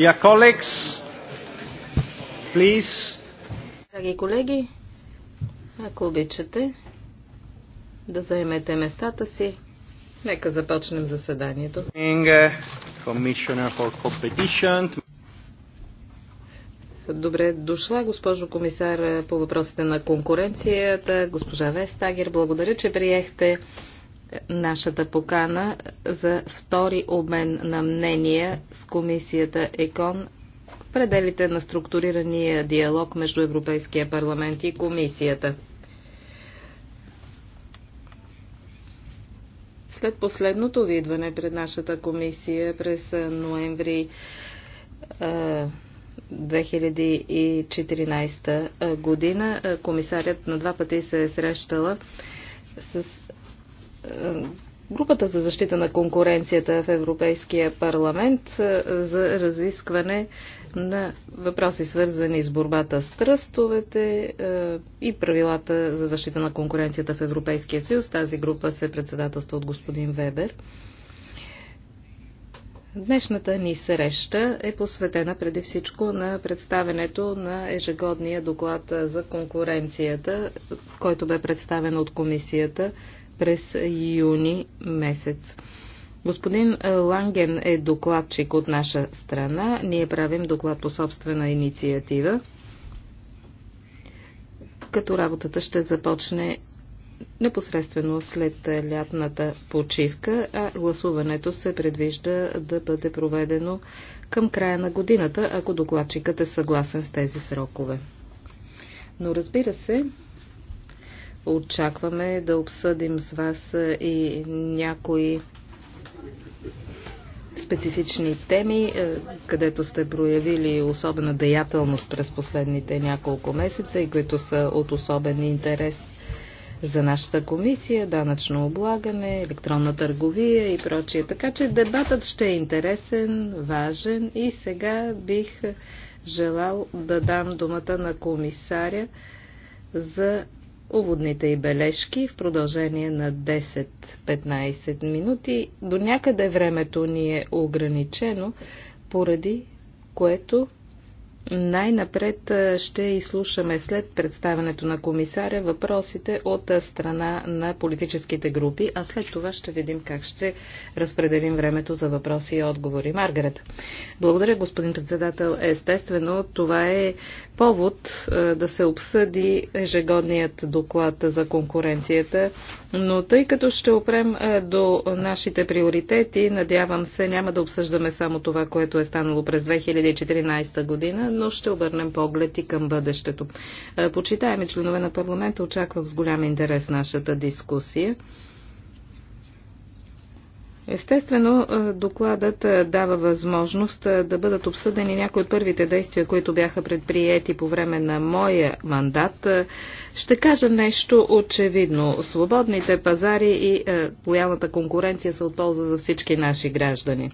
Dear colleagues, please. Драги колеги, ако обичате да заемете местата си, нека започнем заседанието. Uh, Добре дошла, госпожо комисар по въпросите на конкуренцията, госпожа Вестагер. Благодаря, че приехте нашата покана за втори обмен на мнения с комисията ЕКОН в пределите на структурирания диалог между Европейския парламент и комисията. След последното видване пред нашата комисия през ноември 2014 година комисарят на два пъти се е срещала с групата за защита на конкуренцията в Европейския парламент е, за разискване на въпроси свързани с борбата с тръстовете е, и правилата за защита на конкуренцията в Европейския съюз. Тази група се председателства от господин Вебер. Днешната ни среща е посветена преди всичко на представенето на ежегодния доклад за конкуренцията, който бе представен от комисията през юни месец. Господин Ланген е докладчик от наша страна. Ние правим доклад по собствена инициатива, като работата ще започне непосредствено след лятната почивка, а гласуването се предвижда да бъде проведено към края на годината, ако докладчикът е съгласен с тези срокове. Но разбира се, Очакваме да обсъдим с вас и някои специфични теми, където сте проявили особена деятелност през последните няколко месеца и които са от особен интерес за нашата комисия, данъчно облагане, електронна търговия и прочие. Така че дебатът ще е интересен, важен и сега бих желал да дам думата на комисаря за уводните и бележки в продължение на 10-15 минути. До някъде времето ни е ограничено, поради което най-напред ще изслушаме след представянето на комисаря въпросите от страна на политическите групи, а след това ще видим как ще разпределим времето за въпроси и отговори. Маргарет. Благодаря, господин председател. Естествено, това е повод да се обсъди ежегодният доклад за конкуренцията, но тъй като ще опрем до нашите приоритети, надявам се, няма да обсъждаме само това, което е станало през 2014 година, но ще обърнем поглед и към бъдещето. Е, почитаеми членове на парламента, очаквам с голям интерес нашата дискусия. Естествено, е, докладът е, дава възможност да бъдат обсъдени някои от първите действия, които бяха предприяти по време на моя мандат. Ще кажа нещо очевидно. Свободните пазари и лоялната конкуренция са от полза за всички наши граждани.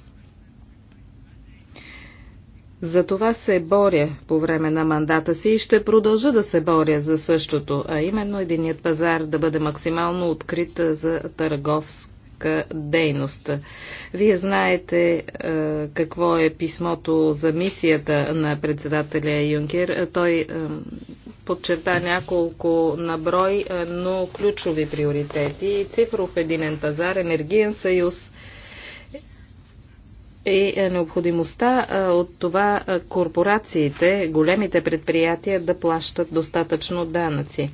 За това се боря по време на мандата си и ще продължа да се боря за същото, а именно единият пазар да бъде максимално открит за търговска дейност. Вие знаете е, какво е писмото за мисията на председателя Юнкер. Той е, подчерта няколко наброй, е, но ключови приоритети. Цифров единен пазар, енергиен съюз, и е, необходимостта е, от това е, корпорациите, големите предприятия да плащат достатъчно данъци.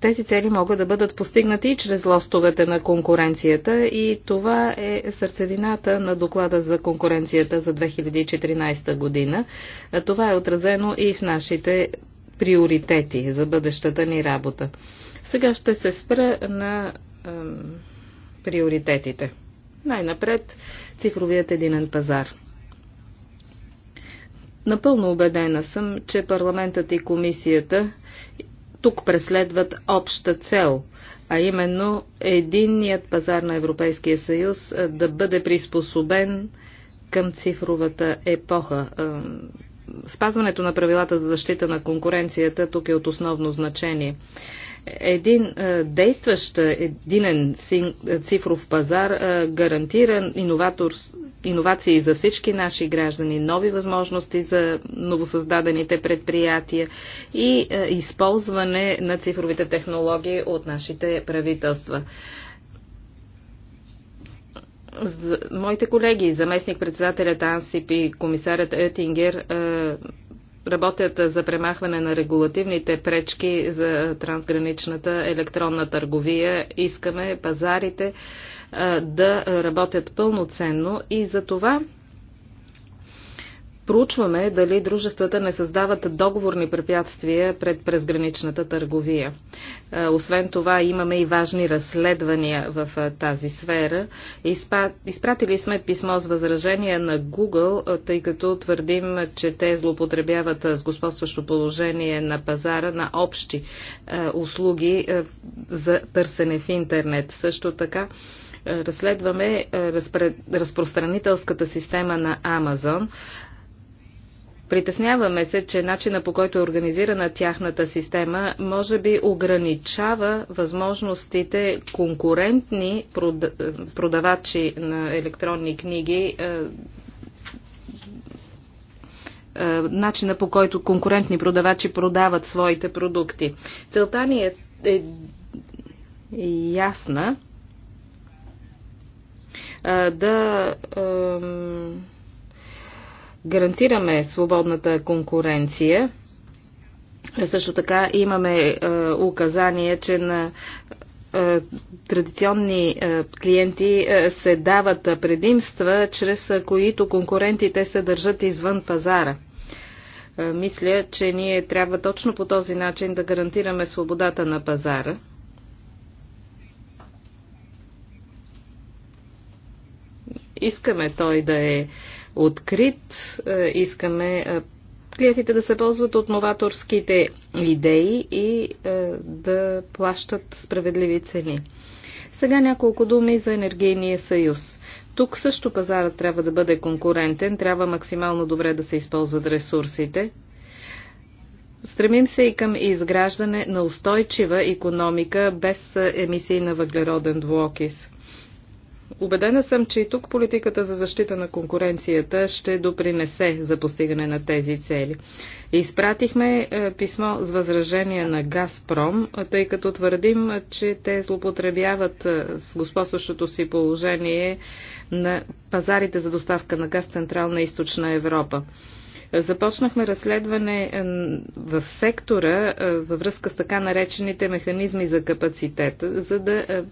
Тези цели могат да бъдат постигнати и чрез лостовете на конкуренцията и това е сърцевината на доклада за конкуренцията за 2014 година. Това е отразено и в нашите приоритети за бъдещата ни работа. Сега ще се спра на е, приоритетите. Най-напред цифровият единен пазар. Напълно убедена съм, че парламентът и комисията тук преследват обща цел, а именно единният пазар на Европейския съюз да бъде приспособен към цифровата епоха. Спазването на правилата за защита на конкуренцията тук е от основно значение един е, действащ е, единен е, цифров пазар гарантира иновации за всички наши граждани, нови възможности за новосъздадените предприятия и използване на цифровите технологии от нашите правителства моите колеги, заместник председателят Ансип и комисарят Етингер, работят за премахване на регулативните пречки за трансграничната електронна търговия. Искаме пазарите да работят пълноценно и за това проучваме дали дружествата не създават договорни препятствия пред презграничната търговия. Е, освен това имаме и важни разследвания в е, тази сфера. Изпа... Изпратили сме писмо с възражение на Google, е, тъй като твърдим, че те злоупотребяват с господстващо положение на пазара на общи услуги за търсене в интернет. Също така разследваме разпред, разпространителската система на Амазон. Притесняваме се, че начина по който е организирана тяхната система може би ограничава възможностите конкурентни продавачи на електронни книги е, е, начина по който конкурентни продавачи продават своите продукти. Целта ни е, е ясна е, да е, гарантираме свободната конкуренция. Също така имаме е, указание, че на е, традиционни е, клиенти се дават предимства, чрез които конкурентите се държат извън пазара. Мисля, че ние трябва точно по този начин да гарантираме свободата на пазара. Искаме той да е открит. Е, искаме е, клиентите да се ползват от новаторските идеи и е, да плащат справедливи цени. Сега няколко думи за енергийния съюз. Тук също пазарът трябва да бъде конкурентен, трябва максимално добре да се използват ресурсите. Стремим се и към изграждане на устойчива економика без емисии на въглероден двуокис. Убедена съм, че и тук политиката за защита на конкуренцията ще допринесе за постигане на тези цели. Изпратихме е, писмо с възражение на Газпром, е, тъй като твърдим, е, че те злоупотребяват с господстващото си положение на пазарите за доставка на газ Централна и Източна Европа. Започнахме разследване в сектора във връзка с така наречените механизми за капацитет, за да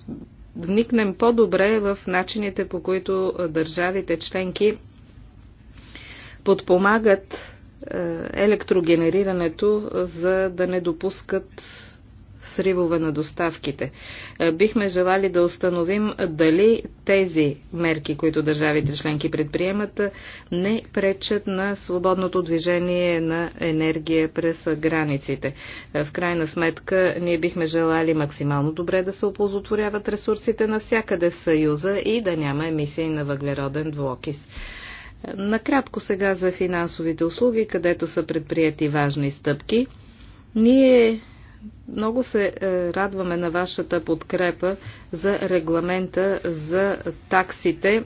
вникнем по-добре в начините по които държавите членки подпомагат електрогенерирането, за да не допускат сривове на доставките. Е, бихме желали да установим е, дали тези мерки, които държавите членки предприемат, е, не пречат на свободното движение на енергия през границите. В крайна сметка, ние бихме желали максимално добре да се оползотворяват ресурсите навсякъде в Съюза и да няма емисии на въглероден двуокис. Накратко сега за финансовите услуги, където са предприяти важни стъпки. Ние много се е, радваме на вашата подкрепа за регламента за таксите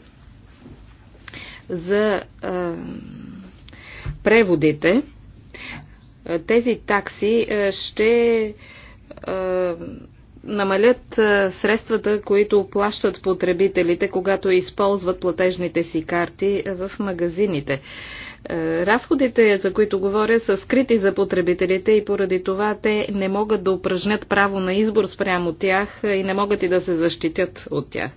за е, преводите. Е, тези такси ще намалят средствата, които плащат потребителите, когато използват платежните си карти в магазините. Е, разходите, за които говоря, са скрити за потребителите и поради това те не могат да упражнят право на избор спрямо тях и не могат и да се защитят от тях.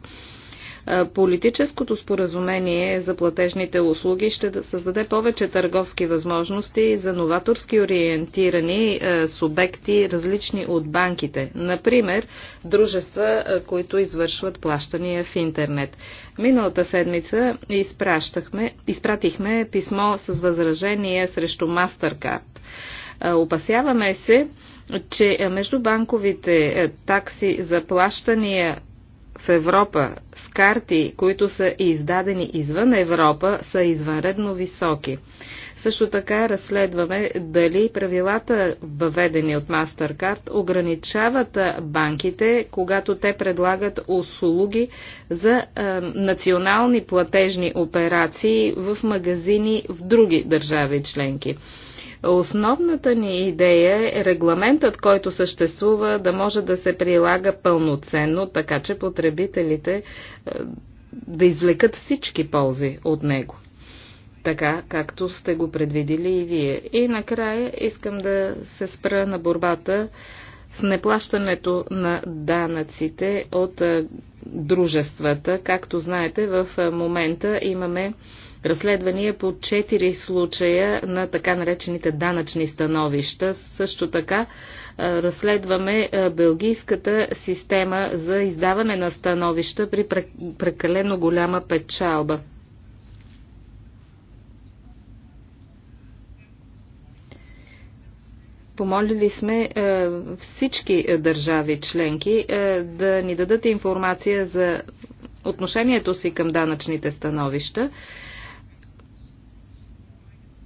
Е, политическото споразумение за платежните услуги ще създаде повече търговски възможности за новаторски ориентирани е, субекти, различни от банките. Например, дружества, е, които извършват плащания в интернет. Миналата седмица изпратихме писмо с възражение срещу MasterCard. Опасяваме се, че междубанковите такси за плащания в Европа с карти, които са издадени извън Европа, са извънредно високи. Също така разследваме дали правилата, въведени от MasterCard, ограничават банките, когато те предлагат услуги за е, национални платежни операции в магазини в други държави членки. Основната ни идея е регламентът, който съществува, да може да се прилага пълноценно, така че потребителите е, да извлекат всички ползи от него. Така, както сте го предвидили и вие. И накрая искам да се спра на борбата с неплащането на данъците от е, дружествата. Както знаете, в е, момента имаме разследвания по 4 случая на така наречените данъчни становища. Също така разследваме белгийската система за издаване на становища при прекалено голяма печалба. Помолили сме всички държави членки да ни дадат информация за отношението си към данъчните становища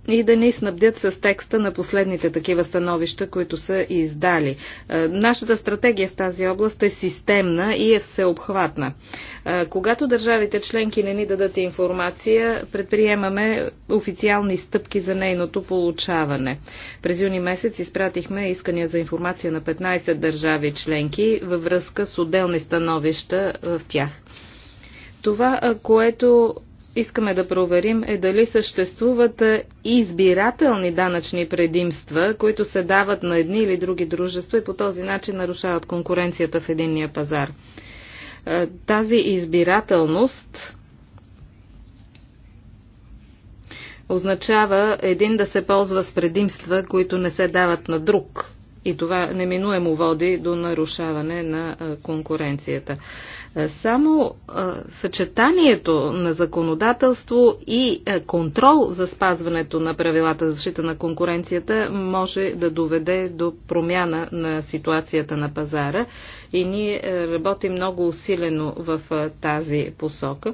и да ни снабдят с текста на последните такива становища, които са издали. Е, нашата стратегия в тази област е системна и е всеобхватна. Е, когато държавите членки не ни дадат информация, предприемаме официални стъпки за нейното получаване. През юни месец изпратихме искания за информация на 15 държави членки във връзка с отделни становища е, в тях. Това, което искаме да проверим е дали съществуват е, избирателни данъчни предимства, които се дават на едни или други дружества и по този начин нарушават конкуренцията в единния пазар. Е, тази избирателност означава един да се ползва с предимства, които не се дават на друг. И това неминуемо води до нарушаване на е, конкуренцията. Е, само е, съчетанието на законодателство и е, контрол за спазването на правилата за защита на конкуренцията може да доведе до промяна на ситуацията на пазара и ние работим много усилено в тази посока.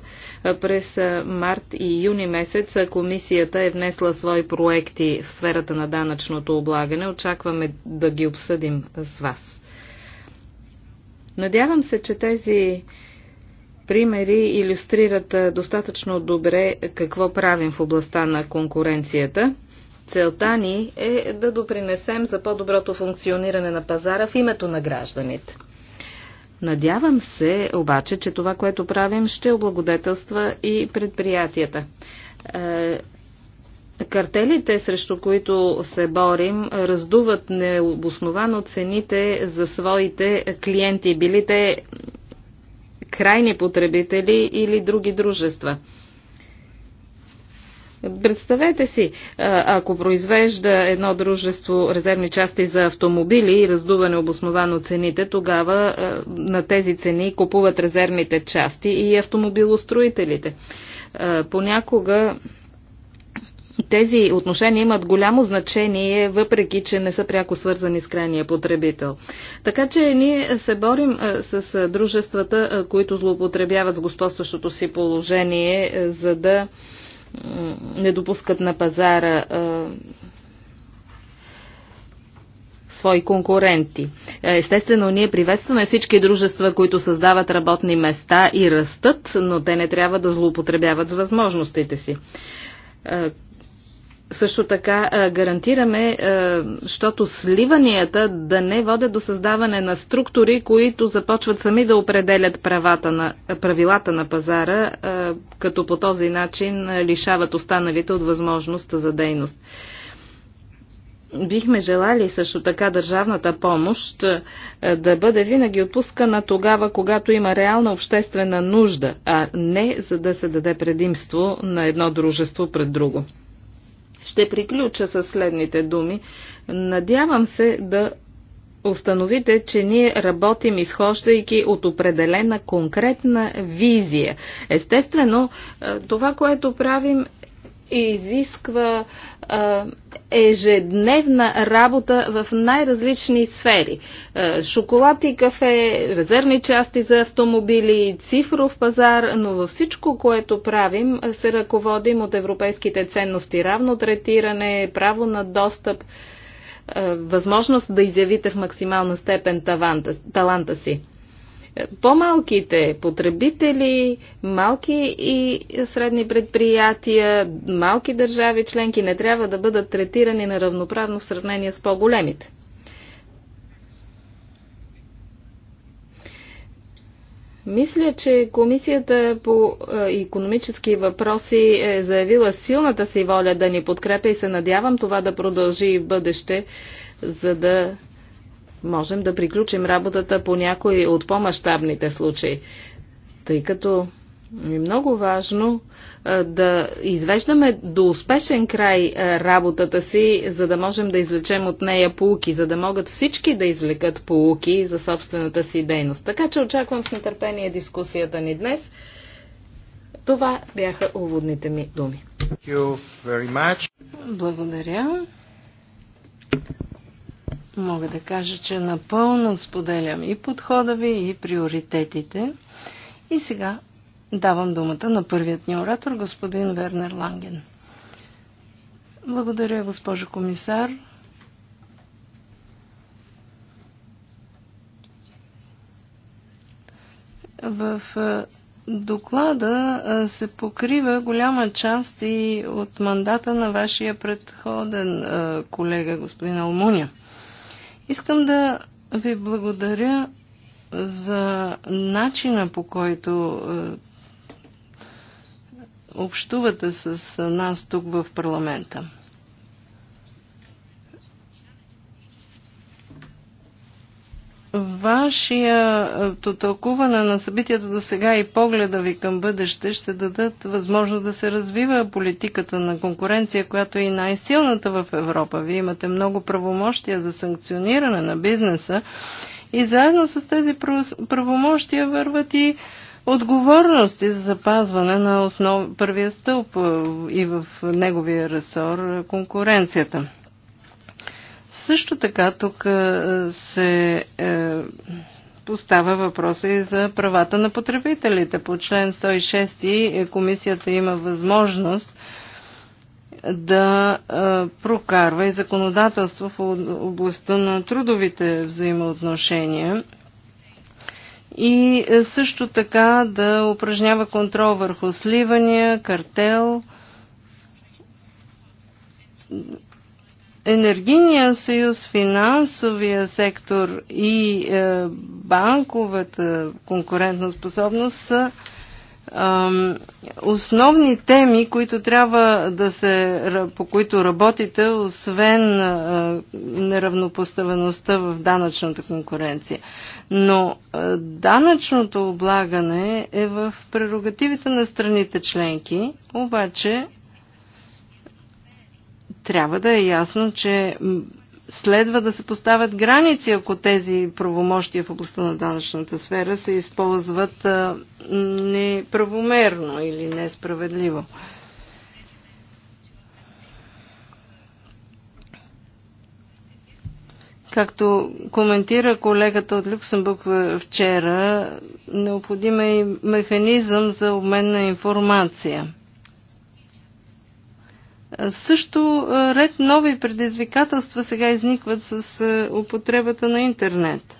През март и юни месец комисията е внесла свои проекти в сферата на данъчното облагане. Очакваме да ги обсъдим с вас. Надявам се, че тези примери иллюстрират достатъчно добре какво правим в областта на конкуренцията. Целта ни е да допринесем за по-доброто функциониране на пазара в името на гражданите. Надявам се обаче, че това, което правим, ще облагодетелства и предприятията. Е, Картелите, срещу които се борим, раздуват необосновано цените за своите клиенти, били те крайни потребители или други дружества. Представете си, ако произвежда едно дружество резервни части за автомобили и раздува необосновано цените, тогава на тези цени купуват резервните части и автомобилостроителите. Понякога тези отношения имат голямо значение, въпреки че не са пряко свързани с крайния потребител. Така че ние се борим с дружествата, които злоупотребяват с господстващото си положение, за да не допускат на пазара свои конкуренти. Естествено, ние приветстваме всички дружества, които създават работни места и растат, но те не трябва да злоупотребяват с възможностите си. Също така гарантираме, защото сливанията да не водят до създаване на структури, които започват сами да определят правата на, правилата на пазара, като по този начин лишават останалите от възможността за дейност. Бихме желали също така държавната помощ да бъде винаги отпускана тогава, когато има реална обществена нужда, а не за да се даде предимство на едно дружество пред друго. Ще приключа с следните думи. Надявам се да установите, че ние работим изхождайки от определена конкретна визия. Естествено, е, това, което правим изисква ежедневна работа в най-различни сфери. Шоколад и кафе, резервни части за автомобили, цифров пазар, но във всичко, което правим, се ръководим от европейските ценности. Равно третиране, право на достъп, възможност да изявите в максимална степен таланта, таланта си по-малките потребители, малки и средни предприятия, малки държави членки не трябва да бъдат третирани равноправно в сравнение с по-големите. Мисля, че Комисията по економически въпроси е заявила силната си воля да ни подкрепя и се надявам това да продължи и в бъдеще, за да можем да приключим работата по някои от по-масштабните случаи, тъй като е много важно да извеждаме до успешен край работата си, за да можем да извлечем от нея полуки, за да могат всички да извлекат полуки за собствената си дейност. Така че очаквам с нетърпение дискусията ни днес. Това бяха уводните ми думи. Благодаря мога да кажа, че напълно споделям и подхода ви, и приоритетите. И сега давам думата на първият ни оратор, господин Вернер Ланген. Благодаря, госпожо комисар. В доклада се покрива голяма част и от мандата на вашия предходен колега, господин Алмуня. Искам да ви благодаря за начина по който е, общувате с нас тук в парламента. Вашето тълкуване на събитията до сега и погледа ви към бъдеще ще дадат възможност да се развива политиката на конкуренция, която е и най-силната в Европа. Вие имате много правомощия за санкциониране на бизнеса и заедно с тези правомощия върват и отговорности за запазване на основ... първия стълб и в неговия ресор конкуренцията. Също така тук се е, поставя въпроса и за правата на потребителите. По член 106 е, комисията има възможност да прокарва и законодателство в областта на трудовите взаимоотношения и е, също така да упражнява контрол върху сливания, картел, енергийния съюз, финансовия сектор и е, банковата конкурентоспособност са основни теми, които трябва да се, по които работите, освен е, неравнопоставеността в данъчната конкуренция. Но е, данъчното облагане е в прерогативите на страните членки, обаче трябва да е ясно, че следва да се поставят граници, ако тези правомощия в областта на данъчната сфера се използват неправомерно или несправедливо. Както коментира колегата от Люксембург вчера, необходим е и механизъм за обмен на информация. Също ред нови предизвикателства сега изникват с употребата на интернет.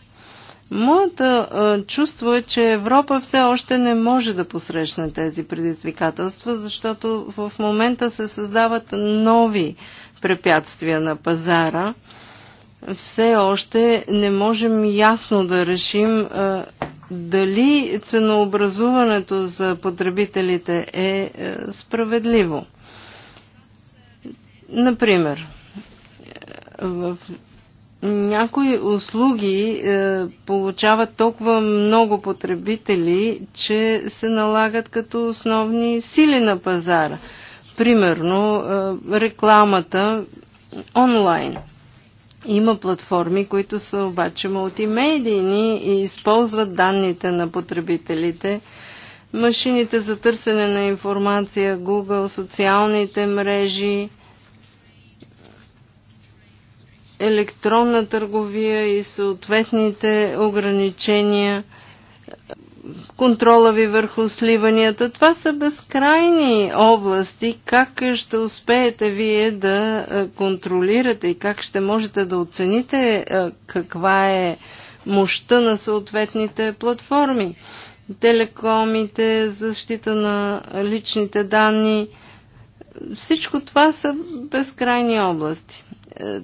Моето чувство е, че Европа все още не може да посрещне тези предизвикателства, защото в момента се създават нови препятствия на пазара. Все още не можем ясно да решим дали ценообразуването за потребителите е справедливо. Например, в някои услуги е, получават толкова много потребители, че се налагат като основни сили на пазара. Примерно е, рекламата онлайн. Има платформи, които са обаче мултимедийни и използват данните на потребителите. Машините за търсене на информация, Google, социалните мрежи, електронна търговия и съответните ограничения, контрола ви върху сливанията. Това са безкрайни области. Как ще успеете вие да контролирате и как ще можете да оцените каква е мощта на съответните платформи? Телекомите, защита на личните данни. Всичко това са безкрайни области е,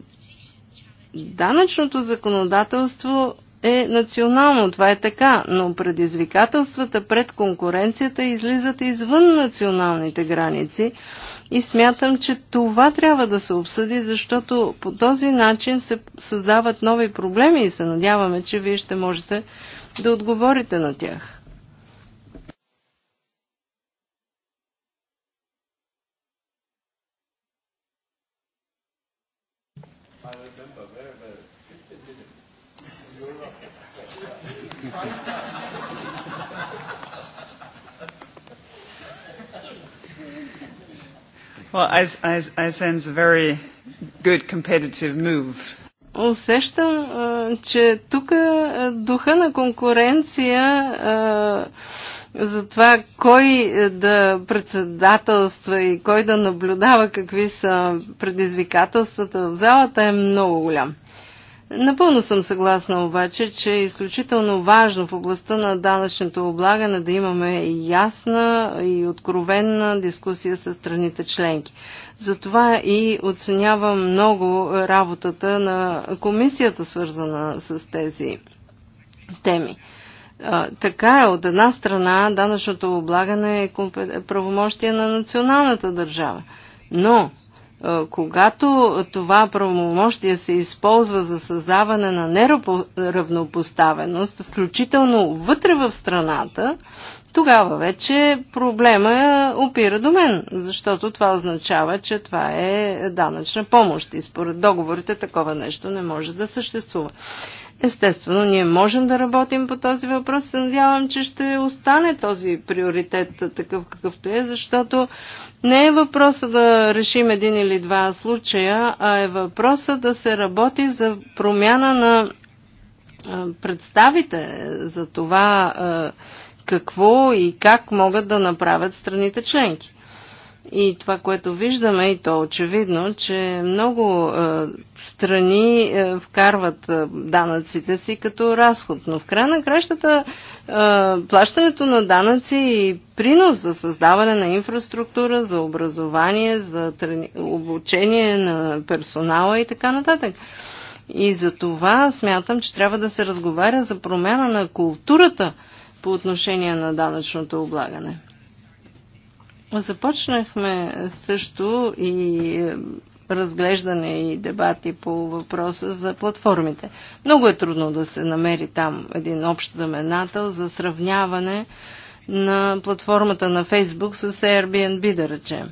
данъчното законодателство е национално, това е така, но предизвикателствата пред конкуренцията излизат извън националните граници и смятам, че това трябва да се обсъди, защото по този начин се създават нови проблеми и се надяваме, че вие ще можете да отговорите на тях. Well, I, I, I sense a very good competitive move. Усещам, че тук духа на конкуренция за това кой е, да председателства и кой да наблюдава какви са предизвикателствата в залата е много голям. Напълно съм съгласна обаче, че е изключително важно в областта на данъчното облагане да имаме ясна и откровенна дискусия с страните членки. Затова и оценявам много работата на комисията, свързана с тези теми. Така е, от една страна данъчното облагане е правомощие на националната държава, но когато това правомощие се използва за създаване на неравнопоставеност, включително вътре в страната, тогава вече проблема опира до мен, защото това означава, че това е данъчна помощ и според договорите такова нещо не може да съществува. Естествено, ние можем да работим по този въпрос. Се надявам, че ще остане този приоритет такъв какъвто е, защото не е въпроса да решим един или два случая, а е въпроса да се работи за промяна на представите за това какво и как могат да направят страните членки. И това, което виждаме, и то очевидно, че много е, страни е, вкарват е, данъците си като разход. Но в края на кращата е, плащането на данъци и принос за създаване на инфраструктура, за образование, за трени... обучение на персонала и така нататък. И за това смятам, че трябва да се разговаря за промяна на културата по отношение на данъчното облагане. Започнахме също и е, разглеждане и дебати по въпроса за платформите. Много е трудно да се намери там един общ знаменател за сравняване на платформата на Фейсбук с Airbnb, да речем.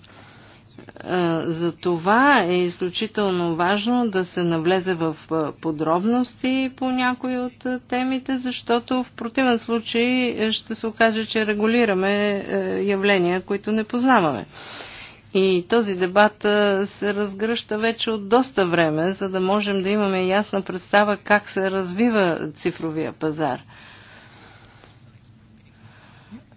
За това е изключително важно да се навлезе в подробности по някои от темите, защото в противен случай е, ще се окаже, че регулираме е, явления, които не познаваме. И този дебат се разгръща вече от доста време, за да можем да имаме ясна представа как се развива цифровия пазар –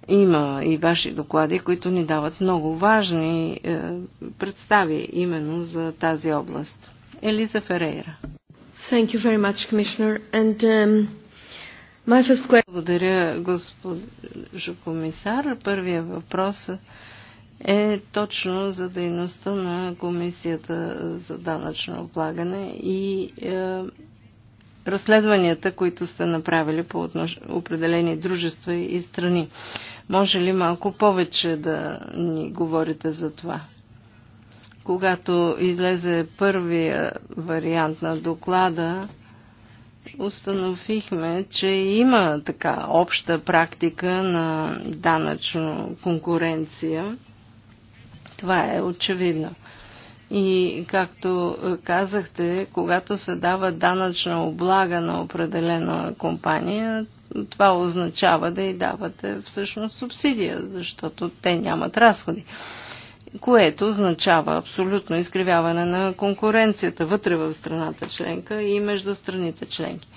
има и ваши доклади, които ни дават много важни е, представи именно за тази област. Елиза Ферейра. Thank you very much, Commissioner. And, um, my first question... Благодаря, госпожо комисар. Първия въпрос е точно за дейността на Комисията за данъчно облагане и е, разследванията, които сте направили по отнош... определени дружества и страни. Може ли малко повече да ни говорите за това? Когато излезе първия вариант на доклада, установихме, че има така обща практика на данъчно конкуренция. Това е очевидно. И както казахте, когато се дава данъчна облага на определена компания, това означава да й давате всъщност субсидия, защото те нямат разходи. Което означава абсолютно изкривяване на конкуренцията вътре в страната членка и между страните членки.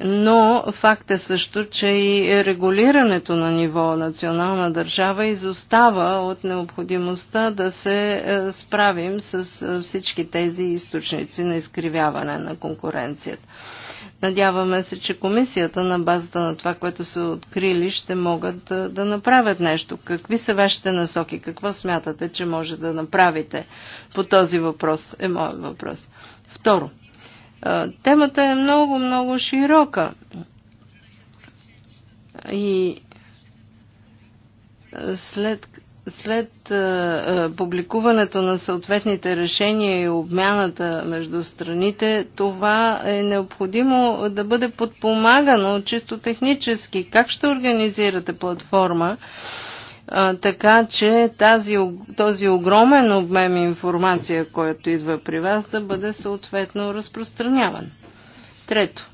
Но факт е също, че и регулирането на ниво национална държава изостава от необходимостта да се е, справим с е, всички тези източници на изкривяване на конкуренцията. Надяваме се, че комисията на базата на това, което са открили, ще могат да, да направят нещо. Какви са вашите насоки? Какво смятате, че може да направите по този въпрос? Е моят въпрос. Второ. Темата е много, много широка. И след след публикуването на съответните решения и обмяната между страните, това е необходимо да бъде подпомагано чисто технически. Как ще организирате платформа, така че тази, този огромен обмем информация, който идва при вас, да бъде съответно разпространяван? Трето.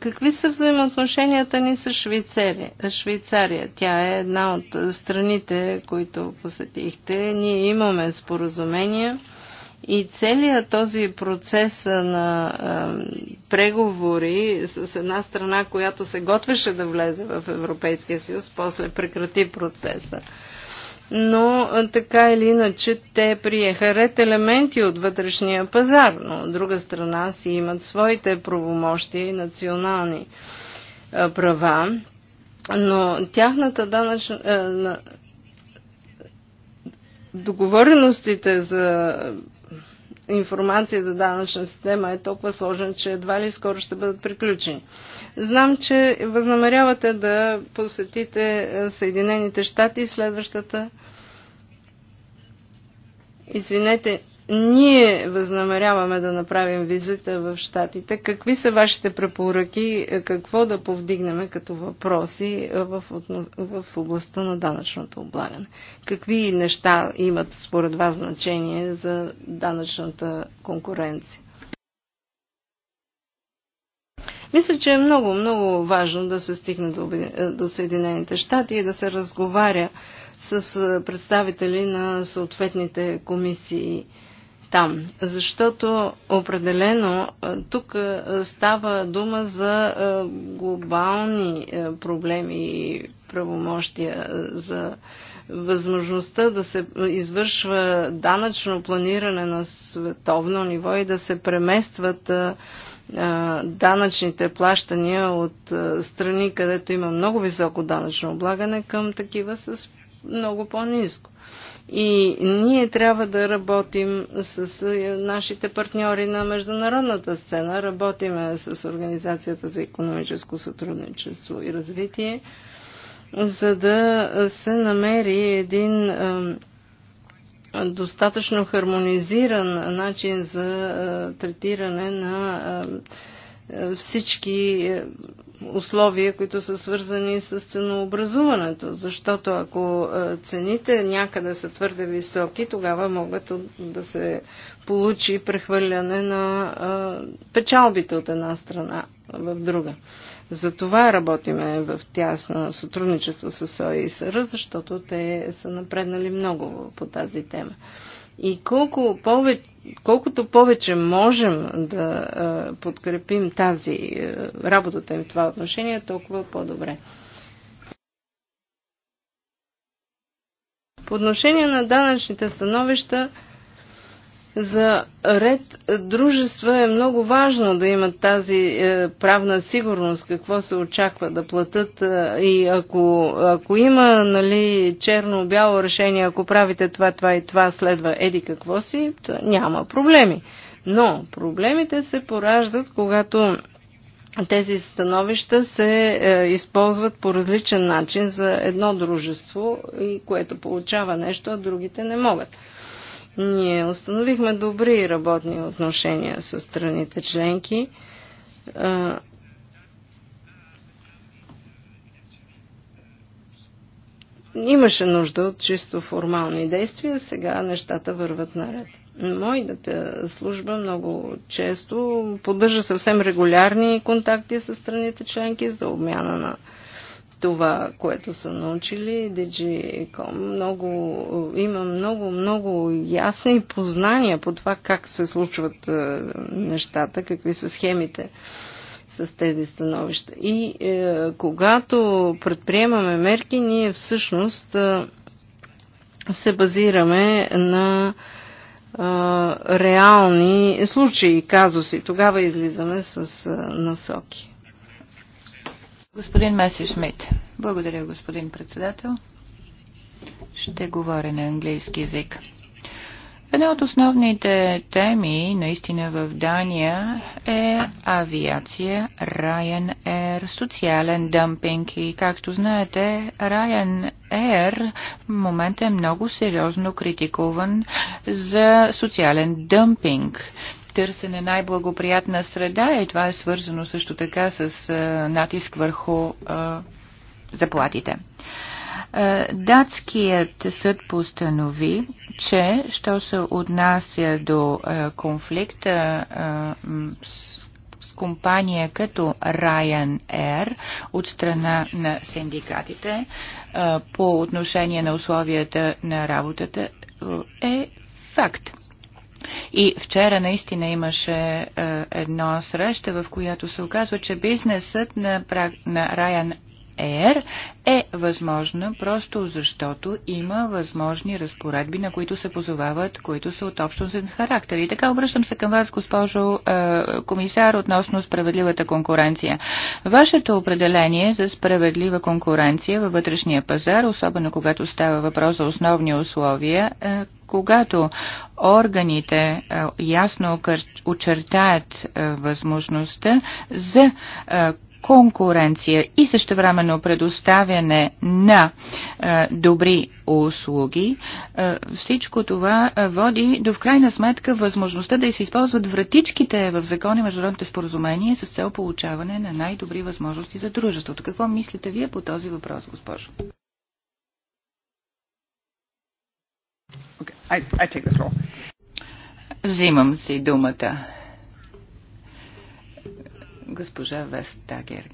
Какви са взаимоотношенията ни с Швейцария? Швейцария? Тя е една от страните, които посетихте. Ние имаме споразумения и целият този процес на е, преговори с една страна, която се готвеше да влезе в Европейския съюз, после прекрати процеса. Е, но така или иначе те приеха ред елементи от вътрешния пазар, но от друга страна си имат своите правомощия и национални права, но тяхната данъчна договореностите за информация за данъчна система е толкова сложен, че едва ли скоро ще бъдат приключени. Знам, че възнамерявате да посетите е, Съединените щати следващата Извинете, ние възнамеряваме да направим визита в Штатите. Какви са вашите препоръки? Какво да повдигнем като въпроси в, в областта на данъчното облагане? Какви неща имат според вас значение за данъчната конкуренция? Мисля, че е много, много важно да се стигне до, до Съединените щати и да се разговаря с представители на съответните комисии там, защото определено е, тук е, става дума за е, глобални проблеми и правомощия за възможността да се извършва данъчно планиране на световно ниво и да се преместват данъчните плащания от страни, където има много високо данъчно облагане, към такива с много по-низко. И ние трябва да работим с е, нашите партньори на международната сцена. Работиме с Организацията за економическо сътрудничество и развитие, за да се намери един достатъчно хармонизиран начин за третиране на е, всички е, условия, които са свързани с ценообразуването, защото ако е, цените някъде са твърде високи, тогава могат да се получи прехвърляне на е, печалбите от една страна в друга. За това работиме в тясно сътрудничество с ОИСР, защото те са напреднали много по тази тема. И колко повече, колкото повече можем да подкрепим тази работата им в това отношение, толкова по-добре. По отношение на данъчните становища, за ред дружества е много важно да имат тази е, правна сигурност, какво се очаква да платят е, и ако, ако има нали, черно-бяло решение, ако правите това, това и това, следва еди какво си, няма проблеми. Но проблемите се пораждат, когато тези становища се е, използват по различен начин за едно дружество, и което получава нещо, а другите не могат. Ние установихме добри работни отношения с страните членки. Имаше нужда от чисто формални действия, сега нещата върват наред. Моята служба много често поддържа съвсем регулярни контакти с страните членки за обмяна на това, което са научили. DG.com много, има много, много ясни познания по това как се случват е, нещата, какви са схемите с тези становища. И е, когато предприемаме мерки, ние всъщност е, се базираме на е, реални случаи, казуси. Тогава излизаме с е, насоки. Господин Меси Шмидт. Благодаря, господин председател. Ще говоря на английски язик. Една от основните теми наистина в Дания е авиация, Ryanair, социален дъмпинг и както знаете, Ryanair в момента е много сериозно критикуван за социален дъмпинг търсене най-благоприятна среда и това е свързано също така с е, натиск върху е, заплатите. Е, датският съд постанови, че, що се отнася до конфликта с компания като Ryanair от страна на синдикатите по отношение на условията на работата е факт. И вчера наистина имаше е, една среща, в която се оказва, че бизнесът на, на Ryan Air е възможно просто защото има възможни разпоредби, на които се позовават, които са от общностен характер. И така обръщам се към вас, госпожо е, комисар, относно справедливата конкуренция. Вашето определение за справедлива конкуренция във вътрешния пазар, особено когато става въпрос за основни условия, е, когато органите е, ясно очертаят е, възможността за е, конкуренция и същевременно предоставяне на добри услуги, всичко това води до в крайна сметка възможността да се използват вратичките в закони международните споразумения с цел получаване на най-добри възможности за дружеството. Какво мислите вие по този въпрос, госпожо? Okay, I, I Взимам си думата. Госпожа Вестагер.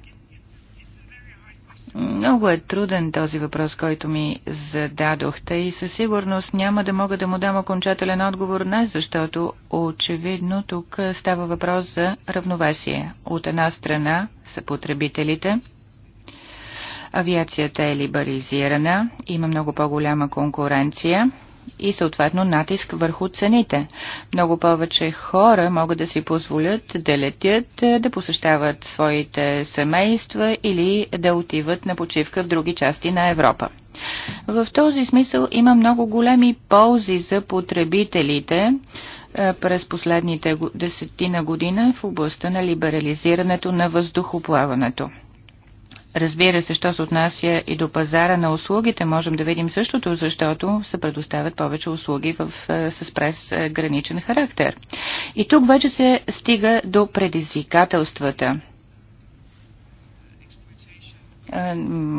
Много е труден този въпрос, който ми зададохте и със сигурност няма да мога да му дам окончателен отговор не, защото очевидно тук става въпрос за равновесие. От една страна са потребителите, авиацията е либерализирана, има много по-голяма конкуренция и съответно натиск върху цените. Много повече хора могат да си позволят да летят, е, да посещават своите семейства или да отиват на почивка в други части на Европа. В този смисъл има много големи ползи за потребителите, е, през последните десетина година в областта на либерализирането на въздухоплаването. Разбира се, що се отнася и до пазара на услугите, можем да видим същото, защото се предоставят повече услуги в, е, с прес е, граничен характер. И тук вече се стига до предизвикателствата.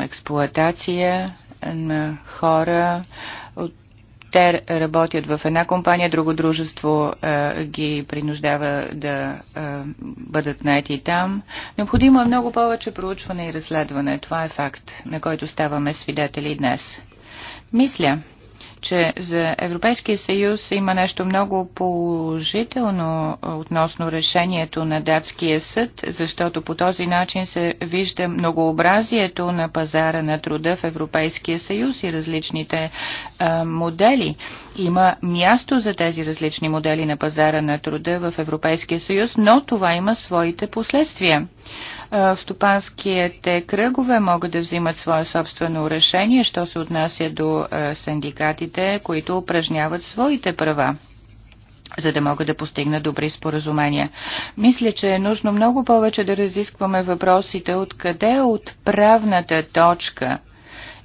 Експлоатация на хора, те работят в една компания, друго дружество а, е, ги принуждава да а, е, бъдат наети там. Необходимо е много повече проучване и разследване. Това е факт, на който ставаме свидетели днес. Мисля, че за Европейския съюз има нещо много положително относно решението на датския съд, защото по този начин се вижда многообразието на пазара на труда в Европейския съюз и различните а, модели. Има място за тези различни модели на пазара на труда в Европейския съюз, но това има своите последствия. В стопанските кръгове могат да взимат свое собствено решение, що се отнася до синдикатите, които упражняват своите права за да могат да постигнат добри споразумения. Мисля, че е нужно много повече да разискваме въпросите откъде е отправната точка –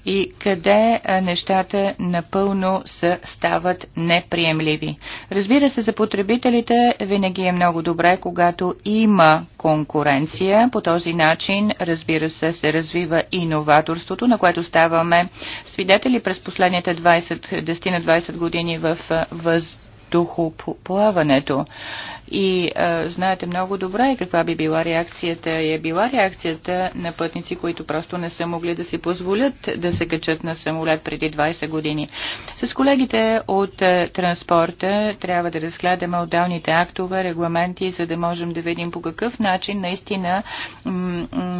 и къде нещата напълно са, стават неприемливи. Разбира се, за потребителите винаги е много добре, когато има конкуренция. По този начин, разбира се, се развива и новаторството, на което ставаме свидетели през последните 20, 10 на 20 години в въздухоплаването. И а, знаете много добре каква би била реакцията. Е била реакцията на пътници, които просто не са могли да си позволят да се качат на самолет преди 20 години. С колегите от а, транспорта трябва да разгледаме отдалните актове, регламенти, за да можем да видим по какъв начин наистина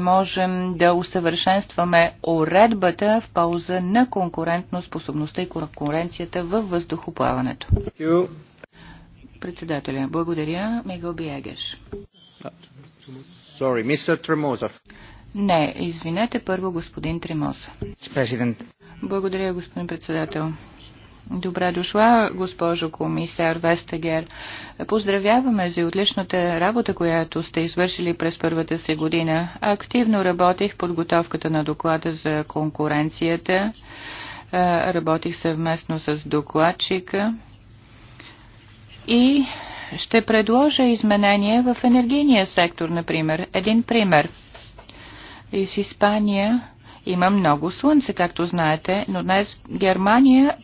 можем да усъвършенстваме уредбата в полза на конкурентно способността и конкуренцията във въздухоплаването. Председателя. Благодаря. Мигъл Биегеш. Не, извинете първо господин Тремоза. Благодаря, господин председател. Добре дошла, госпожо комисар Вестегер. Поздравяваме за отличната работа, която сте извършили през първата си година. Активно работих в подготовката на доклада за конкуренцията. Работих съвместно с докладчика и ще предложа изменения в енергийния сектор, например. Един пример. Из Испания има много слънце, както знаете, но днес Германия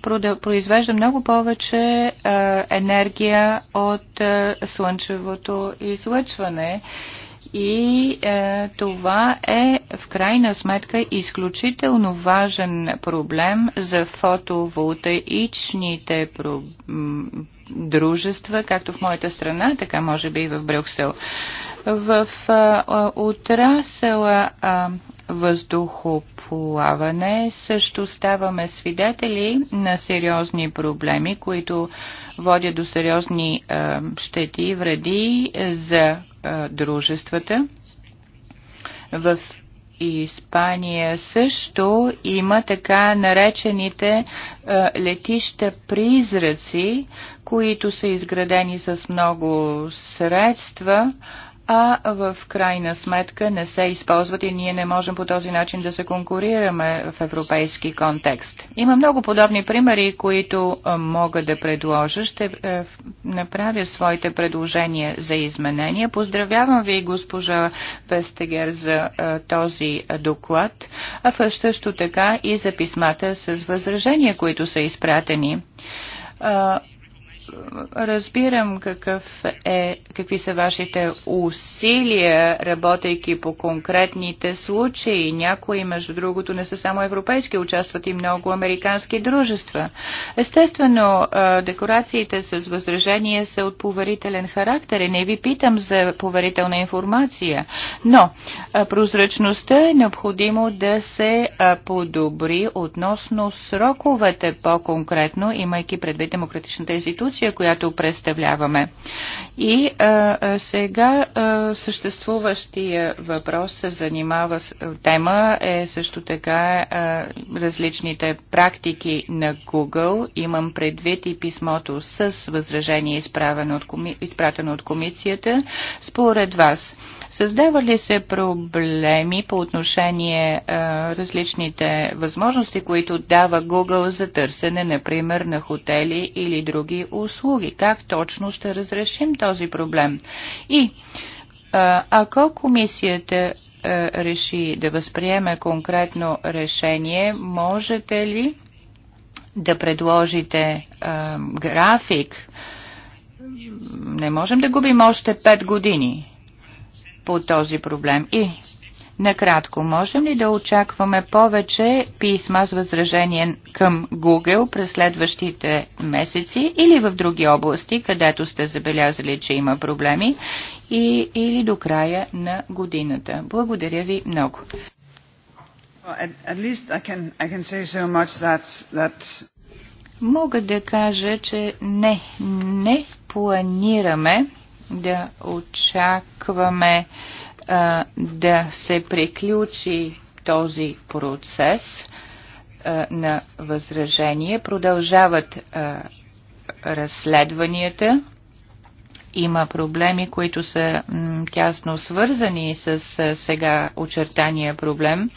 произвежда много повече е, енергия от е, слънчевото излъчване. И е, това е в крайна сметка изключително важен проблем за фотоволтаичните проблеми дружества, както в моята страна, така може би и в Брюксел. В а, отрасъла а, въздухоплаване също ставаме свидетели на сериозни проблеми, които водят до сериозни а, щети и вреди за а, дружествата. В Испания също има така наречените е, летища призраци, които са изградени с много средства, а в крайна сметка не се използват и ние не можем по този начин да се конкурираме в европейски контекст. Има много подобни примери, които мога да предложа. Ще направя своите предложения за изменения. Поздравявам ви, госпожа Вестегер, за този доклад, а също така и за писмата с възражения, които са изпратени разбирам какъв е, какви са вашите усилия, работейки по конкретните случаи. Някои, между другото, не са само европейски, участват и много американски дружества. Естествено, декорациите с възражение са от поверителен характер и не ви питам за поверителна информация, но прозрачността е необходимо да се подобри относно сроковете по-конкретно, имайки предвид демократичната институция институция, която представляваме. И а, сега а, съществуващия въпрос се занимава с тема е също така а, различните практики на Google. Имам предвид и писмото с възражение, от коми... изпратено от комисията. Според вас, създава ли се проблеми по отношение а, различните възможности, които дава Google за търсене, например, на хотели или други услуги? услуги. Как точно ще разрешим този проблем? И ако комисията реши да възприеме конкретно решение, можете ли да предложите а, график? Не можем да губим още 5 години по този проблем. И Накратко, можем ли да очакваме повече писма с възражение към Google през следващите месеци или в други области, където сте забелязали, че има проблеми и, или до края на годината? Благодаря ви много. Мога да кажа, че не, не планираме да очакваме uh, а, да се приключи този процес а, на възражение. Продължават а, разследванията. Има проблеми, които са м, тясно свързани с а, сега очертания проблем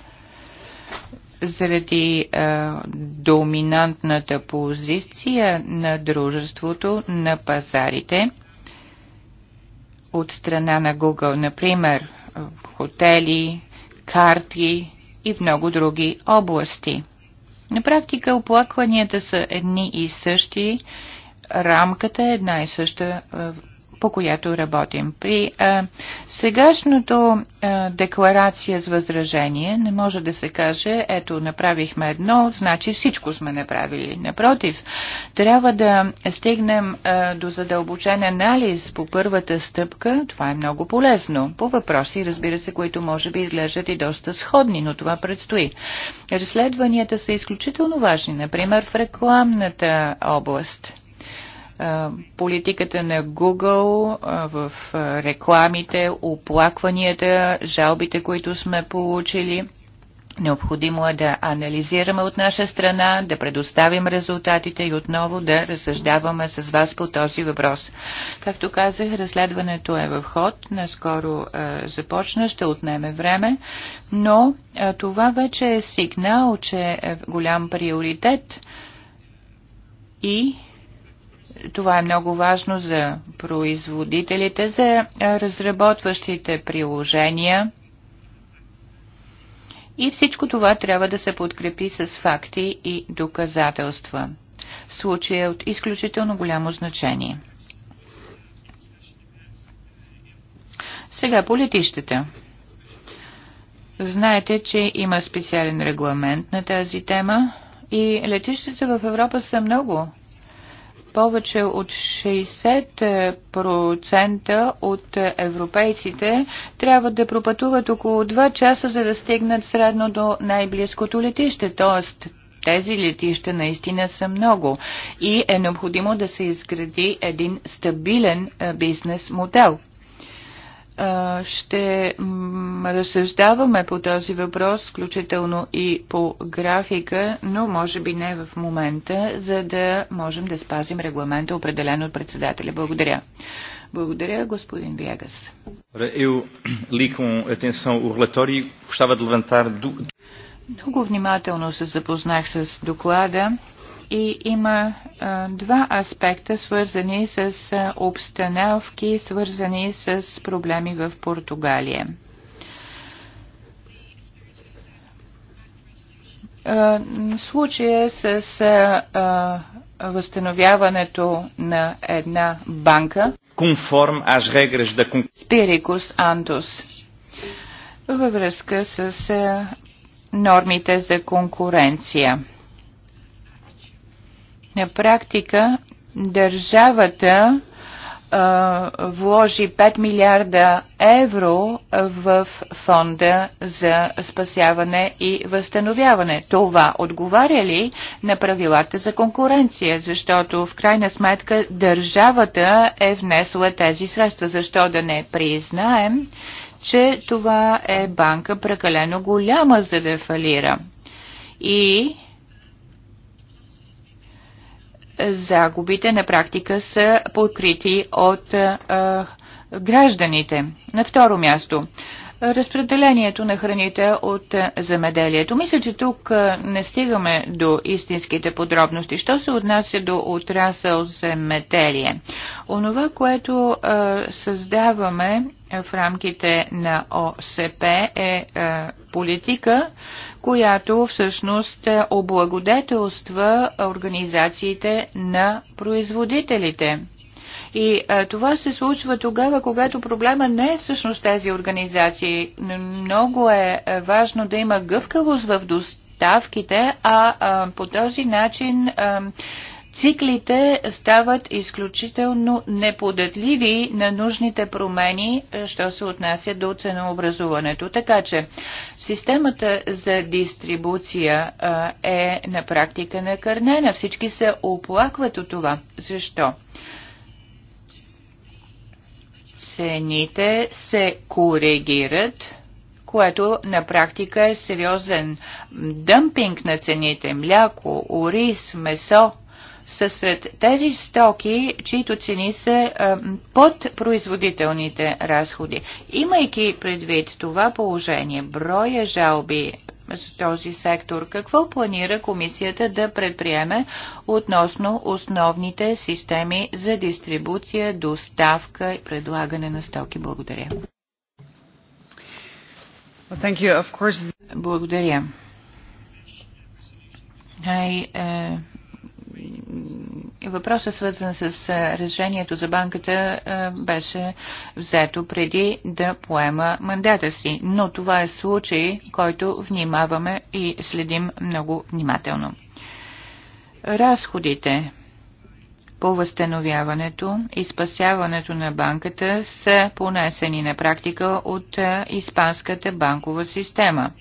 заради е, доминантната позиция на дружеството на пазарите от страна на Google, например хотели, карти и в много други области. На практика оплакванията са едни и същи, рамката е една и съща по която работим. При а, сегашното а, декларация с възражение не може да се каже, ето направихме едно, значи всичко сме направили. Напротив, трябва да стигнем а, до задълбочен анализ по първата стъпка, това е много полезно. По въпроси, разбира се, които може би изглеждат и доста сходни, но това предстои. Разследванията са изключително важни, например в рекламната област политиката на Google в рекламите, оплакванията, жалбите, които сме получили. Необходимо е да анализираме от наша страна, да предоставим резултатите и отново да разсъждаваме с вас по този въпрос. Както казах, разследването е в ход, наскоро е, започна, ще отнеме време, но е, това вече е сигнал, че е голям приоритет и това е много важно за производителите, за разработващите приложения. И всичко това трябва да се подкрепи с факти и доказателства. Случай е от изключително голямо значение. Сега по летищата. Знаете, че има специален регламент на тази тема и летищата в Европа са много повече от 60% от европейците трябва да пропътуват около 2 часа, за да стигнат средно до най-близкото летище, т.е тези летища наистина са много и е необходимо да се изгради един стабилен бизнес модел ще разсъждаваме по този въпрос, включително и по графика, но може би не в момента, за да можем да спазим регламента, определен от председателя. Благодаря. Благодаря, господин Виагас. E Много внимателно се запознах с доклада и има а, два аспекта, свързани с а, обстановки, свързани с проблеми в Португалия. А, случая с а, а, възстановяването на една банка Спирикус Антус във връзка с а, нормите за конкуренция. На практика държавата вложи 5 милиарда евро в фонда за спасяване и възстановяване. Това отговаря ли на правилата за конкуренция? Защото в крайна сметка държавата е внесла тези средства. Защо да не признаем, че това е банка прекалено голяма за да фалира? И загубите на практика са покрити от а, гражданите. На второ място разпределението на храните от земеделието. Мисля, че тук не стигаме до истинските подробности. Що се отнася до отрасъл земеделие? Онова, което а, създаваме в рамките на ОСП е а, политика, която всъщност облагодетелства организациите на производителите. И а, това се случва тогава, когато проблема не е всъщност тези организации. Много е, е важно да има гъвкавост в доставките, а, а по този начин а, циклите стават изключително неподатливи на нужните промени, е, що се отнася до ценообразуването. Така че системата за дистрибуция а, е на практика накърнена. Всички се оплакват от това. Защо? Цените се коригират което на практика е сериозен дъмпинг на цените. Мляко, ориз, месо са сред тези стоки, чието цени са под производителните разходи. Имайки предвид това положение, броя жалби за този сектор, какво планира комисията да предприеме относно основните системи за дистрибуция, доставка и предлагане на стоки? Благодаря. Благодаря. Най- е, въпросът свързан с решението за банката беше взето преди да поема мандата си. Но това е случай, който внимаваме и следим много внимателно. Разходите по възстановяването и спасяването на банката са понесени на практика от испанската банкова система.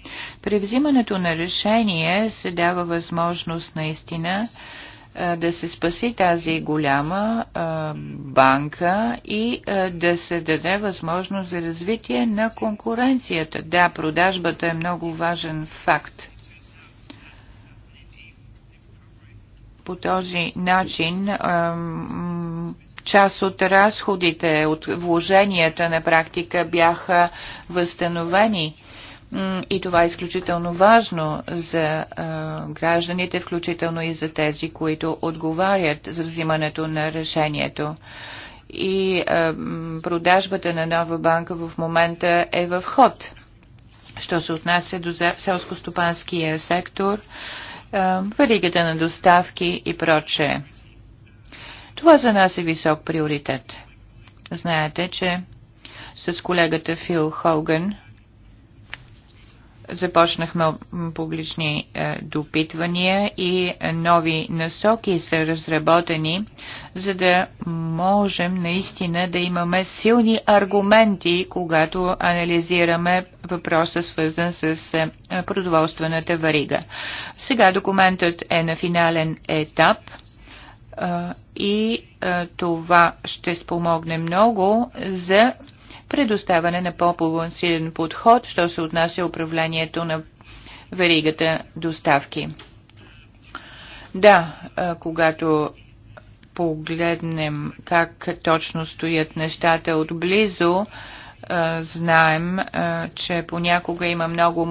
При взимането на решение се дава възможност наистина е, да се спаси тази голяма е, банка и е, да се даде възможност за развитие на конкуренцията. Да, продажбата е много важен факт. По този начин част от разходите, от вложенията на практика бяха възстановени и това е изключително важно за гражданите, включително и за тези, които отговарят за взимането на решението и а, продажбата на нова банка в момента е в ход. Що се отнася до селско-стопанския сектор, варигата веригата на доставки и прочее. Това за нас е висок приоритет. Знаете, че с колегата Фил Холган Започнахме публични е, допитвания и нови насоки са разработени, за да можем наистина да имаме силни аргументи, когато анализираме въпроса, свързан с е, продоволствената варига. Сега документът е на финален етап е, и това ще спомогне много за предоставяне на по-балансиран подход, що се отнася управлението на веригата доставки. Да, когато погледнем как точно стоят нещата отблизо, знаем, че понякога има много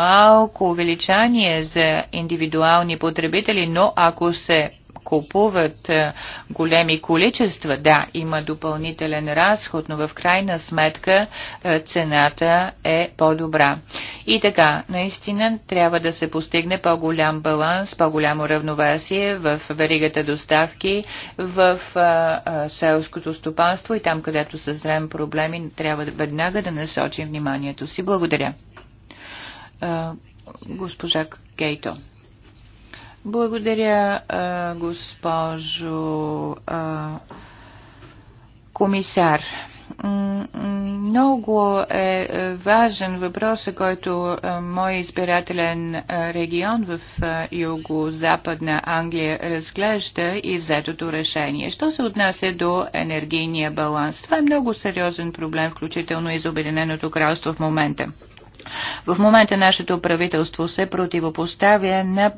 малко увеличание за индивидуални потребители, но ако се купуват е, големи количества. Да, има допълнителен разход, но в крайна сметка е, цената е по-добра. И така, наистина трябва да се постигне по-голям баланс, по-голямо равновесие в веригата доставки, в е, селското стопанство и там, където съзрем проблеми, трябва веднага да насочим вниманието си. Благодаря. Госпожа Кейто. Благодаря, госпожо комисар. Много е, е важен въпрос, който мой избирателен регион в юго-западна Англия разглежда и взетото решение. Що се отнася до енергийния баланс? Това е много сериозен проблем, включително и за Обединеното кралство в момента. В момента нашето правителство се противопоставя на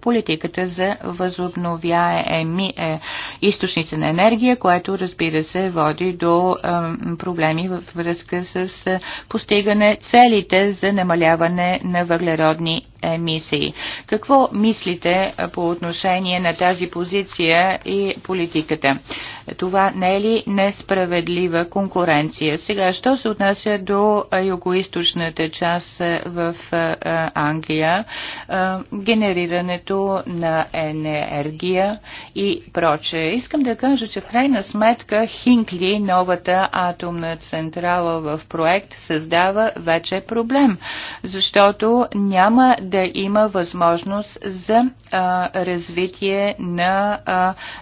политиката за възобновяеми е, източници на енергия, което разбира се води до проблеми във връзка с постигане целите за намаляване на въглеродни емисии. Какво мислите по отношение на тази позиция и политиката? Това не е ли несправедлива конкуренция? Сега, що се отнася до югоисточната част в Англия, генерирането на енергия и проче. Искам да кажа, че в крайна сметка Хинкли, новата атомна централа в проект, създава вече проблем, защото няма да има възможност за развитие на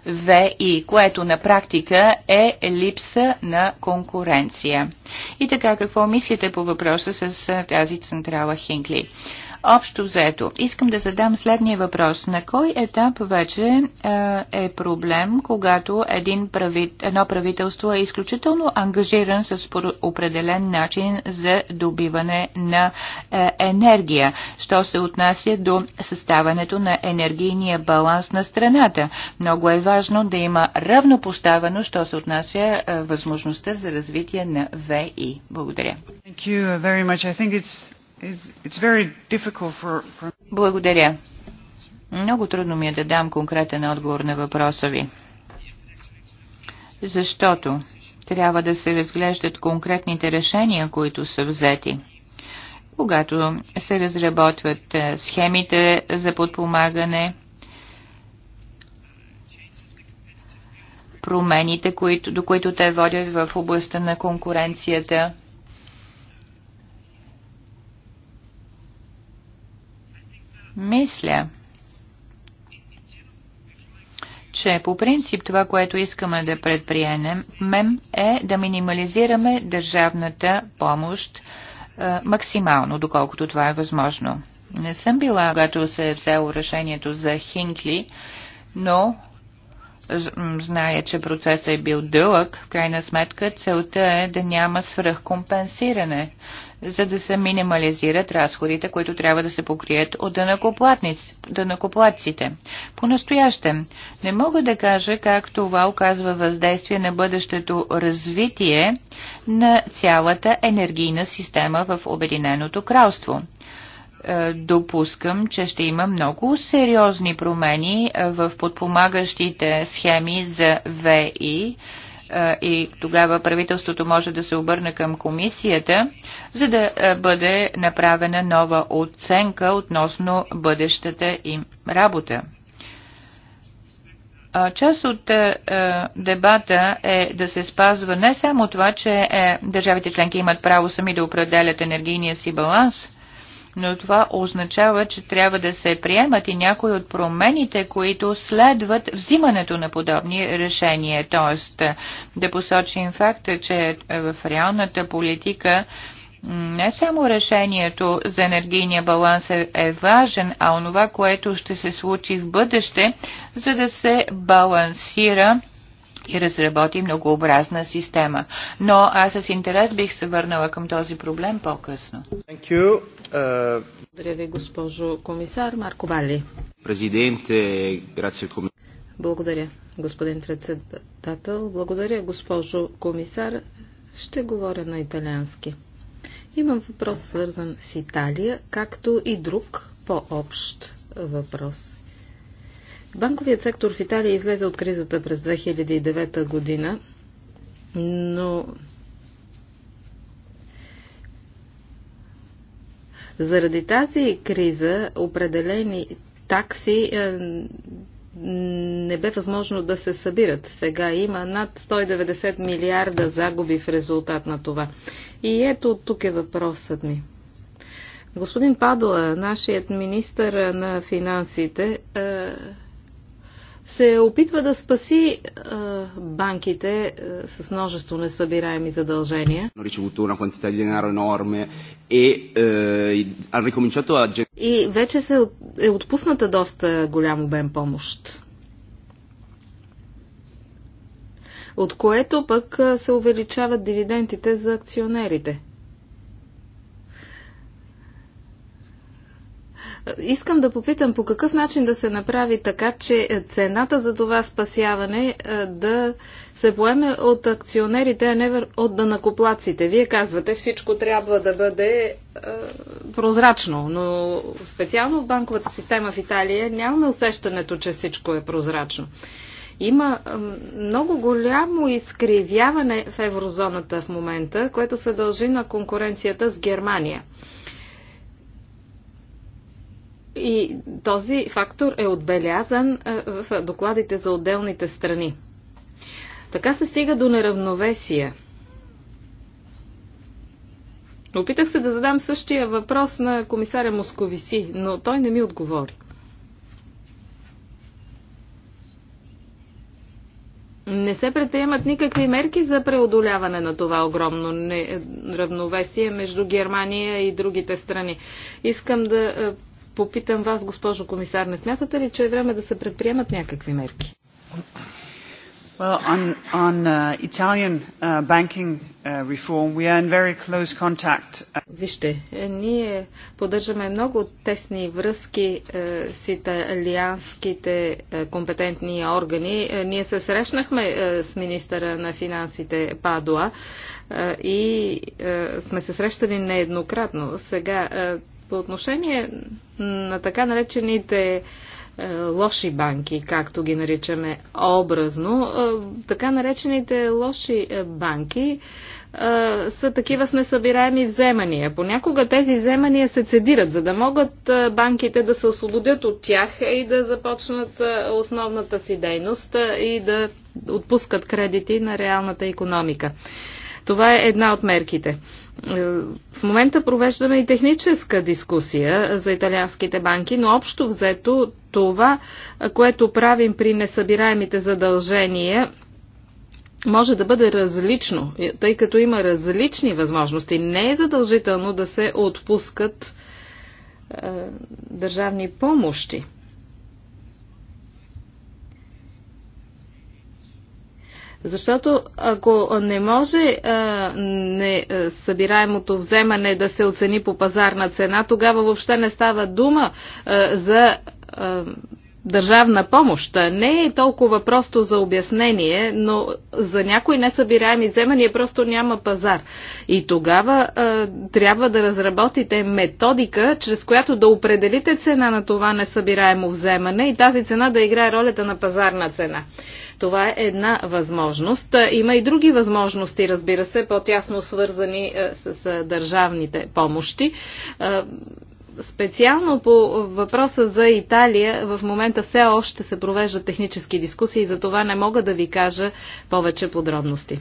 ВИ, което направи практика е липса на конкуренция. И така, какво мислите по въпроса с тази централа Хинкли? Общо взето, искам да задам следния въпрос. На кой етап вече е, е проблем, когато един прави... едно правителство е изключително ангажиран с определен начин за добиване на е, енергия, що се отнася до съставането на енергийния баланс на страната? Много е важно да има равнопоставено, що се отнася е, възможността за развитие на ВИ. Благодаря. Thank you very much. I think it's благодаря. Много трудно ми е да дам конкретен отговор на въпроса ви. Защото трябва да се разглеждат конкретните решения, които са взети. Когато се разработват е, схемите за подпомагане, промените, които, до които те водят в областта на конкуренцията, Мисля, че по принцип това, което искаме да предприемем е да минимализираме държавната помощ е, максимално, доколкото това е възможно. Не съм била, когато се е взело решението за Хинкли, но зная, че процесът е бил дълъг, в крайна сметка целта е да няма свръхкомпенсиране, за да се минимализират разходите, които трябва да се покрият от дънакоплатците. по настояще не мога да кажа как това оказва въздействие на бъдещето развитие на цялата енергийна система в Обединеното кралство. Е, допускам, че ще има много сериозни промени е, в подпомагащите схеми за ВИ е, и тогава правителството може да се обърне към комисията, за да бъде направена нова оценка относно бъдещата им работа. Част от дебата е да се спазва не само това, че държавите членки имат право сами да определят енергийния си баланс, но това означава, че трябва да се приемат и някои от промените, които следват взимането на подобни решения. Тоест да посочим факта, че в реалната политика не само решението за енергийния баланс е, е важен, а онова, което ще се случи в бъдеще, за да се балансира и разработи многообразна система. Но аз с интерес бих се върнала към този проблем по-късно. Uh, Благодаря ви, госпожо комисар Марко Вали. Президенте, грация комисар. Благодаря, господин председател. Благодаря, госпожо комисар. Ще говоря на италиански. Имам въпрос свързан с Италия, както и друг по-общ въпрос. Банковият сектор в Италия излезе от кризата през 2009 година, но заради тази криза определени такси е, не бе възможно да се събират. Сега има над 190 милиарда загуби в резултат на това. И ето тук е въпросът ми. Господин Падола, нашият министър на финансите, е, се опитва да спаси а, банките а, с множество несъбираеми задължения. E, eh, И вече се е отпусната доста голям обем помощ. От което пък се увеличават дивидендите за акционерите. Искам да попитам по какъв начин да се направи така, че цената за това спасяване е, да се поеме от акционерите, а не от данакоплаците. Вие казвате, всичко трябва да бъде е, прозрачно, но специално в банковата система в Италия нямаме усещането, че всичко е прозрачно има е, много голямо изкривяване в еврозоната в момента, което се дължи на конкуренцията с Германия. И този фактор е отбелязан е, в докладите за отделните страни. Така се стига до неравновесие. Опитах се да задам същия въпрос на комисаря Московиси, но той не ми отговори. Не се предприемат никакви мерки за преодоляване на това огромно неравновесие между Германия и другите страни. Искам да е, попитам вас, госпожо комисар, не смятате ли, че е време да се предприемат някакви мерки? Well, on, on uh, Italian uh, banking uh, reform, we are in very close contact. Вижте, ние поддържаме много тесни връзки uh, с италианските uh, компетентни органи. Uh, ние се срещнахме uh, с министъра на финансите Падуа uh, и uh, сме се срещали нееднократно. Сега uh, по отношение на така наречените е, лоши банки, както ги наричаме образно, е, така наречените лоши е, банки са такива с несъбираеми вземания. Понякога тези вземания се цедират, за да могат банките да се освободят от тях и да започнат основната си дейност и да отпускат кредити на реалната економика. Това е една от мерките. Е, в момента провеждаме и техническа дискусия за италианските банки, но общо взето това, което правим при несъбираемите задължения, може да бъде различно, тъй като има различни възможности. Не е задължително да се отпускат е, държавни помощи. Защото ако не може а, не, а, събираемото вземане да се оцени по пазарна цена, тогава въобще не става дума а, за а, държавна помощ. Не е толкова просто за обяснение, но за някои несъбираеми вземания просто няма пазар. И тогава а, трябва да разработите методика, чрез която да определите цена на това несъбираемо вземане и тази цена да играе ролята на пазарна цена. Това е една възможност. Е, има и други възможности, разбира се, по-тясно свързани е, с е, държавните помощи. Специално по въпроса за Италия, в момента все още се провеждат технически дискусии, за това не мога да ви кажа повече подробности.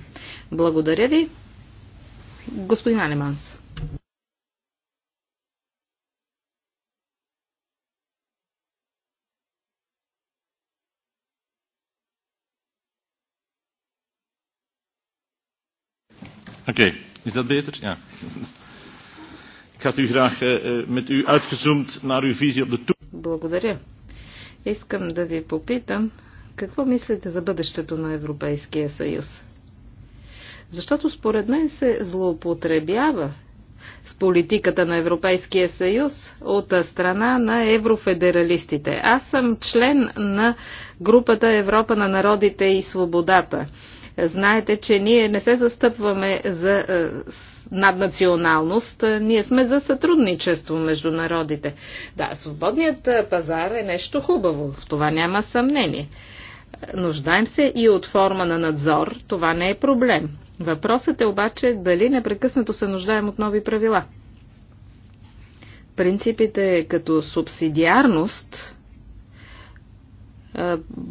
Благодаря ви. Господин Анеманс. Oké, okay. is dat beter? Ja. Ik had u graag uh, met u uitgezoomd naar uw visie op de toekomst. Благодаря. Искам да ви попитам, какво мислите за бъдещето на Европейския съюз? Защото според мен се злоупотребява с политиката на Европейския съюз от страна на еврофедералистите. Аз съм член на групата Европа на народите и свободата. Знаете, че ние не се застъпваме за е, наднационалност, е, ние сме за сътрудничество между народите. Да, свободният е, пазар е нещо хубаво, в това няма съмнение. Нуждаем се и от форма на надзор, това не е проблем. Въпросът е обаче дали непрекъснато се нуждаем от нови правила. Принципите като субсидиарност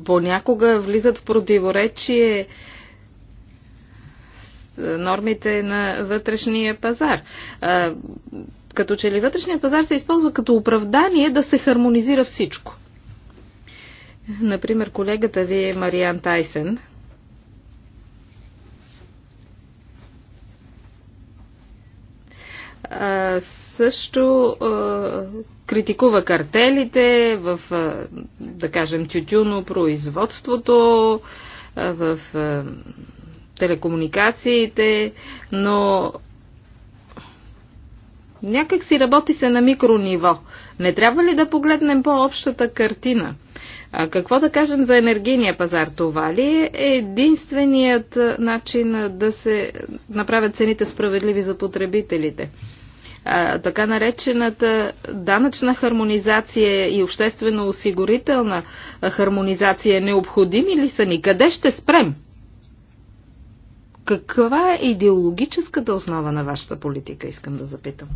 понякога влизат в противоречие нормите на вътрешния пазар. Като че ли вътрешния пазар се използва като оправдание да се хармонизира всичко. Например, колегата ви е Мариан Тайсен, също а, критикува картелите в, а, да кажем, тютюно производството, а, в а, телекомуникациите, но някак си работи се на микрониво. Не трябва ли да погледнем по-общата картина? А какво да кажем за енергийния пазар? Това ли е единственият начин да се направят цените справедливи за потребителите? А, така наречената данъчна хармонизация и обществено-осигурителна хармонизация необходими ли са ни? Къде ще спрем? Каква е идеологическата основа на вашата политика, искам да запитам?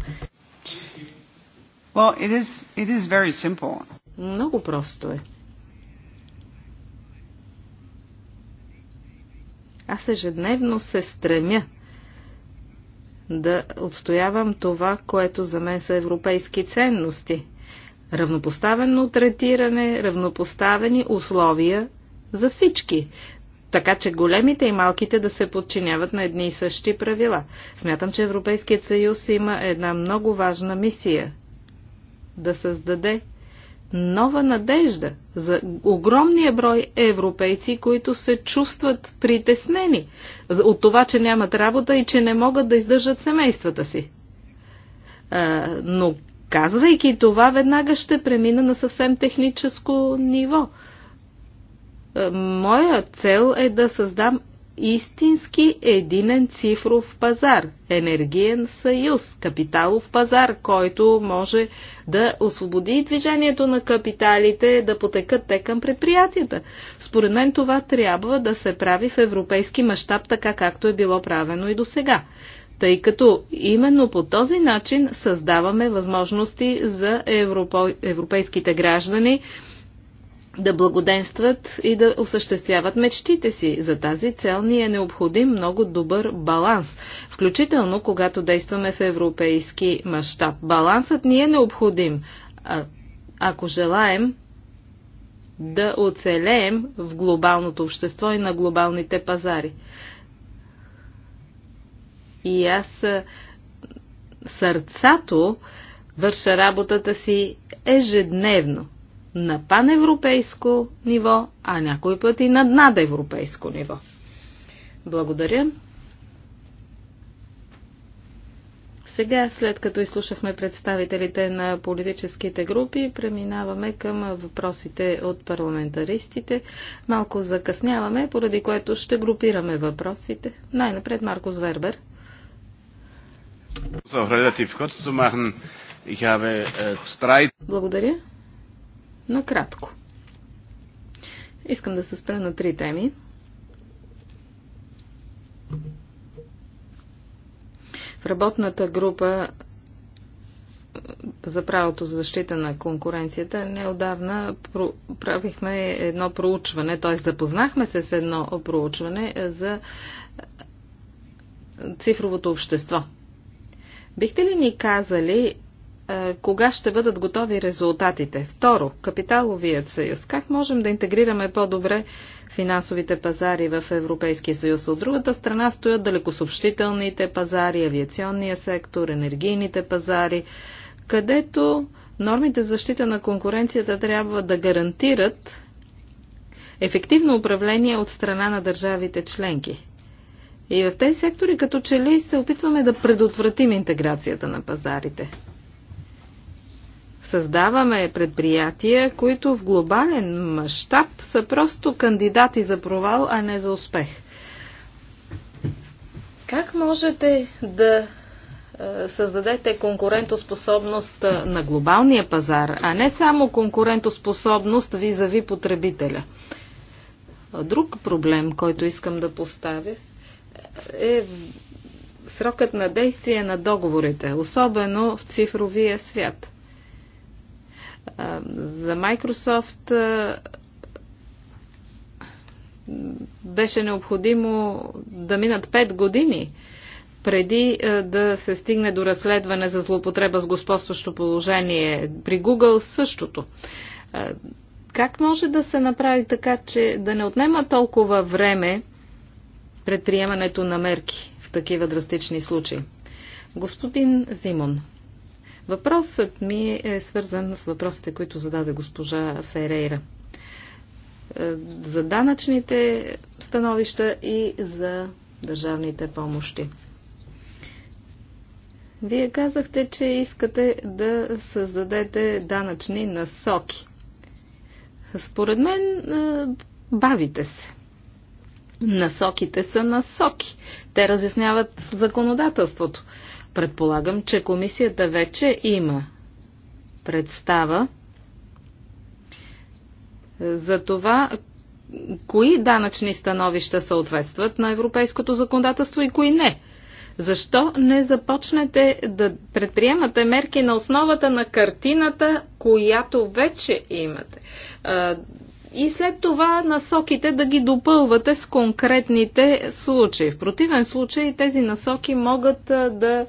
Well, it is, it is very simple. Много просто е. Аз ежедневно се стремя да отстоявам това, което за мен са европейски ценности. Равнопоставено третиране, равнопоставени условия за всички така че големите и малките да се подчиняват на едни и същи правила. Смятам, че Европейският съюз има една много важна мисия да създаде нова надежда за огромния брой европейци, които се чувстват притеснени от това, че нямат работа и че не могат да издържат семействата си. Но казвайки това, веднага ще премина на съвсем техническо ниво – Моя цел е да създам истински единен цифров пазар, енергиен съюз, капиталов пазар, който може да освободи движението на капиталите, да потекат те към предприятията. Според мен това трябва да се прави в европейски мащаб, така както е било правено и до сега тъй като именно по този начин създаваме възможности за европейските граждани да благоденстват и да осъществяват мечтите си. За тази цел ни е необходим много добър баланс, включително когато действаме в европейски мащаб. Балансът ни е необходим, а, ако желаем да оцелеем в глобалното общество и на глобалните пазари. И аз сърцато върша работата си ежедневно на паневропейско ниво, а някой път и на надевропейско ниво. Благодаря. Сега, след като изслушахме представителите на политическите групи, преминаваме към въпросите от парламентаристите. Малко закъсняваме, поради което ще групираме въпросите. Най-напред Маркус Вербер. Äh, Благодаря. Накратко. Искам да се спра на три теми. В работната група е, за правото за защита на конкуренцията неодавна правихме едно проучване, т.е. запознахме се с едно проучване е, за е, цифровото общество. Бихте ли ни казали е, кога ще бъдат готови резултатите? Второ, капиталовият съюз. Как можем да интегрираме по-добре финансовите пазари в Европейския съюз? От другата страна стоят далекосъобщителните пазари, авиационния сектор, енергийните пазари, където нормите защита на конкуренцията трябва да гарантират ефективно управление от страна на държавите членки. И в тези сектори като че ли се опитваме да предотвратим интеграцията на пазарите. Създаваме предприятия, които в глобален мащаб са просто кандидати за провал, а не за успех. Как можете да е, създадете конкурентоспособност е, на глобалния пазар, а не само конкурентоспособност визави потребителя? Друг проблем, който искам да поставя, е срокът на действие на договорите, особено в цифровия свят. За Microsoft беше необходимо да минат 5 години преди да се стигне до разследване за злоупотреба с господстващо положение. При Google същото. Как може да се направи така, че да не отнема толкова време предприемането на мерки в такива драстични случаи? Господин Зимон. Въпросът ми е свързан с въпросите, които зададе госпожа Ферейра. Е, за данъчните становища и за държавните помощи. Вие казахте, че искате да създадете данъчни насоки. Според мен е, бавите се. Насоките са насоки. Те разясняват законодателството. Предполагам, че комисията вече има представа за това, кои данъчни становища съответстват на европейското законодателство и кои не. Защо не започнете да предприемате мерки на основата на картината, която вече имате? И след това насоките да ги допълвате с конкретните случаи. В противен случай тези насоки могат да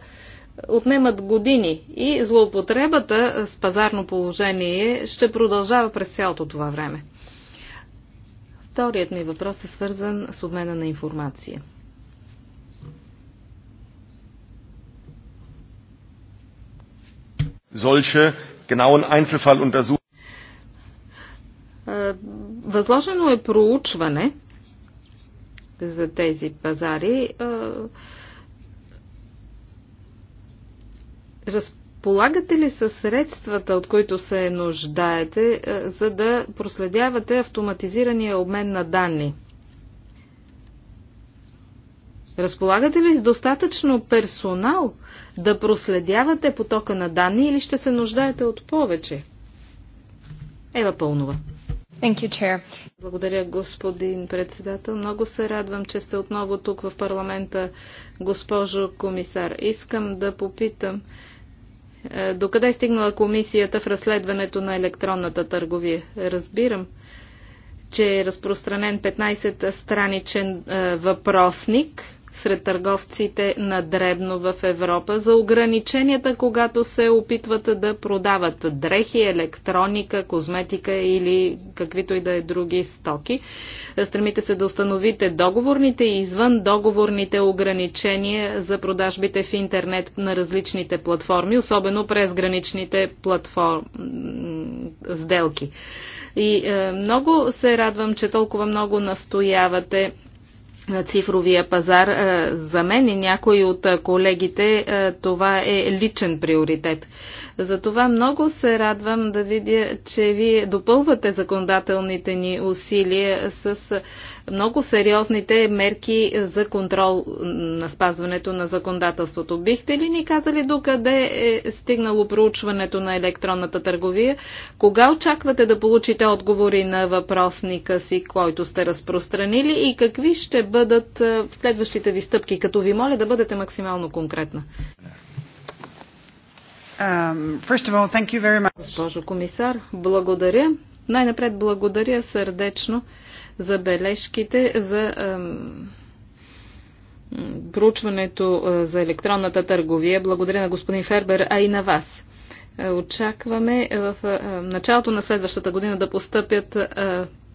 отнемат години и злоупотребата с пазарно положение ще продължава през цялото това време. Вторият ми въпрос е свързан с обмена на информация. Solche genauen Einzelfalluntersuchungen. Възложено е проучване за тези пазари. разполагате ли със средствата, от които се нуждаете, е, за да проследявате автоматизирания обмен на данни? Разполагате ли с достатъчно персонал да проследявате потока на данни или ще се нуждаете от повече? Ева Пълнова. Thank you, Chair. Благодаря, господин председател. Много се радвам, че сте отново тук в парламента, госпожо комисар. Искам да попитам е, докъде е стигнала комисията в разследването на електронната търговия? Разбирам, че е разпространен 15-страничен е, въпросник – сред търговците на дребно в Европа за ограниченията, когато се опитват да продават дрехи, електроника, козметика или каквито и да е други стоки. Стремите се да установите договорните и извън договорните ограничения за продажбите в интернет на различните платформи, особено през граничните платформ... сделки. И е, много се радвам, че толкова много настоявате цифровия пазар. Е, за мен и някои от е, колегите е, това е личен приоритет. Затова много се радвам да видя, че вие допълвате законодателните ни усилия с много сериозните мерки за контрол на спазването на законодателството. Бихте ли ни казали докъде е стигнало проучването на електронната търговия? Кога очаквате да получите отговори на въпросника си, който сте разпространили и какви ще бъдат е, следващите ви стъпки, като ви моля да бъдете максимално конкретна? Um, Госпожо комисар, благодаря. Най-напред благодаря сърдечно забележките за проучването за електронната търговия. Благодаря на господин Фербер, а и на вас. Очакваме в началото на следващата година да постъпят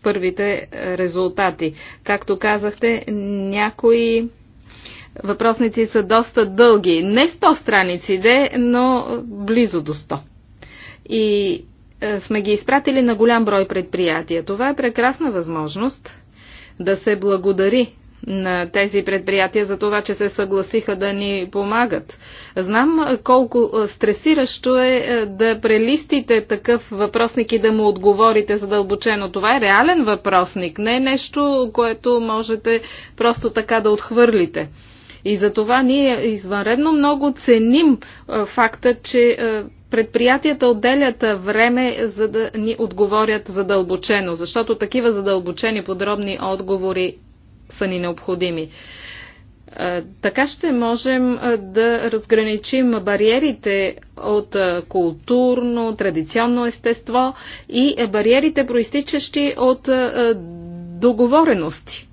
първите резултати. Както казахте, някои въпросници са доста дълги. Не 100 страници, де, но близо до 100. И е, сме ги изпратили на голям брой предприятия. Това е прекрасна възможност да се благодари на тези предприятия за това, че се съгласиха да ни помагат. Знам е, колко е, стресиращо е да прелистите такъв въпросник и да му отговорите задълбочено. Това е реален въпросник, не е нещо, което можете просто така да отхвърлите. И за това ние извънредно много ценим факта, че предприятията отделят време за да ни отговорят задълбочено, защото такива задълбочени подробни отговори са ни необходими. Така ще можем да разграничим бариерите от културно, традиционно естество и бариерите, проистичащи от договорености.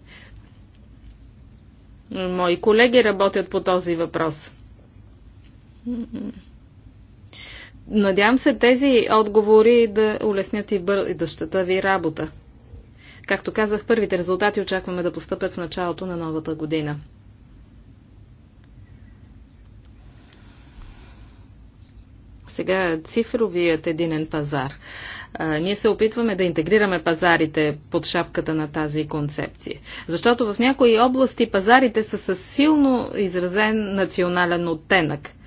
Мои колеги работят по този въпрос. Надявам се тези отговори да улеснят и бъдещата ви работа. Както казах, първите резултати очакваме да постъпят в началото на новата година. Сега цифровият единен пазар. А, ние се опитваме да интегрираме пазарите под шапката на тази концепция. Защото в някои области пазарите са с силно изразен национален оттенък –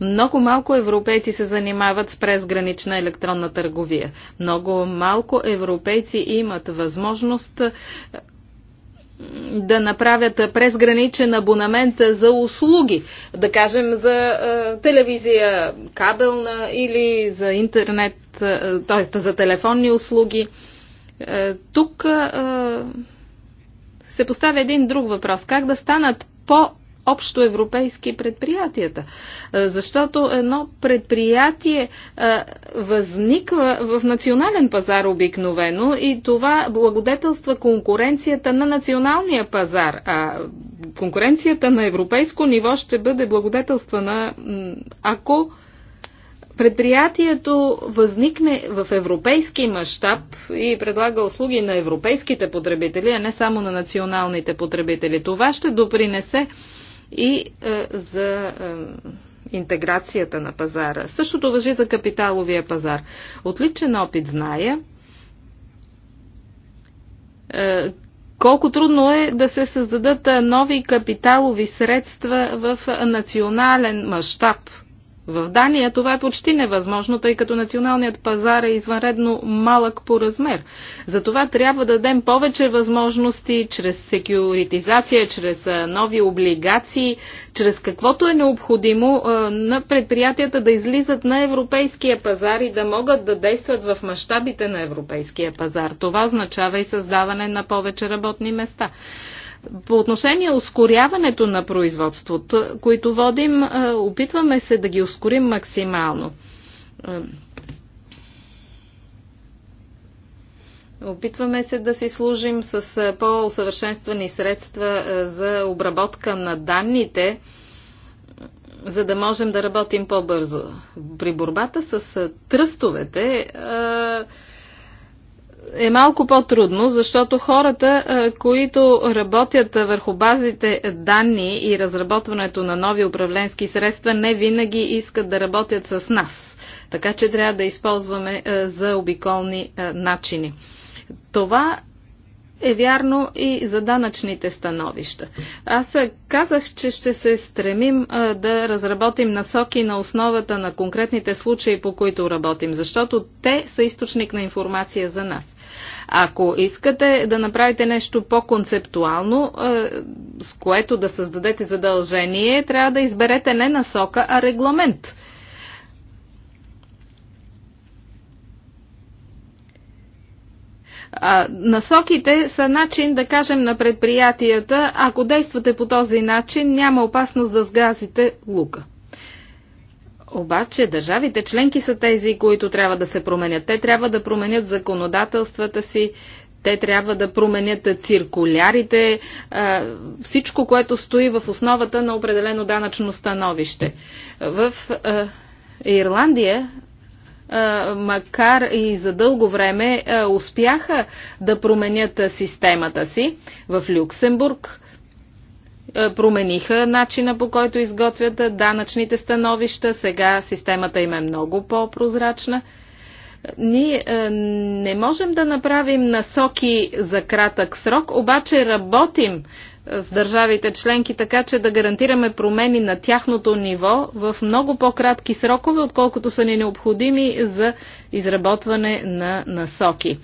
много малко европейци се занимават с презгранична електронна търговия. Много малко европейци имат възможност е, да направят презграничен абонамент за услуги, да кажем за е, телевизия кабелна или за интернет, е, т.е. за телефонни услуги. Е, тук е, се поставя един друг въпрос. Как да станат по общо европейски предприятията. Защото едно предприятие възниква в национален пазар обикновено и това благодетелства конкуренцията на националния пазар. А конкуренцията на европейско ниво ще бъде благодетелствана, ако предприятието възникне в европейски мащаб и предлага услуги на европейските потребители, а не само на националните потребители. Това ще допринесе и е, за е, интеграцията на пазара. Същото въжи за капиталовия пазар. Отличен опит зная е, колко трудно е да се създадат нови капиталови средства в национален мащаб. В Дания това е почти невъзможно, тъй като националният пазар е извънредно малък по размер. Затова трябва да дадем повече възможности чрез секюритизация, чрез нови облигации, чрез каквото е необходимо на предприятията да излизат на европейския пазар и да могат да действат в мащабите на европейския пазар. Това означава и създаване на повече работни места. По отношение ускоряването на производството, които водим, е, опитваме се да ги ускорим максимално. Е, опитваме се да си служим с е, по-усъвършенствани средства за обработка на данните, за да можем да работим по-бързо. При борбата с тръстовете е малко по-трудно, защото хората, които работят върху базите данни и разработването на нови управленски средства, не винаги искат да работят с нас. Така че трябва да използваме за обиколни начини. Това е вярно и за данъчните становища. Аз казах, че ще се стремим а, да разработим насоки на основата на конкретните случаи, по които работим, защото те са източник на информация за нас. Ако искате да направите нещо по-концептуално, с което да създадете задължение, трябва да изберете не насока, а регламент – А, насоките са начин да кажем на предприятията, ако действате по този начин, няма опасност да сгазите лука. Обаче държавите членки са тези, които трябва да се променят. Те трябва да променят законодателствата си, те трябва да променят циркулярите, всичко, което стои в основата на определено данъчно становище. В Ирландия макар и за дълго време, успяха да променят системата си в Люксембург промениха начина по който изготвят данъчните становища. Сега системата им е много по-прозрачна. Ние не можем да направим насоки за кратък срок, обаче работим с държавите членки, така че да гарантираме промени на тяхното ниво в много по-кратки срокове, отколкото са ни необходими за изработване на насоки.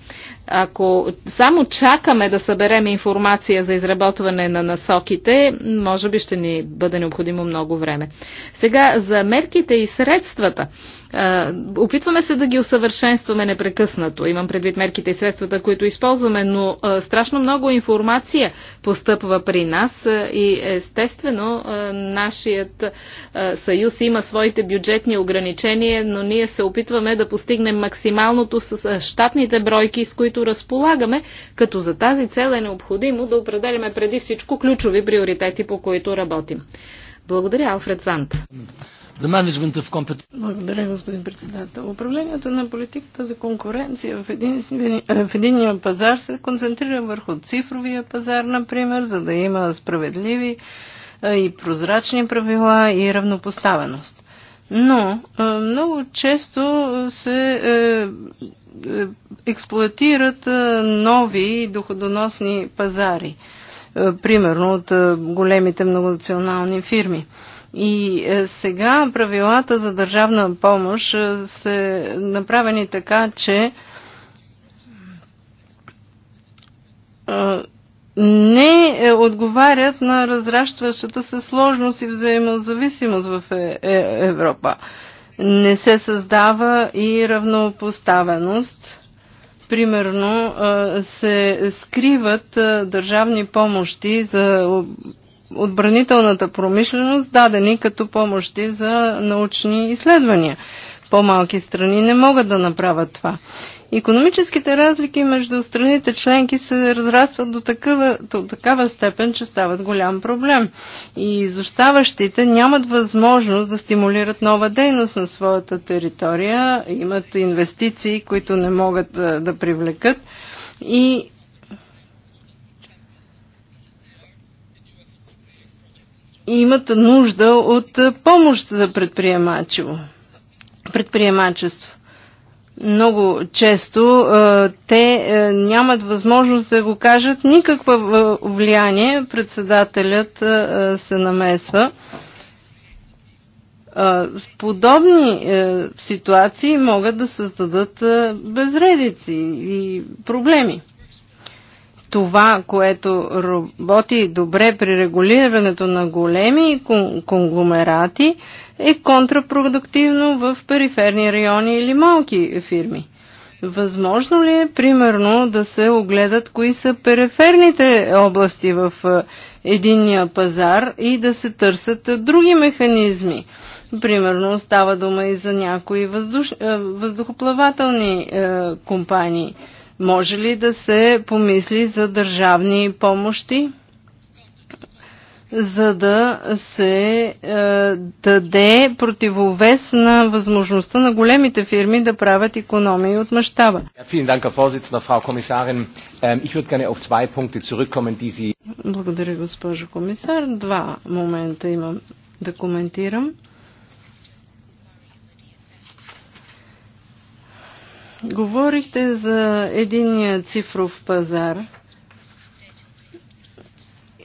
Ако само чакаме да съберем информация за изработване на насоките, може би ще ни бъде необходимо много време. Сега за мерките и средствата. Опитваме се да ги усъвършенстваме непрекъснато. Имам предвид мерките и средствата, които използваме, но страшно много информация постъпва при нас и естествено нашият съюз има своите бюджетни ограничения, но ние се опитваме да постигнем максималното с щатните бройки, с които което разполагаме, като за тази цел е необходимо да определяме преди всичко ключови приоритети, по които работим. Благодаря, Алфред Сант. Благодаря, господин председател. Управлението на политиката за конкуренция в, един, в единия пазар се концентрира върху цифровия пазар, например, за да има справедливи и прозрачни правила и равнопоставеност. Но много често се е, е, експлуатират нови доходоносни пазари, примерно от големите многонационални фирми. И е, сега правилата за държавна помощ са направени така, че не е, отговарят на разрастващата се сложност и взаимозависимост в е, е, Европа. Не се създава и равнопоставеност. Примерно се скриват държавни помощи за отбранителната промишленост, дадени като помощи за научни изследвания. По-малки страни не могат да направят това. Економическите разлики между страните членки се разрастват до такава, до такава степен, че стават голям проблем. И изоставащите нямат възможност да стимулират нова дейност на своята територия, имат инвестиции, които не могат да, да привлекат. И имат нужда от помощ за предприемачество. предприемачество много често е, те е, нямат възможност да го кажат никаква е, влияние. Председателят се намесва. В подобни ситуации могат да създадат безредици и проблеми. Това, което работи добре при регулирането на големи конгломерати, е контрапродуктивно в периферни райони или малки фирми. Възможно ли е, примерно, да се огледат кои са периферните области в единния пазар и да се търсят други механизми? Примерно, става дума и за някои въздуш... въздухоплавателни е, компании. Може ли да се помисли за държавни помощи? за да се е, даде противовес на възможността на големите фирми да правят економии от мащаба. Ähm, Благодаря, госпожо комисар. Два момента имам да коментирам. Говорихте за единия цифров пазар –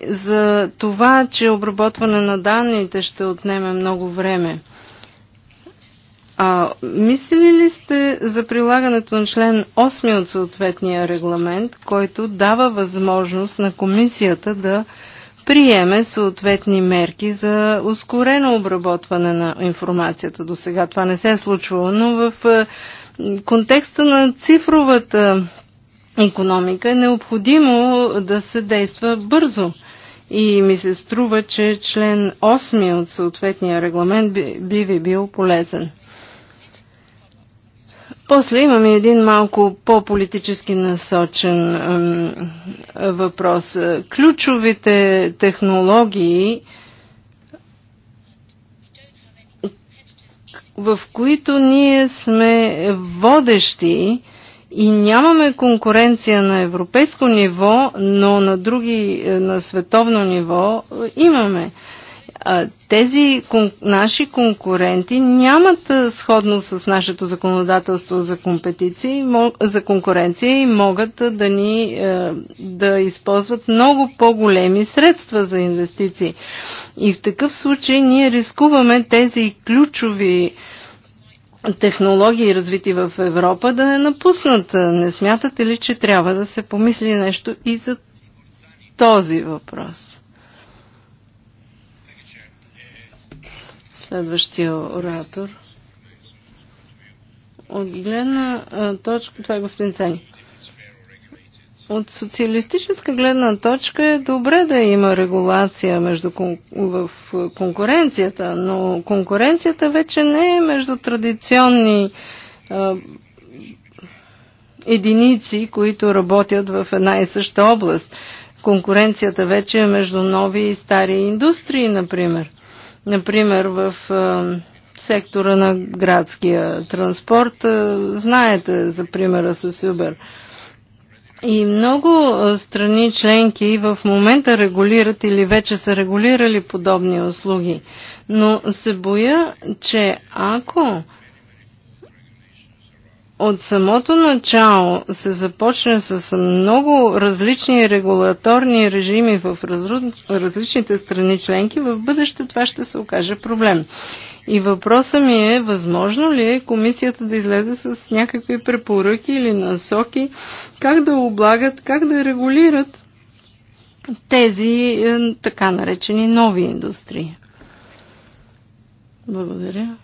за това, че обработване на данните ще отнеме много време. А, мислили ли сте за прилагането на член 8 от съответния регламент, който дава възможност на комисията да приеме съответни мерки за ускорено обработване на информацията до сега? Това не се е случвало, но в е, контекста на цифровата економика е необходимо да се действа бързо и ми се струва, че член 8 от съответния регламент би, би ви бил полезен. После имам един малко по-политически насочен ъм, въпрос. Ключовите технологии, в които ние сме водещи, и нямаме конкуренция на европейско ниво, но на други, е, на световно ниво е, имаме. Тези кон, наши конкуренти нямат е, сходно с нашето законодателство за компетиции, за конкуренция и могат да ни да използват много по-големи средства за инвестиции. И в такъв случай ние рискуваме тези ключови технологии, развити в Европа, да не напуснат. Не смятате ли, че трябва да се помисли нещо и за този въпрос? Следващия оратор. От гледна точка, това е господин Цани. От социалистическа гледна точка е добре да има регулация между кон... в конкуренцията, но конкуренцията вече не е между традиционни а, единици, които работят в една и съща област. Конкуренцията вече е между нови и стари индустрии, например. Например, в а, сектора на градския транспорт, а, знаете за примера с Uber – и много страни членки в момента регулират или вече са регулирали подобни услуги. Но се боя, че ако от самото начало се започне с много различни регулаторни режими в различните страни членки, в бъдеще това ще се окаже проблем. И въпросът ми е, възможно ли е комисията да излезе с някакви препоръки или насоки, как да облагат, как да регулират тези е, така наречени нови индустрии. Благодаря.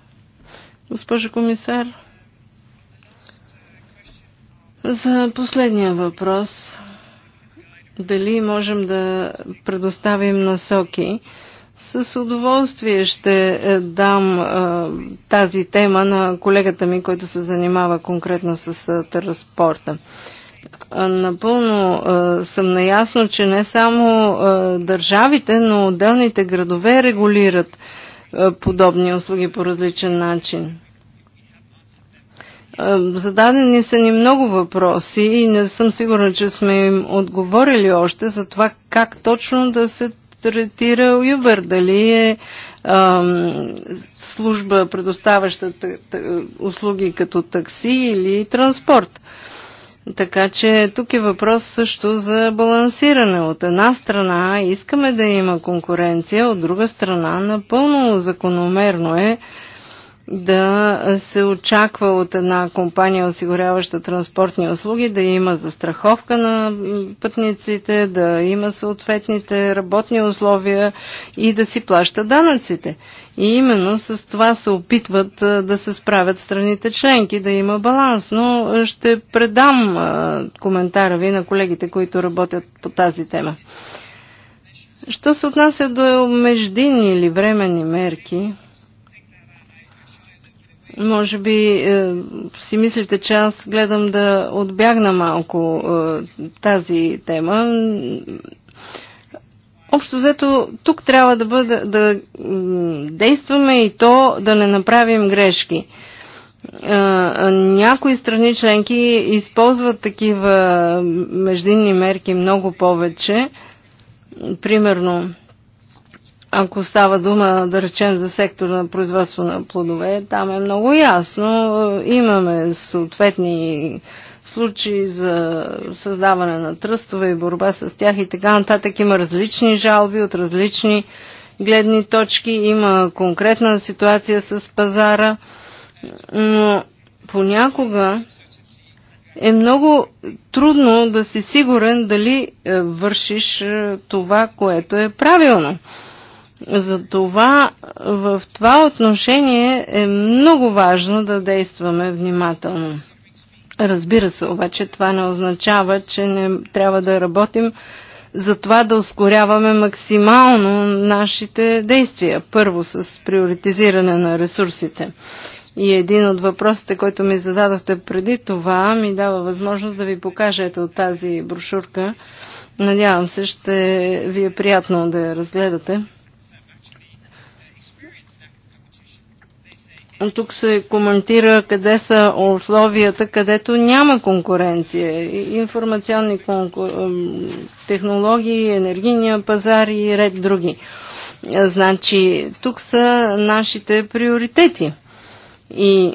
Госпожо комисар, за последния въпрос, дали можем да предоставим насоки, с удоволствие ще е, дам а, е, тази тема на колегата ми, който се занимава конкретно с а, е, транспорта. Напълно а, съм наясно, че не само а, държавите, но отделните градове регулират а, подобни услуги по различен начин. Зададени са ни много въпроси и не съм сигурна, че сме им отговорили още за това как точно да се третира Uber, дали е ам, служба, предоставяща услуги като такси или транспорт. Така че тук е въпрос също за балансиране. От една страна искаме да има конкуренция, от друга страна напълно закономерно е да се очаква от една компания, осигуряваща транспортни услуги, да има застраховка на пътниците, да има съответните работни условия и да си плаща данъците. И именно с това се опитват да се справят страните членки, да има баланс. Но ще предам коментара ви на колегите, които работят по тази тема. Що се отнася до междинни или временни мерки, може би е, си мислите, че аз гледам да отбягна малко е, тази тема. Общо взето, тук трябва да, бъде, да действаме и то да не направим грешки. Е, някои страни членки използват такива междинни мерки много повече. Примерно, ако става дума, да речем, за сектор на производство на плодове, там е много ясно. Имаме съответни случаи за създаване на тръстове и борба с тях и така нататък. Има различни жалби от различни гледни точки, има конкретна ситуация с пазара, но понякога е много трудно да си сигурен дали е, вършиш е, това, което е правилно. Затова в това отношение е много важно да действаме внимателно. Разбира се, обаче това не означава, че не трябва да работим за това да ускоряваме максимално нашите действия. Първо с приоритизиране на ресурсите. И един от въпросите, който ми зададохте преди това, ми дава възможност да ви покажете от тази брошурка. Надявам се, ще ви е приятно да я разгледате. тук се коментира къде са условията, където няма конкуренция. Информационни конку... технологии, енергийния пазар и ред други. Значи, тук са нашите приоритети. И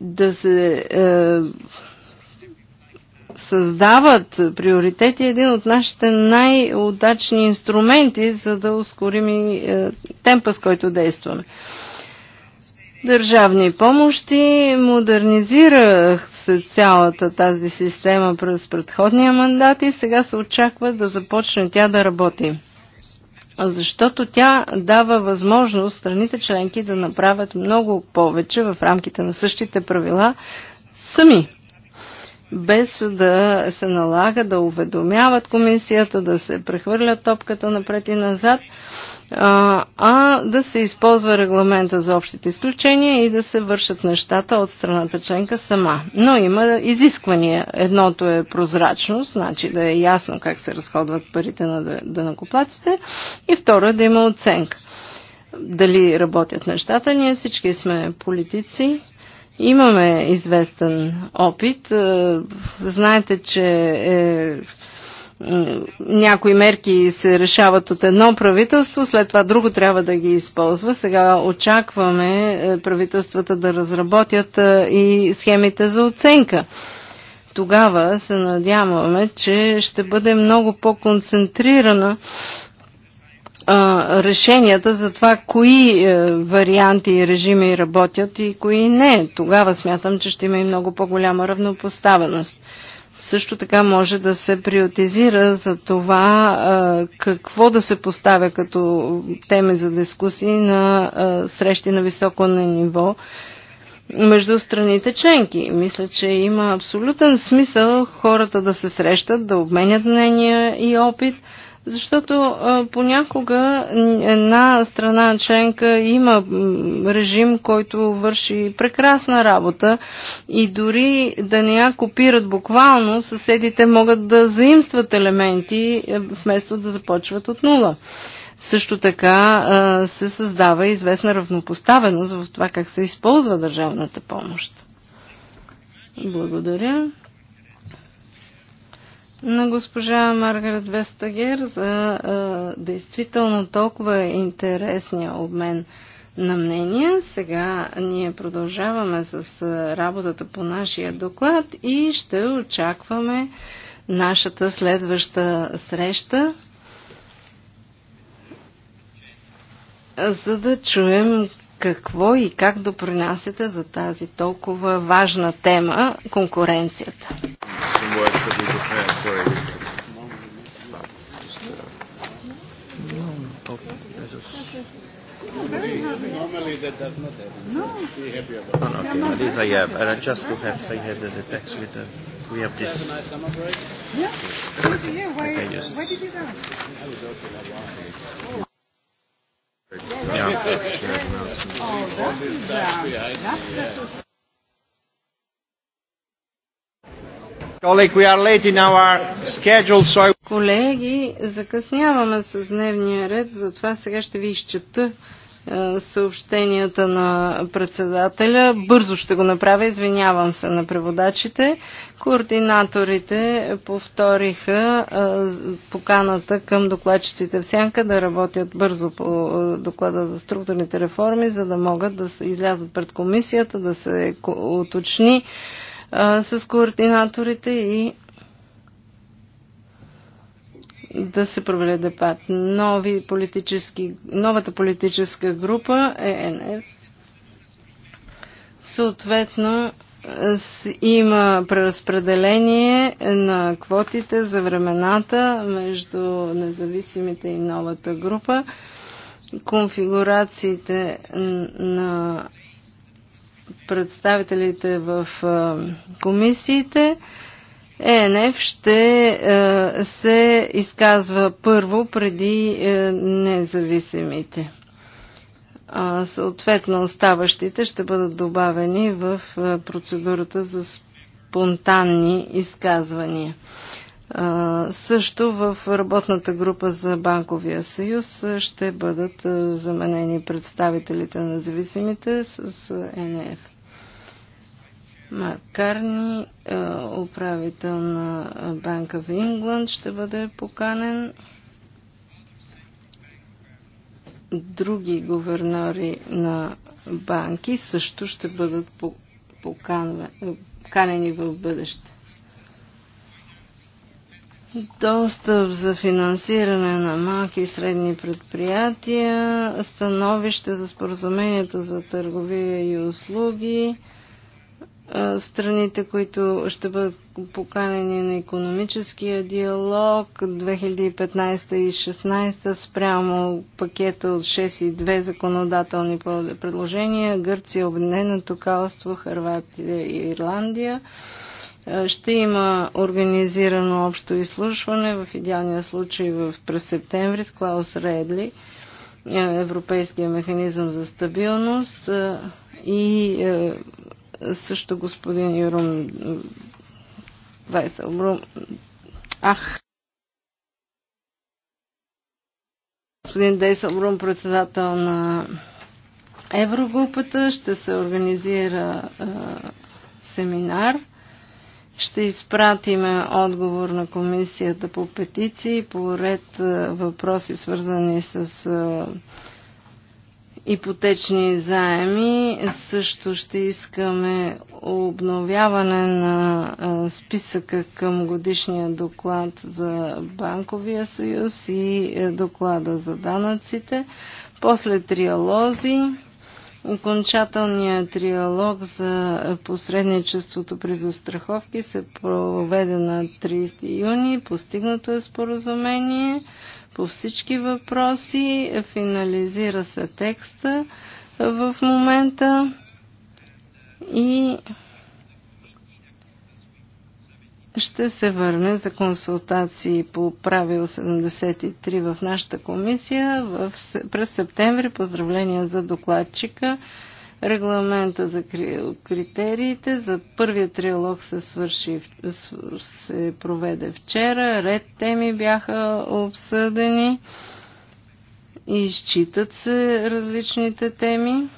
да се е, създават приоритети е един от нашите най-удачни инструменти, за да ускорим и е, темпа, с който действаме. Е, държавни помощи. Модернизирах се цялата тази система през предходния мандат и сега се очаква да започне тя да работи. Защото тя дава възможност страните членки да направят много повече в рамките на същите правила сами. Без да се налага да уведомяват комисията, да се прехвърлят топката напред и назад – а да се използва регламента за общите изключения и да се вършат нещата от страната членка сама. Но има изисквания. Едното е прозрачност, значи да е ясно как се разходват парите на данакоплаците и второ е да има оценка. Дали работят нещата, ние всички сме политици, имаме известен опит. Е, знаете, че е някои мерки се решават от едно правителство, след това друго трябва да ги използва. Сега очакваме е, правителствата да разработят е, и схемите за оценка. Тогава се надяваме, че ще бъде много по-концентрирана решенията за това кои е, варианти и режими работят и кои не. Тогава смятам, че ще има и много по-голяма равнопоставеност. Също така може да се приотизира за това какво да се поставя като теми за дискусии на срещи на високо на ниво между страните членки. Мисля, че има абсолютен смисъл хората да се срещат, да обменят мнения и опит – защото понякога една страна членка има режим, който върши прекрасна работа и дори да не я копират буквално, съседите могат да заимстват елементи е, вместо да започват от нула. Също така се създава известна равнопоставеност в това как се използва държавната помощ. Благодаря на госпожа Маргарет Вестагер за а, действително толкова интересния обмен на мнения. Сега ние продължаваме с работата по нашия доклад и ще очакваме нашата следваща среща, за да чуем какво и как допринасяте за тази толкова важна тема конкуренцията. Normally that does not happen. No. So be happy about it. No, okay. This I have. And just to have, say had the text with the. We have this. Have a nice summer break. Yeah. Good to you. Where, where did you go? I was out in Hawaii. Yeah. Oh, that is, that's, that's Колеги, закъсняваме с дневния ред, затова сега ще ви изчета е, съобщенията на председателя. Бързо ще го направя, извинявам се на преводачите. Координаторите повториха е, поканата към докладчиците в Сянка да работят бързо по е, доклада за структурните реформи, за да могат да излязат пред комисията, да се уточни с координаторите и да се проведе дебат. Нови политически, новата политическа група ЕНФ съответно е, има преразпределение на квотите за времената между независимите и новата група. Конфигурациите на представителите в е, комисиите ЕНФ ще е, се изказва първо преди е, независимите. А съответно оставащите ще бъдат добавени в е, процедурата за спонтанни изказвания. Също в работната група за Банковия съюз ще бъдат заменени представителите на зависимите с НФ. Маркарни, е, управител на Банка в Ингланд, ще бъде поканен. Други говернори на банки също ще бъдат е, поканени в бъдеще. Достъп за финансиране на малки и средни предприятия, становище за споразумението за търговия и услуги, страните, които ще бъдат поканени на економическия диалог 2015 и 2016 спрямо пакета от 6 и 2 законодателни предложения Гърция, Обединеното кралство, Харватия и Ирландия. Ще има организирано общо изслушване, в идеалния случай в през септември с Клаус Редли, Европейския механизъм за стабилност и също господин Юрум Брум. Ах! Господин Брум, председател на Еврогрупата, ще се организира е, семинар. Ще изпратиме отговор на комисията по петиции по ред е, въпроси, свързани с е, ипотечни заеми. Също ще искаме обновяване на списъка към годишния доклад за Банковия съюз и е, доклада за данъците. После триалози. Окончателният триалог за посредничеството при застраховки се проведе на 30 юни. Постигнато е споразумение по всички въпроси. Финализира се текста в момента и ще се върне за консултации по правил 73 в нашата комисия през септември. Поздравления за докладчика регламента за критериите. За първия триалог се, свърши, се проведе вчера. Ред теми бяха обсъдени. Изчитат се различните теми.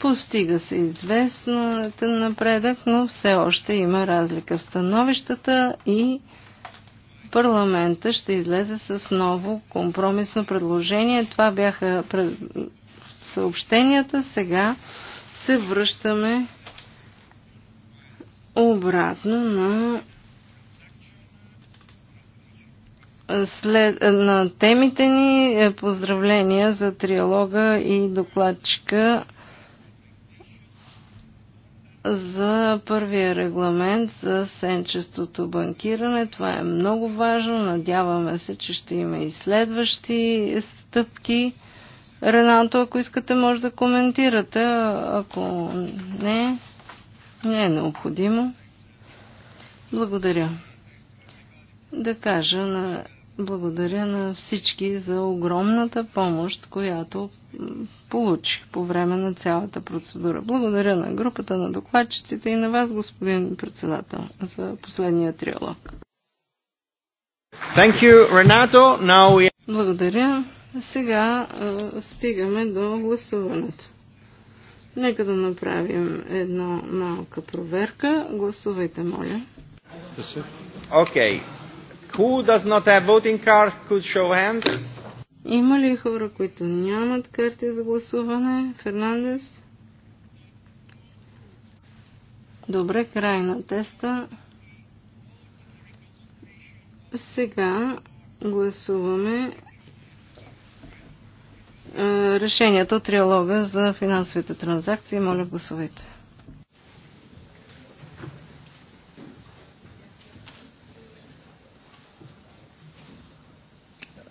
Постига се известно напредък, но все още има разлика в становищата и парламента ще излезе с ново компромисно предложение. Това бяха съобщенията. Сега се връщаме обратно на след, на темите ни поздравления за триалога и докладчика за първия регламент за сенчестото банкиране. Това е много важно. Надяваме се, че ще има и следващи стъпки. Ренато, ако искате, може да коментирате. Ако не, не е необходимо. Благодаря. Да кажа на благодаря на всички за огромната помощ, която получих по време на цялата процедура. Благодаря на групата, на докладчиците и на вас, господин председател, за последния триалог. Thank you, Renato. Now we... Благодаря. Сега стигаме до гласуването. Нека да направим една малка проверка. Гласувайте, моля. Окей. Okay. Who does not have voting card could show hand. Има ли хора, които нямат карти за гласуване? Фернандес? Добре, край на теста. Сега гласуваме решението от триалога за финансовите транзакции. Моля, гласувайте.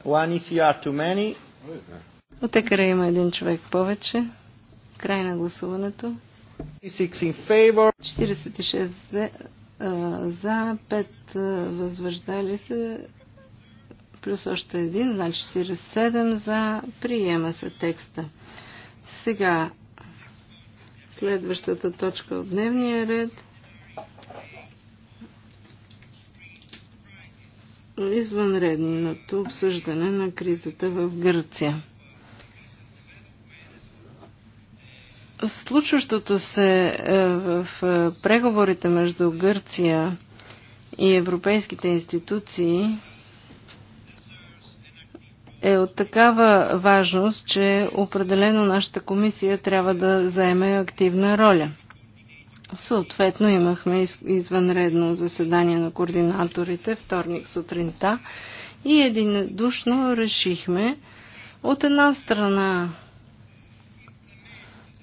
One ECR too many. От екара има един човек повече. Край на гласуването. 46 за, за 5 възвърждали се, плюс още един, значи 47 за, приема се текста. Сега, следващата точка от дневния ред – извънредното обсъждане на кризата в Гърция. Случващото се е, в е, преговорите между Гърция и европейските институции е от такава важност, че определено нашата комисия трябва да заеме активна роля – Съответно имахме извънредно заседание на координаторите вторник сутринта и единодушно решихме от една страна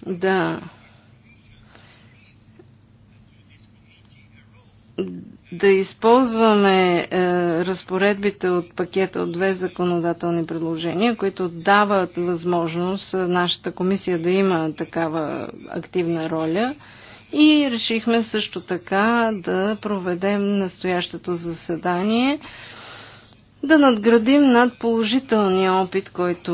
да да използваме е, разпоредбите от пакета от две законодателни предложения, които дават възможност е, нашата комисия да има такава активна роля – и решихме също така да проведем настоящото заседание, да надградим над положителния опит, който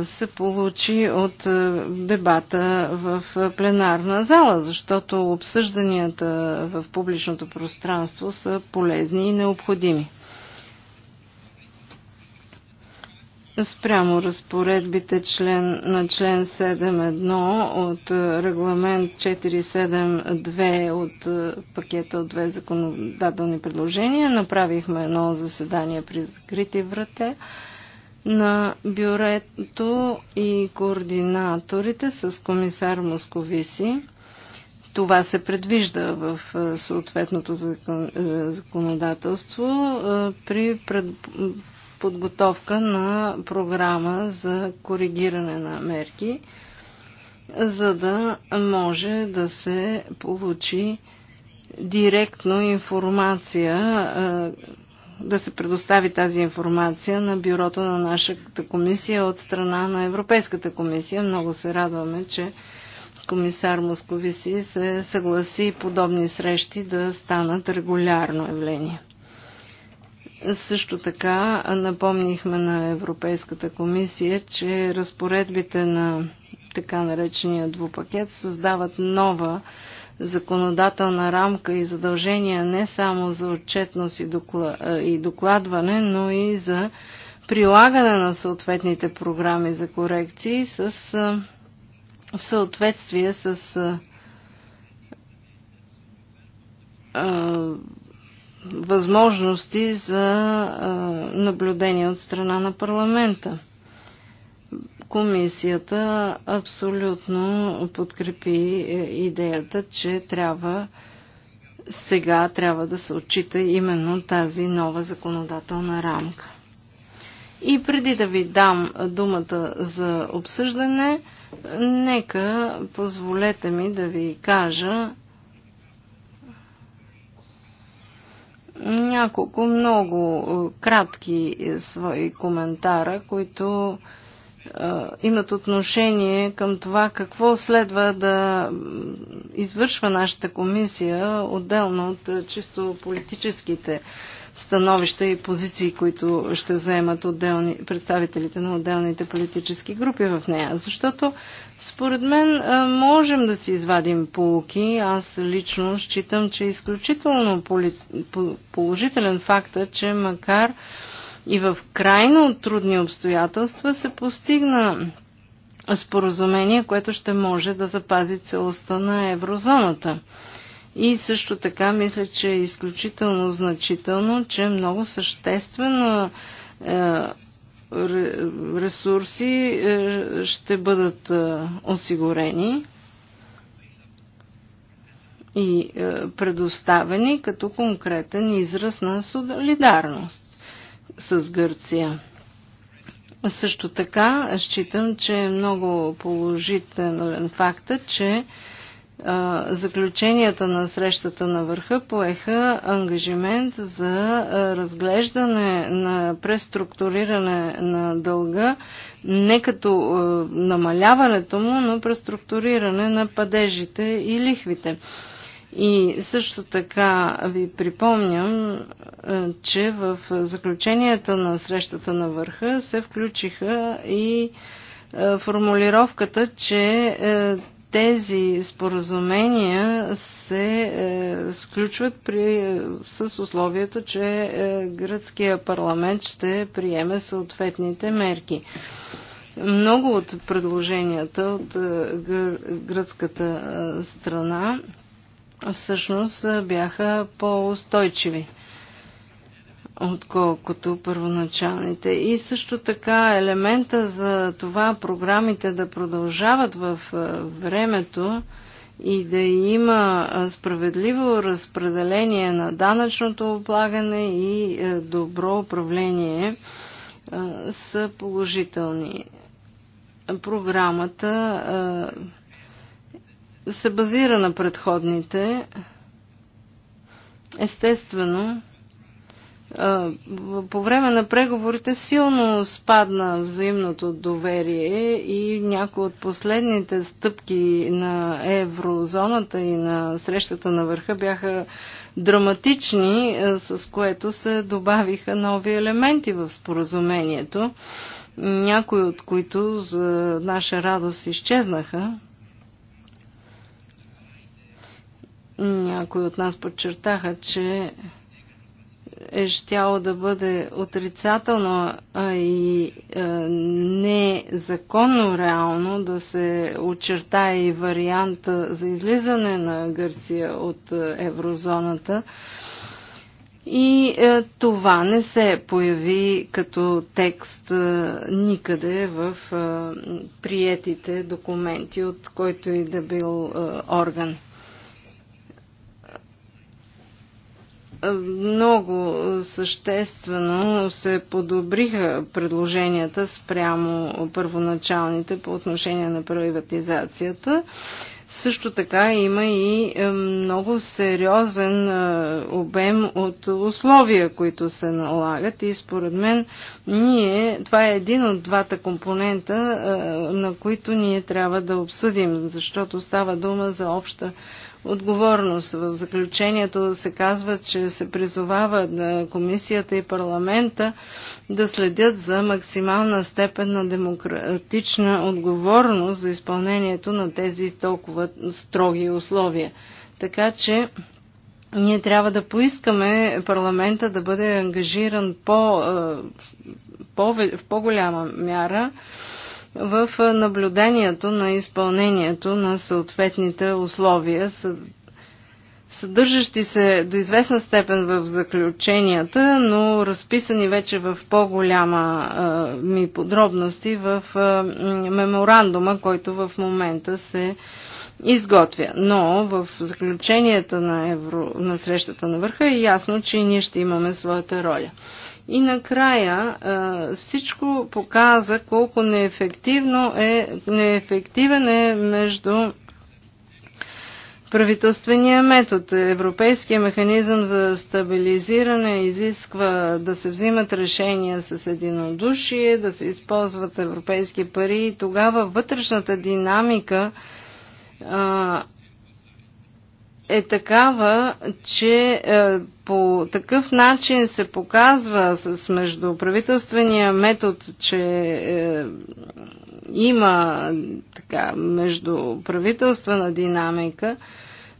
е, се получи от е, дебата в е, пленарна зала, защото обсъжданията в публичното пространство са полезни и необходими. спрямо разпоредбите член, на член 7.1 от е, регламент 472 от е, пакета от две законодателни предложения. Направихме едно заседание при закрити врате на бюрето и координаторите с комисар Московиси. Това се предвижда в е, съответното законодателство при пред подготовка на програма за коригиране на мерки, за да може да се получи директно информация, да се предостави тази информация на бюрото на нашата комисия от страна на Европейската комисия. Много се радваме, че комисар Московиси се съгласи подобни срещи да станат регулярно явление. Също така напомнихме на Европейската комисия, че разпоредбите на така наречения двупакет създават нова законодателна рамка и задължения не само за отчетност и докладване, но и за прилагане на съответните програми за корекции с, в съответствие с възможности за а, наблюдение от страна на парламента. Комисията абсолютно подкрепи е, идеята, че трябва сега трябва да се отчита именно тази нова законодателна рамка. И преди да ви дам думата за обсъждане, нека позволете ми да ви кажа няколко много е, кратки е, свои коментара, които е, имат отношение към това какво следва да извършва нашата комисия, отделно от чисто политическите становища и позиции, които ще заемат отделни, представителите на отделните политически групи в нея. Защото според мен можем да си извадим полуки. Аз лично считам, че е изключително положителен факт е, че макар и в крайно трудни обстоятелства се постигна споразумение, което ще може да запази целостта на еврозоната. И също така мисля, че е изключително значително, че много съществено е, ресурси е, ще бъдат е, осигурени и е, предоставени като конкретен израз на солидарност с Гърция. Също така считам, че е много положителен факта, че заключенията на срещата на върха поеха ангажимент за разглеждане на преструктуриране на дълга не като намаляването му, но преструктуриране на падежите и лихвите. И също така ви припомням, че в заключенията на срещата на върха се включиха и формулировката, че тези споразумения се е, сключват при, е, с условието, че е, гръцкия парламент ще приеме съответните мерки. Много от предложенията от е, гръцката е, страна всъщност е, бяха по-устойчиви отколкото първоначалните. И също така елемента за това програмите да продължават в времето и да има справедливо разпределение на данъчното облагане и добро управление са положителни. Програмата се базира на предходните. Естествено, по време на преговорите силно спадна взаимното доверие и някои от последните стъпки на еврозоната и на срещата на върха бяха драматични, с което се добавиха нови елементи в споразумението, някои от които за наша радост изчезнаха. Някои от нас подчертаха, че е щяло да бъде отрицателно а и а, незаконно реално да се очертае и варианта за излизане на Гърция от еврозоната. И е, това не се появи като текст е, никъде в е, приетите документи от който и да бил е, орган. много съществено се подобриха предложенията спрямо първоначалните по отношение на приватизацията. Също така има и е, много сериозен е, обем от условия, които се налагат и според мен ние, това е един от двата компонента, е, на които ние трябва да обсъдим, защото става дума за обща отговорност. В заключението се казва, че се призовава на комисията и парламента да следят за максимална степен на демократична отговорност за изпълнението на тези толкова строги условия. Така че ние трябва да поискаме парламента да бъде ангажиран по, по, в по-голяма мяра в наблюдението на изпълнението на съответните условия, съдържащи се до известна степен в заключенията, но разписани вече в по-голяма ми подробности в меморандума, който в момента се изготвя. Но в заключенията на, Евро, на срещата на върха е ясно, че ние ще имаме своята роля. И накрая всичко показа колко неефективно е, неефективен е между Правителствения метод, Европейския механизъм за стабилизиране изисква да се взимат решения с единодушие, да се използват европейски пари и тогава вътрешната динамика а, е такава, че е, по такъв начин се показва с междуправителствения метод, че е, има така междуправителствена динамика,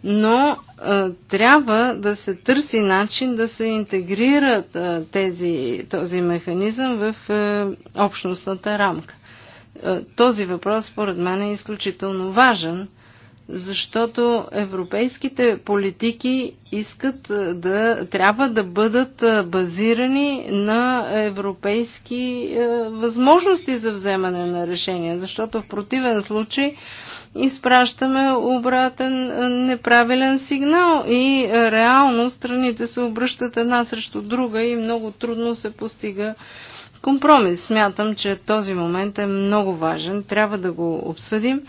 но е, трябва да се търси начин да се интегрират е, тези, този механизъм в е, общностната рамка. Е, този въпрос, според мен, е изключително важен защото европейските политики искат да трябва да бъдат базирани на европейски възможности за вземане на решения, защото в противен случай изпращаме обратен неправилен сигнал и реално страните се обръщат една срещу друга и много трудно се постига компромис. Смятам, че този момент е много важен, трябва да го обсъдим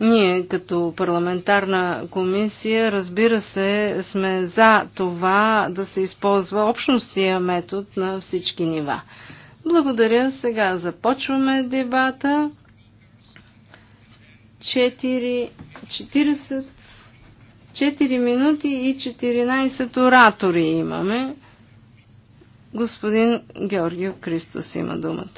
ние като парламентарна комисия, разбира се, сме за това да се използва общностния метод на всички нива. Благодаря. Сега започваме дебата. 4, 4 минути и 14 оратори имаме. Господин Георгио Кристос има думата.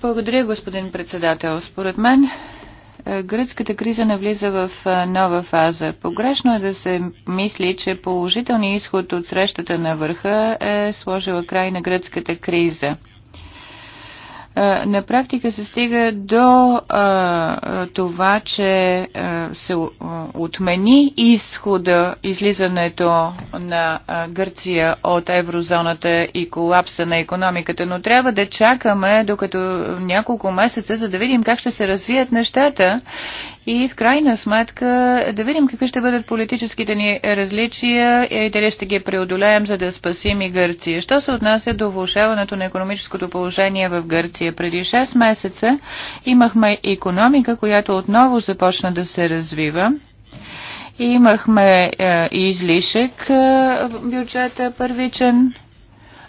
Благодаря, господин председател. Според мен е, гръцката криза навлиза в е, нова фаза. Погрешно е да се мисли, че положителният изход от срещата на върха е сложила край на гръцката криза. Е, на практика се стига до е, това, че е, се отмени изхода, излизането на Гърция от еврозоната и колапса на економиката, но трябва да чакаме докато няколко месеца, за да видим как ще се развият нещата и в крайна сметка да видим какви ще бъдат политическите ни различия и дали ще ги преодолеем, за да спасим и Гърция. Що се отнася до влушаването на економическото положение в Гърция? Преди 6 месеца имахме економика, която отново започна да се развива. Имахме е, излишък е, бюджета първичен,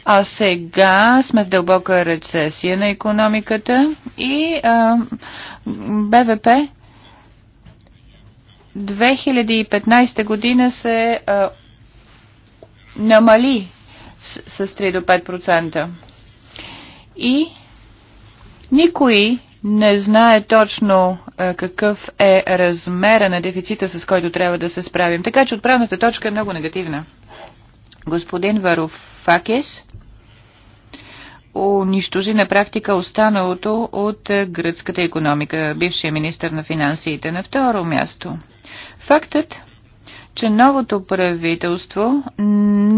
а сега сме в дълбока рецесия на економиката и е, БВП 2015 година се а, намали с, с 3 до 5%. И никой не знае точно а, какъв е размера на дефицита, с който трябва да се справим. Така че отправната точка е много негативна. Господин Варуфакис унищожи на практика останалото от гръцката економика, бившия министр на финансите на второ място – Фактът, че новото правителство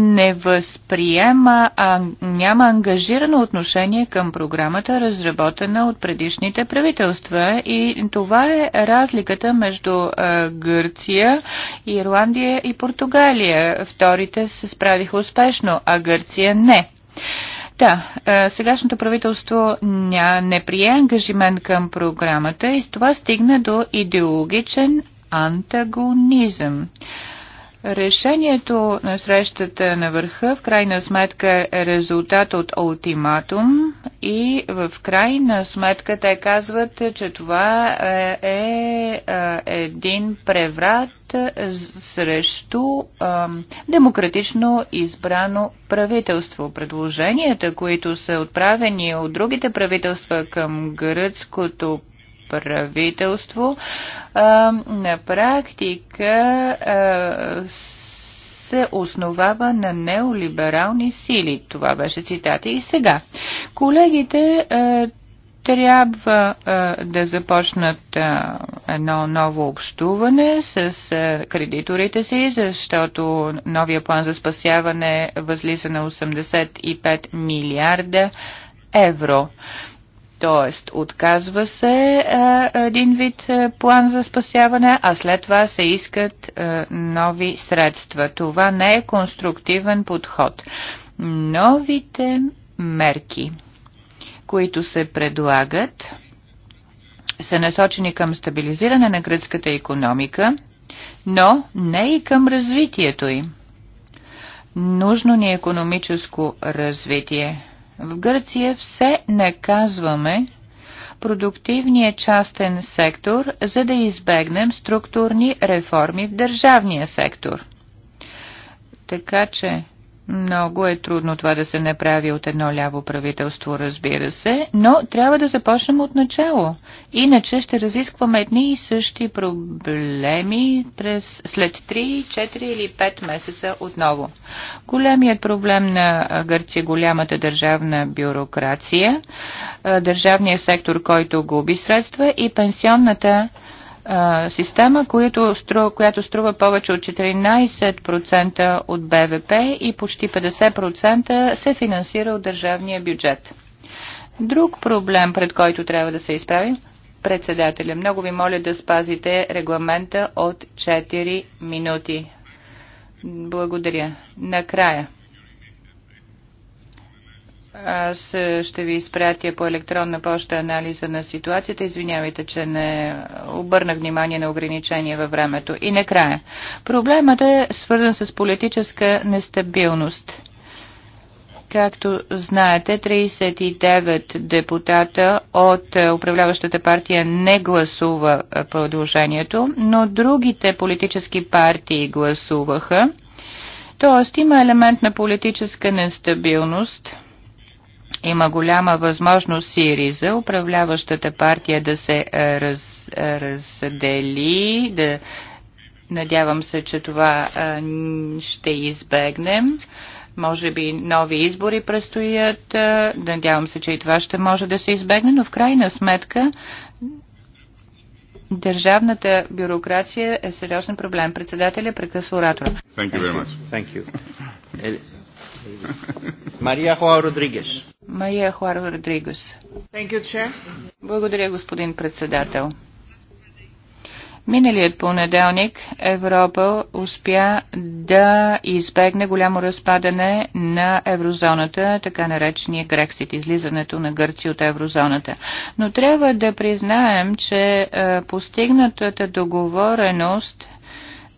не възприема, а няма ангажирано отношение към програмата, разработена от предишните правителства. И това е разликата между Гърция, Ирландия и Португалия. Вторите се справиха успешно, а Гърция не. Да, сегашното правителство ня, не прие ангажимент към програмата и с това стигна до идеологичен антагонизъм. Решението на срещата на върха в крайна сметка е резултат от ултиматум и в крайна сметка те казват, че това е, е, е един преврат срещу е, демократично избрано правителство. Предложенията, които са отправени от другите правителства към гръцкото правителство, на практика се основава на неолиберални сили. Това беше цитата и сега. Колегите трябва а, да започнат а, едно ново общуване с а, кредиторите си, защото новия план за спасяване възлиза на 85 милиарда евро. Т.е. отказва се а, един вид а, план за спасяване, а след това се искат а, нови средства. Това не е конструктивен подход. Новите мерки, които се предлагат, са насочени към стабилизиране на гръцката економика, но не и към развитието им. Нужно ни е економическо развитие в Гърция все наказваме продуктивния частен сектор, за да избегнем структурни реформи в държавния сектор. Така че много е трудно това да се направи от едно ляво правителство, разбира се, но трябва да започнем от начало. Иначе ще разискваме едни и същи проблеми през, след 3, 4 или 5 месеца отново. Големият проблем на Гърция, голямата държавна бюрокрация, държавния сектор, който губи средства и пенсионната система, която струва, която струва повече от 14% от БВП и почти 50% се финансира от държавния бюджет. Друг проблем, пред който трябва да се изправим, председателя, много ви моля да спазите регламента от 4 минути. Благодаря. Накрая. Аз е, ще ви изпратя по електронна поща анализа на ситуацията. Извинявайте, че не обърнах внимание на ограничения във времето. И накрая. Проблемът е свързан с политическа нестабилност. Както знаете, 39 депутата от е, управляващата партия не гласува е, продължението, но другите политически партии гласуваха. Тоест има елемент на политическа нестабилност – има голяма възможност Сири за управляващата партия да се е, раз, е, раздели, да надявам се, че това е, ще избегнем. Може би нови избори предстоят, надявам се, че и това ще може да се избегне, но в крайна сметка държавната бюрокрация е сериозен проблем. Председателя прекъсва оратора. Thank you very much. Thank you. Мария Хуа Родригес. Мария Хуар Родригес. Благодаря, господин председател. Миналият понеделник Европа успя да избегне голямо разпадане на еврозоната, така наречения Грексит, излизането на Гърция от еврозоната. Но трябва да признаем, че е, постигнатата договореност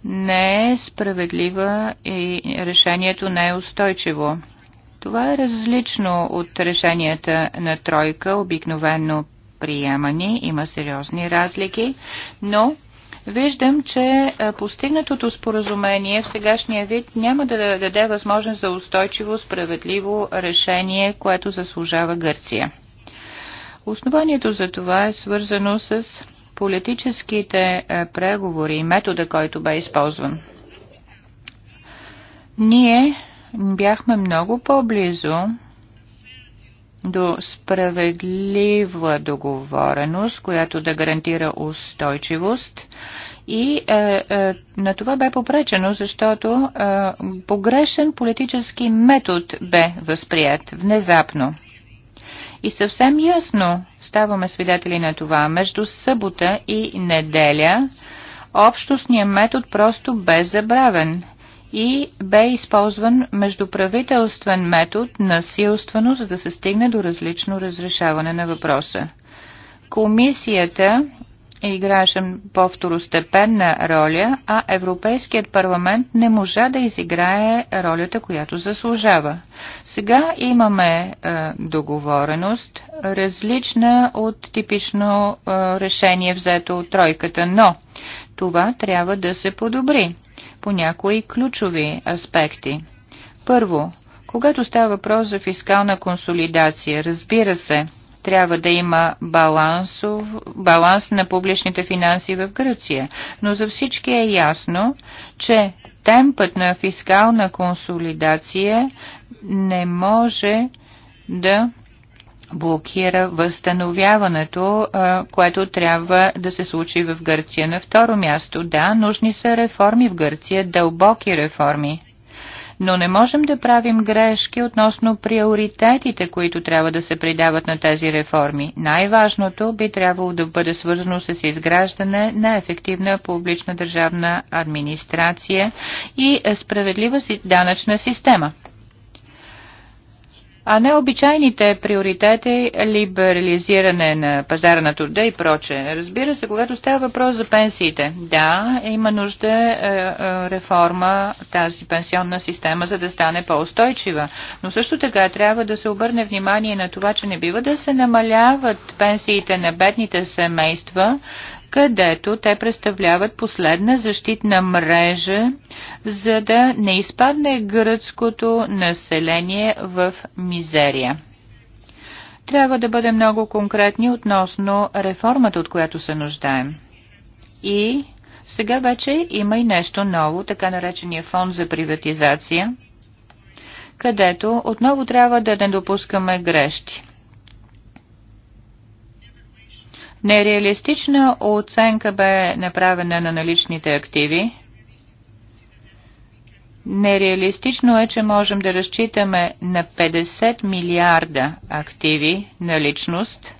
не е справедлива и решението не е устойчиво. Това е различно от решенията на тройка, обикновено приемани, има сериозни разлики, но виждам, че постигнатото споразумение в сегашния вид няма да даде възможност за устойчиво, справедливо решение, което заслужава Гърция. Основанието за това е свързано с политическите е, преговори и метода, който бе използван. Ние бяхме много по-близо до справедлива договореност, която да гарантира устойчивост. И е, е, на това бе попречено, защото е, погрешен политически метод бе възприят внезапно. И съвсем ясно ставаме свидетели на това. Между събота и неделя общностният метод просто бе забравен и бе използван междуправителствен метод насилствено, за да се стигне до различно разрешаване на въпроса. Комисията играеше по-второстепенна роля, а Европейският парламент не можа да изиграе ролята, която заслужава. Сега имаме е, договореност, различна от типично е, решение взето от тройката, но това трябва да се подобри по някои ключови аспекти. Първо, когато става въпрос за фискална консолидация, разбира се, трябва да има балансов, баланс на публичните финанси в Гръция. Но за всички е ясно, че темпът на фискална консолидация не може да блокира възстановяването, което трябва да се случи в Гърция. На второ място, да, нужни са реформи в Гърция, дълбоки реформи но не можем да правим грешки относно приоритетите, които трябва да се придават на тези реформи. Най-важното би трябвало да бъде свързано с изграждане на ефективна публична държавна администрация и е, справедлива данъчна система а не обичайните приоритети, либерализиране на пазара на труда и проче. Разбира се, когато става въпрос за пенсиите, да, има нужда е, е, реформа тази пенсионна система, за да стане по-устойчива. Но също така трябва да се обърне внимание на това, че не бива да се намаляват пенсиите на бедните семейства, където те представляват последна защитна мрежа, за да не изпадне гръцкото население в мизерия. Трябва да бъдем много конкретни относно реформата, от която се нуждаем. И сега вече има и нещо ново, така наречения фонд за приватизация, където отново трябва да не допускаме грешки. Нереалистична оценка бе направена на наличните активи. Нереалистично е, че можем да разчитаме на 50 милиарда активи на личност,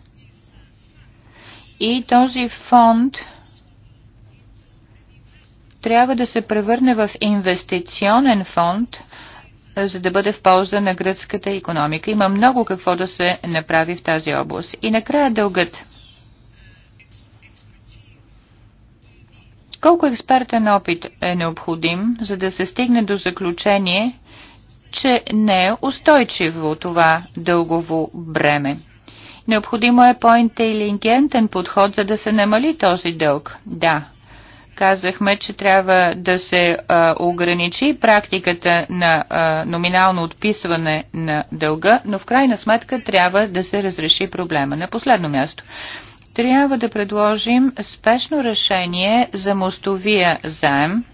И този фонд трябва да се превърне в инвестиционен фонд, за да бъде в полза на гръцката економика. Има много какво да се направи в тази област. И накрая дългът. Колко експертен опит е необходим, за да се стигне до заключение, че не е устойчиво това дългово бреме? Необходимо е по-интелигентен подход, за да се намали този дълг. Да, казахме, че трябва да се а, ограничи практиката на а, номинално отписване на дълга, но в крайна сметка трябва да се разреши проблема. На последно място, трябва да предложим спешно решение за мостовия заем.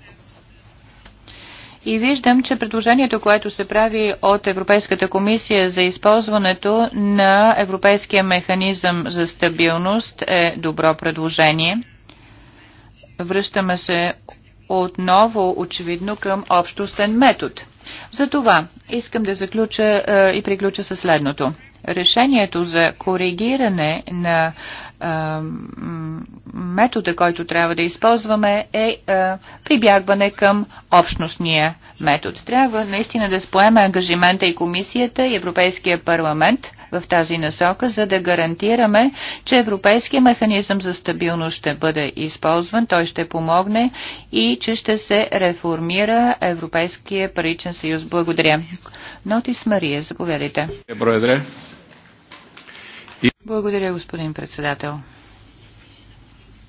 И виждам, че предложението, което се прави от Европейската комисия за използването на Европейския механизъм за стабилност е добро предложение. Връщаме се отново очевидно към общостен метод. Затова искам да заключа е, и приключа със следното решението за коригиране на е, е, метода, който трябва да използваме е, е прибягване към общностния метод. Трябва наистина да споеме ангажимента и комисията и Европейския парламент в тази насока, за да гарантираме, че Европейския механизъм за стабилност ще бъде използван, той ще помогне и че ще се реформира Европейския паричен съюз. Благодаря. Нотис Мария, заповядайте. Благодаря. Благодаря, господин председател.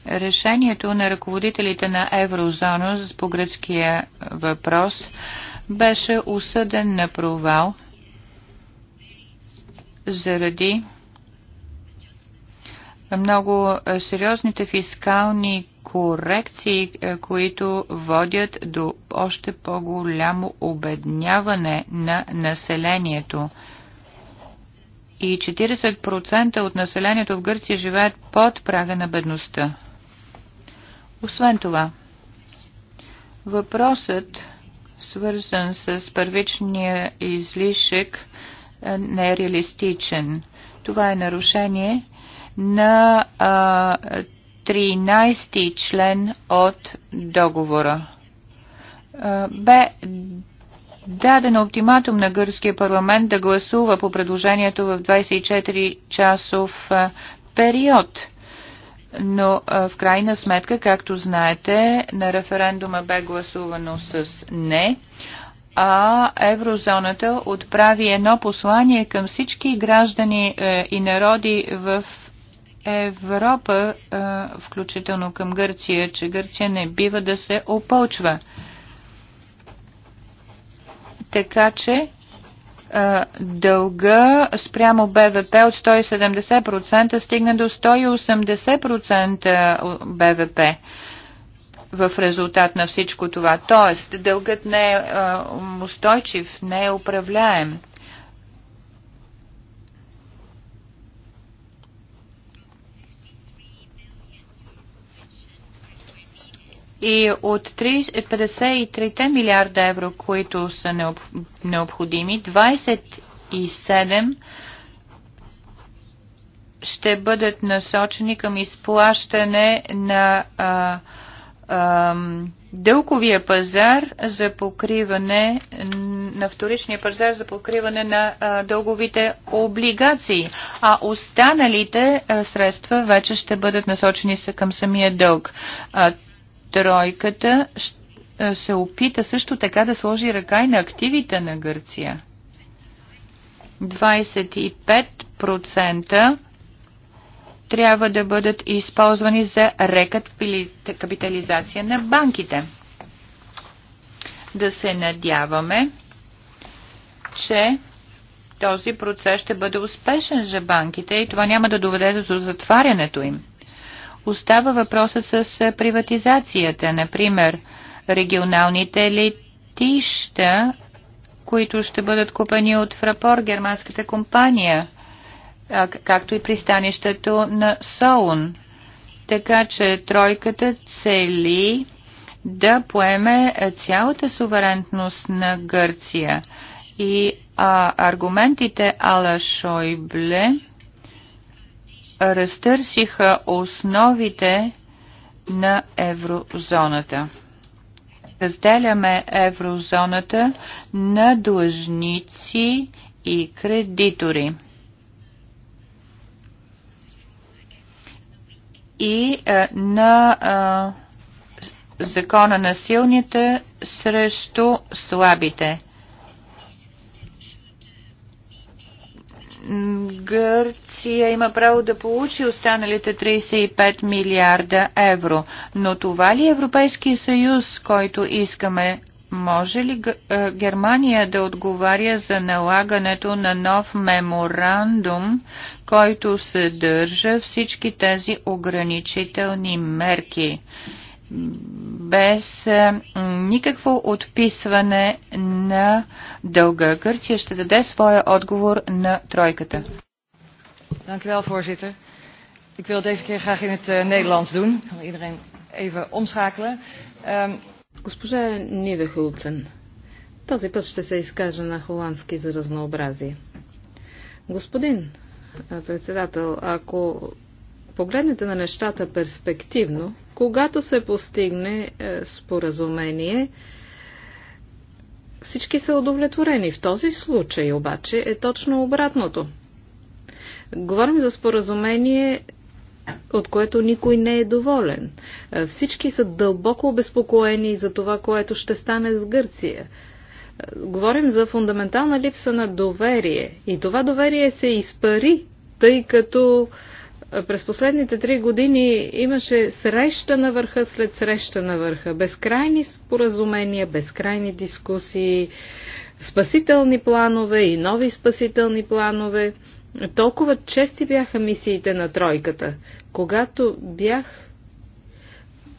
Решението на ръководителите на еврозона по гръцкия въпрос беше осъден на провал заради много сериозните фискални корекции, е, които водят до още по-голямо обедняване на населението и 40% от населението в Гърция живеят под прага на бедността. Освен това, въпросът, свързан с първичния излишък, е, не е реалистичен. Това е нарушение на а, 13 член от договора. А, бе даден оптиматум на гърския парламент да гласува по предложението в 24-часов период. Но в крайна сметка, както знаете, на референдума бе гласувано с не, а еврозоната отправи едно послание към всички граждани е, и народи в Европа, е, включително към Гърция, че Гърция не бива да се опълчва. Така че дълга спрямо БВП от 170% стигна до 180% БВП в резултат на всичко това. Тоест, дългът не е устойчив, не е управляем. И от 53 милиарда евро, които са необходими, 27 ще бъдат насочени към изплащане на а, а, дълговия пазар за покриване на вторичния пазар за покриване на а, дълговите облигации, а останалите а, средства вече ще бъдат насочени към самия дълг. А, тройката е, се опита също така да сложи ръка и на активите на Гърция. 25% трябва да бъдат използвани за рекапитализация на банките. Да се надяваме, че този процес ще бъде успешен за банките и това няма да доведе до затварянето им остава въпросът с е, приватизацията. Например, регионалните летища, които ще бъдат купени от Фрапор, германската компания, както и пристанището на Солун. Така че тройката цели да поеме е, цялата суверентност на Гърция. И а, аргументите Ала Шойбле разтърсиха основите на еврозоната. Разделяме еврозоната на длъжници и кредитори. И а, на а, закона на силните срещу слабите – Гърция има право да получи останалите 35 милиарда евро. Но това ли е Европейския съюз, който искаме? Може ли е, Германия да отговаря за налагането на нов меморандум, който съдържа всички тези ограничителни мерки? без е, никакво отписване на дълга. Гърция ще даде своя отговор на тройката. Dankjewel, voorzitter. Ik wil deze keer graag in het uh, Nederlands doen. Ik iedereen even omschakelen. Um... Госпожа този път ще се изкажа на холандски за разнообразие. Господин е, председател, ако погледнете на нещата перспективно, когато се постигне е, споразумение, всички са удовлетворени. В този случай обаче е точно обратното. Говорим за споразумение, от което никой не е доволен. Е, всички са дълбоко обезпокоени за това, което ще стане с Гърция. Е, говорим за фундаментална липса на доверие. И това доверие се изпари, тъй като през последните три години имаше среща на върха след среща на върха. Безкрайни споразумения, безкрайни дискусии, спасителни планове и нови спасителни планове. Толкова чести бяха мисиите на тройката. Когато бях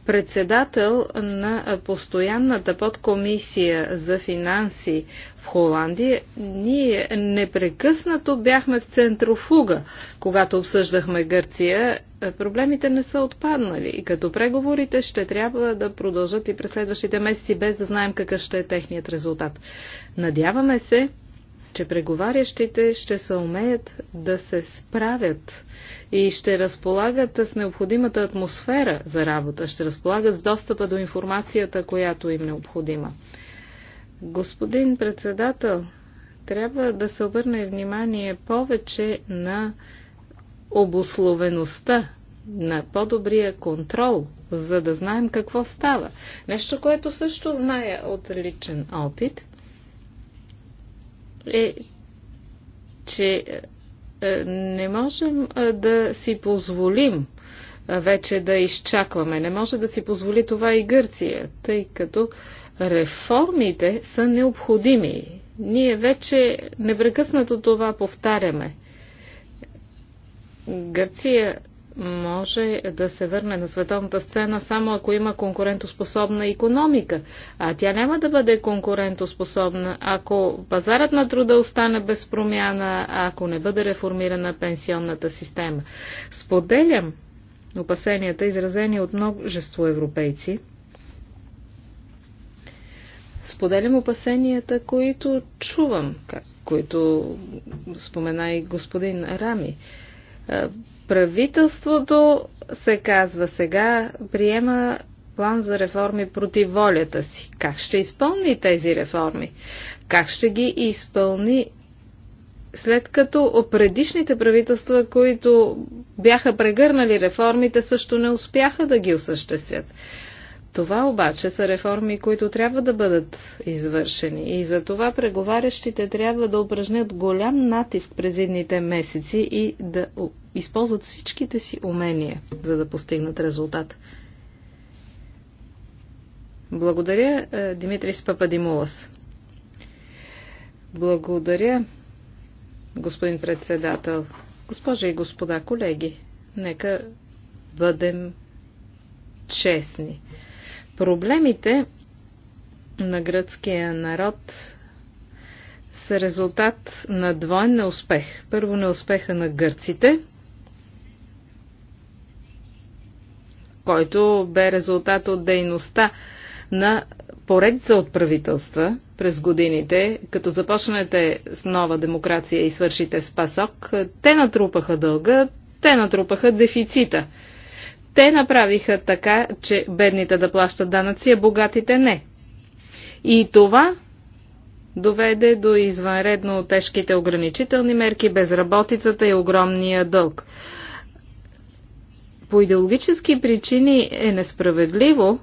председател на постоянната подкомисия за финанси в Холандия, ние непрекъснато бяхме в центрофуга, когато обсъждахме Гърция. Проблемите не са отпаднали и като преговорите ще трябва да продължат и през следващите месеци, без да знаем какъв ще е техният резултат. Надяваме се, че преговарящите ще се умеят да се справят и ще разполагат с необходимата атмосфера за работа, ще разполагат с достъпа до информацията, която им е необходима. Господин председател, трябва да се обърне внимание повече на обословеността на по-добрия контрол, за да знаем какво става. Нещо, което също зная от личен опит, е, че е, не можем е, да си позволим е, вече да изчакваме. Не може да си позволи това и Гърция, тъй като реформите са необходими. Ние вече непрекъснато това повтаряме. Гърция може да се върне на световната сцена само ако има конкурентоспособна економика. А тя няма да бъде конкурентоспособна, ако пазарът на труда остане без промяна, ако не бъде реформирана пенсионната система. Споделям опасенията, изразени от множество европейци. Споделям опасенията, които чувам, които спомена и господин Рами Правителството се казва сега, приема план за реформи против волята си. Как ще изпълни тези реформи? Как ще ги изпълни след като предишните правителства, които бяха прегърнали реформите, също не успяха да ги осъществят? Това обаче са реформи, които трябва да бъдат извършени и за това преговарящите трябва да упражнят голям натиск през едните месеци и да използват всичките си умения, за да постигнат резултат. Благодаря, е, Димитрис Пападимулас. Благодаря, господин председател. Госпожи и господа колеги, нека бъдем честни. Проблемите на гръцкия народ са резултат на двоен неуспех. Първо неуспеха на гърците, който бе резултат от дейността на поредица от правителства през годините, като започнете с нова демокрация и свършите с пасок, те натрупаха дълга, те натрупаха дефицита – те направиха така, че бедните да плащат данъци, а богатите не. И това доведе до извънредно тежките ограничителни мерки, безработицата и огромния дълг. По идеологически причини е несправедливо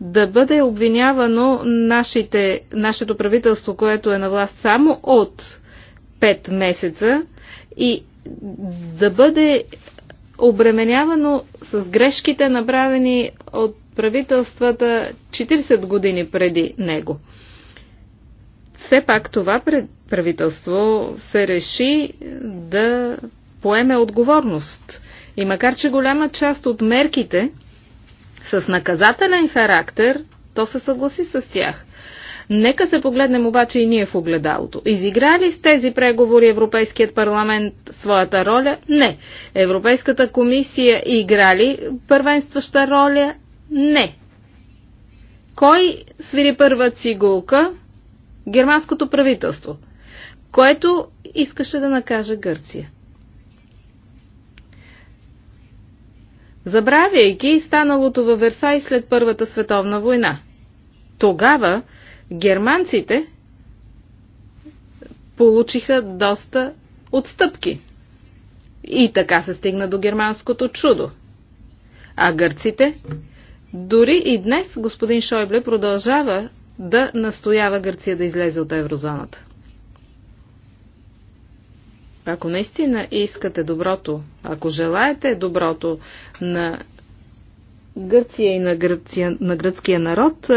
да бъде обвинявано нашите, нашето правителство, което е на власт само от 5 месеца и да бъде обременявано с грешките, направени от правителствата 40 години преди него. Все пак това правителство се реши да поеме отговорност. И макар, че голяма част от мерките с наказателен характер, то се съгласи с тях. Нека се погледнем обаче и ние в огледалото. Изиграли с в тези преговори Европейският парламент своята роля? Не. Европейската комисия играли първенстваща роля? Не. Кой свири първа цигулка? Германското правителство, което искаше да накаже Гърция. Забравяйки станалото във Версай след Първата световна война. Тогава Германците получиха доста отстъпки. И така се стигна до германското чудо. А гърците? Дори и днес господин Шойбле продължава да настоява Гърция да излезе от еврозоната. Ако наистина искате доброто, ако желаете доброто на Гърция и на, Гърция, на гръцкия народ,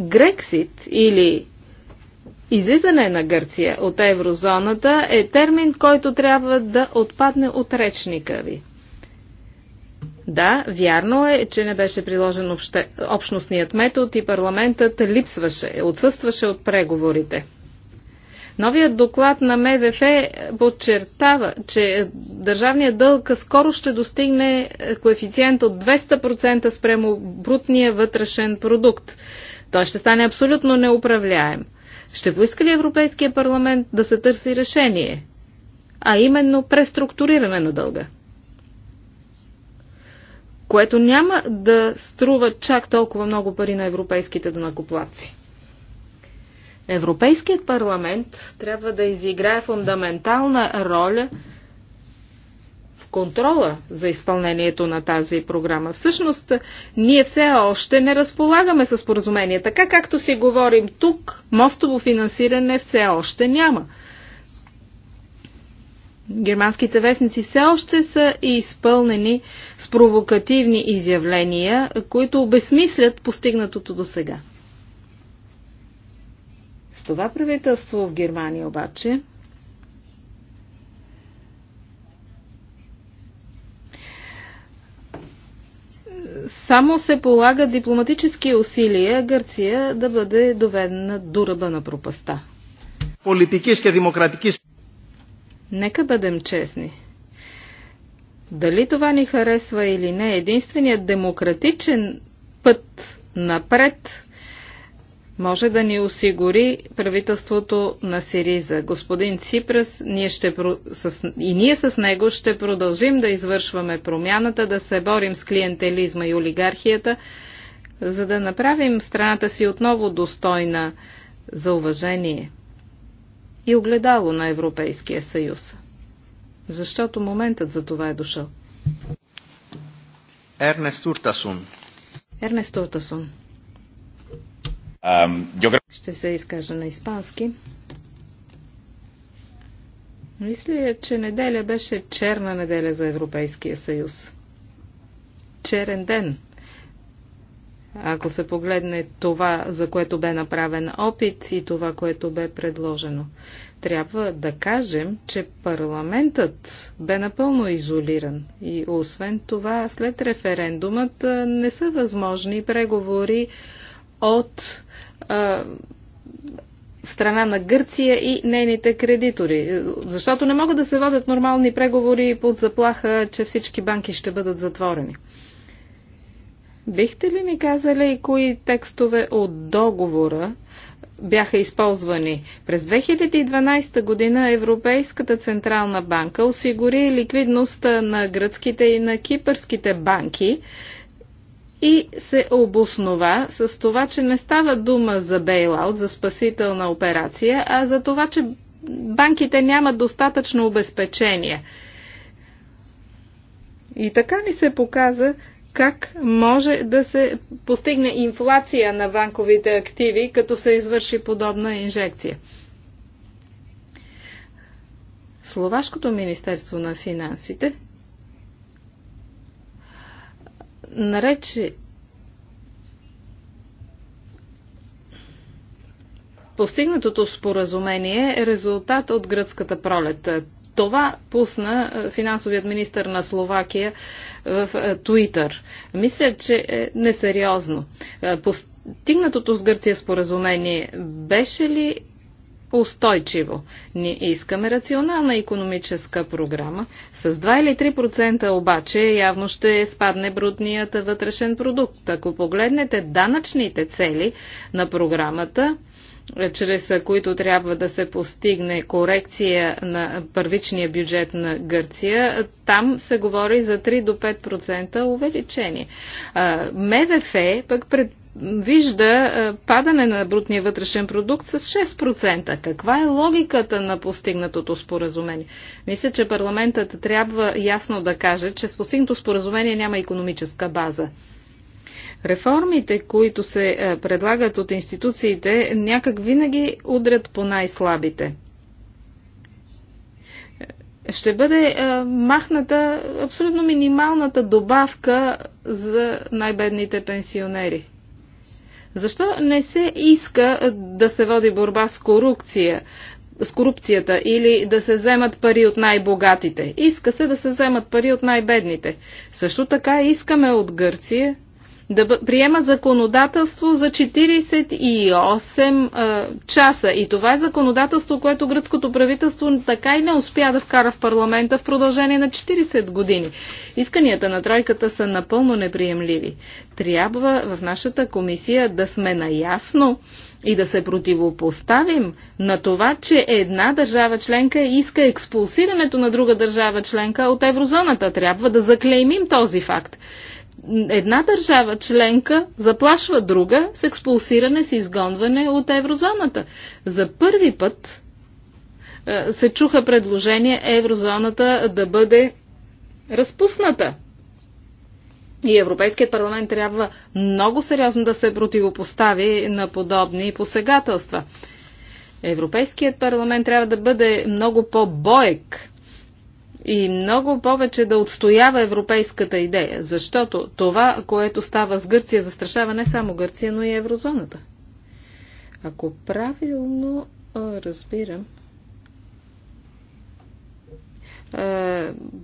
Грексит или излизане на Гърция от еврозоната е термин, който трябва да отпадне от речника ви. Да, вярно е, че не беше приложен обще... общностният метод и парламентът липсваше, отсъстваше от преговорите. Новият доклад на МВФ подчертава, че държавният дълг скоро ще достигне коефициент от 200% спрямо брутния вътрешен продукт. Той ще стане абсолютно неуправляем. Ще поиска ли Европейския парламент да се търси решение? А именно преструктуриране на дълга. Което няма да струва чак толкова много пари на европейските данакоплаци. Европейският парламент трябва да изиграе фундаментална роля – контрола за изпълнението на тази програма. Всъщност, ние все още не разполагаме с споразумение. Така както си говорим тук, мостово финансиране все още няма. Германските вестници все още са изпълнени с провокативни изявления, които обесмислят постигнатото до сега. С това правителство в Германия обаче само се полага дипломатически усилия Гърция да бъде доведена до ръба на пропаста. Политически и демократики. Нека бъдем честни. Дали това ни харесва или не, единственият демократичен път напред може да ни осигури правителството на Сириза. Господин Ципрас, ние ще, с, и ние с него ще продължим да извършваме промяната, да се борим с клиентелизма и олигархията, за да направим страната си отново достойна за уважение и огледало на Европейския съюз. Защото моментът за това е дошъл. Ернест Уртасун. Ернест Уртасун. Ще се изкажа на испански. Мисля, че неделя беше черна неделя за Европейския съюз. Черен ден. Ако се погледне това, за което бе направен опит и това, което бе предложено, трябва да кажем, че парламентът бе напълно изолиран. И освен това, след референдумът не са възможни преговори от страна на Гърция и нейните кредитори. Защото не могат да се водят нормални преговори под заплаха, че всички банки ще бъдат затворени. Бихте ли ми казали кои текстове от договора бяха използвани? През 2012 година Европейската Централна банка осигури ликвидност на гръцките и на кипърските банки и се обоснова с това, че не става дума за бейлаут, за спасителна операция, а за това, че банките нямат достатъчно обезпечение. И така ми се показа как може да се постигне инфлация на банковите активи, като се извърши подобна инжекция. Словашкото Министерство на финансите – нарече Постигнатото споразумение е резултат от гръцката пролет. Това пусна е, финансовият министр на Словакия в е, Туитър. Мисля, че е несериозно. Е, постигнатото с Гърция споразумение беше ли устойчиво. Ние искаме рационална економическа програма. С 2 или 3% обаче явно ще спадне брудният вътрешен продукт. Ако погледнете данъчните цели на програмата, чрез които трябва да се постигне корекция на първичния бюджет на Гърция, там се говори за 3 до 5% увеличение. МВФ пък пред вижда е, падане на брутния вътрешен продукт с 6%. Каква е логиката на постигнатото споразумение? Мисля, че парламентът трябва ясно да каже, че с постигнато споразумение няма економическа база. Реформите, които се е, предлагат от институциите, някак винаги удрят по най-слабите ще бъде а, е, махната абсолютно минималната добавка за най-бедните пенсионери. Защо не се иска да се води борба с корупция? с корупцията или да се вземат пари от най-богатите. Иска се да се вземат пари от най-бедните. Също така искаме от Гърция да приема законодателство за 48 часа. И това е законодателство, което гръцкото правителство така и не успя да вкара в парламента в продължение на 40 години. Исканията на тройката са напълно неприемливи. Трябва в нашата комисия да сме наясно и да се противопоставим на това, че една държава членка иска експулсирането на друга държава членка от еврозоната. Трябва да заклеймим този факт една държава членка заплашва друга с експулсиране, с изгонване от еврозоната. За първи път е, се чуха предложения еврозоната да бъде разпусната. И Европейският парламент трябва много сериозно да се противопостави на подобни посегателства. Европейският парламент трябва да бъде много по-боек и много повече да отстоява европейската идея, защото това, което става с Гърция, застрашава не само Гърция, но и еврозоната. Ако правилно разбирам,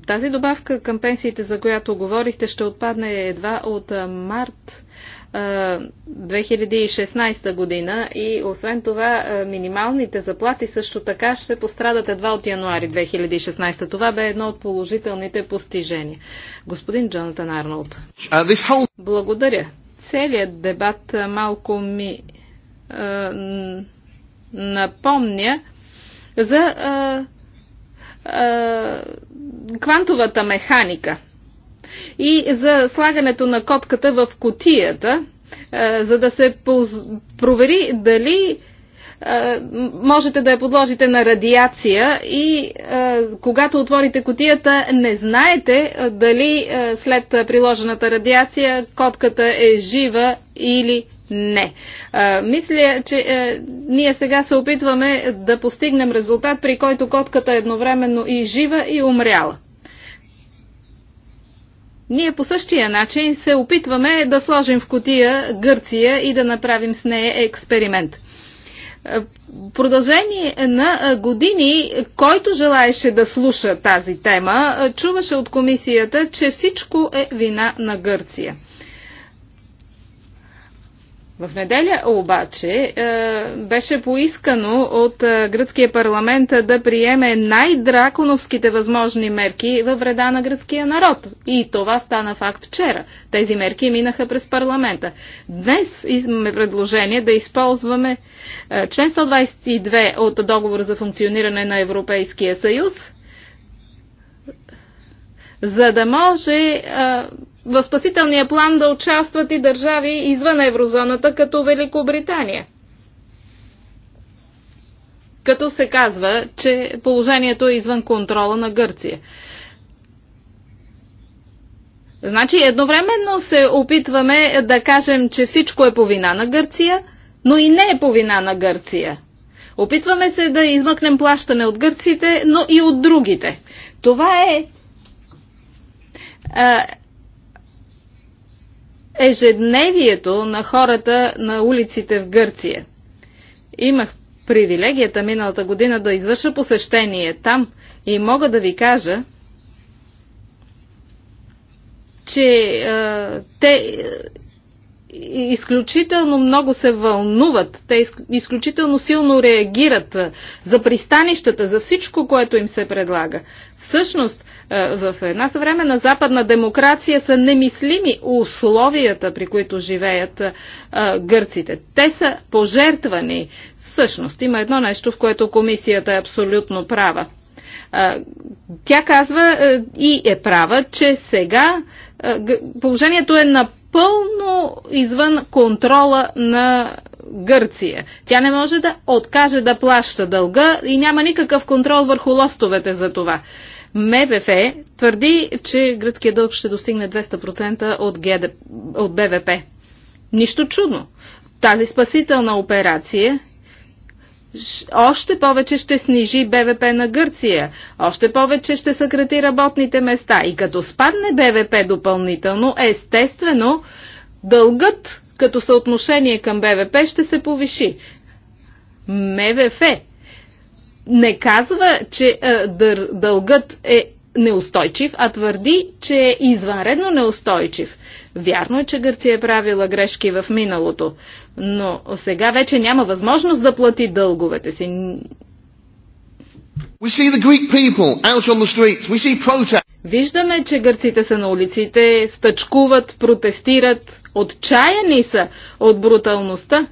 тази добавка към пенсиите, за която говорихте, ще отпадне едва от март 2016 година и освен това минималните заплати също така ще пострадат едва от януари 2016. Това бе едно от положителните постижения. Господин Джонатан Арнолд. Благодаря. Целият дебат малко ми е, напомня за е, е, квантовата механика – и за слагането на котката в котията, е, за да се провери дали е, можете да я подложите на радиация и е, когато отворите котията, не знаете дали след приложената радиация котката е жива или не. А, мисля, че е, ние сега се опитваме да постигнем резултат, при който котката е едновременно и жива и умряла. Ние по същия начин се опитваме да сложим в котия Гърция и да направим с нея експеримент. Е, в продължение на е, години, който желаеше да слуша тази тема, е, чуваше от комисията, че всичко е вина на Гърция. В неделя обаче е, беше поискано от е, гръцкия парламент да приеме най-драконовските възможни мерки във вреда на гръцкия народ. И това стана факт вчера. Тези мерки минаха през парламента. Днес имаме предложение да използваме е, член 122 от договор за функциониране на Европейския съюз, за да може в спасителния план да участват и държави извън еврозоната, като Великобритания. Като се казва, че положението е извън контрола на Гърция. Значи едновременно се опитваме да кажем, че всичко е по вина на Гърция, но и не е по вина на Гърция. Опитваме се да измъкнем плащане от гърците, но и от другите. Това е а, ежедневието на хората на улиците в Гърция. Имах привилегията миналата година да извърша посещение там и мога да ви кажа, че е, те изключително много се вълнуват, те изключително силно реагират за пристанищата, за всичко, което им се предлага. Всъщност, е, в една съвременна западна демокрация са немислими условията, при които живеят е, гърците. Те са пожертвани. Всъщност има едно нещо, в което комисията е абсолютно права. Е, тя казва и е права, че сега положението е напълно извън контрола на Гърция. Тя не може да откаже да плаща дълга и няма никакъв контрол върху лостовете за това. МВФ твърди, че гръцкият дълг ще достигне 200% от, ГД... от БВП. Нищо чудно. Тази спасителна операция още повече ще снижи БВП на Гърция, още повече ще съкрати работните места и като спадне БВП допълнително, естествено, дългът като съотношение към БВП ще се повиши. МВФ не казва, че е, дългът е неустойчив, а твърди, че е извънредно неустойчив. Вярно е, че Гърция е правила грешки в миналото, но сега вече няма възможност да плати дълговете си. Виждаме, че гърците са на улиците, стъчкуват, протестират, отчаяни са от бруталността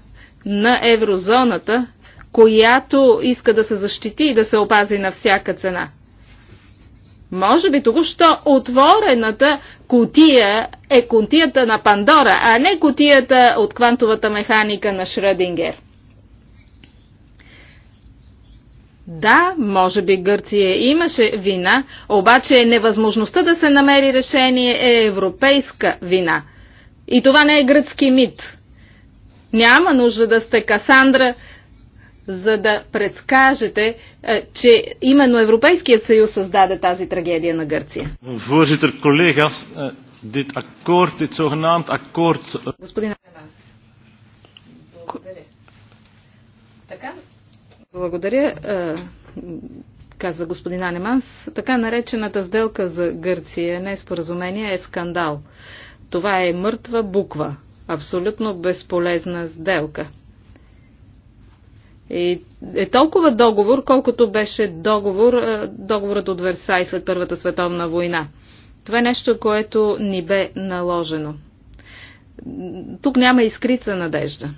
на еврозоната която иска да се защити и да се опази на всяка цена. Може би току-що отворената котия е котията на Пандора, а не котията от квантовата механика на Шръдингер. Да, може би Гърция имаше вина, обаче невъзможността да се намери решение е европейска вина. И това не е гръцки мит. Няма нужда да сте Касандра за да предскажете, е, че именно Европейският съюз създаде тази трагедия на Гърция? Вържител колега, дит акорд, дит согнант акорд... Господин Аванс, благодаря. Така, е, благодаря, казва господин Анеманс. Така наречената сделка за Гърция не е споразумение, е скандал. Това е мъртва буква. Абсолютно безполезна сделка. И е толкова договор, колкото беше договор, е, договорът от Версай след Първата световна война. Това е нещо, което ни бе наложено. Тук няма искрица надежда.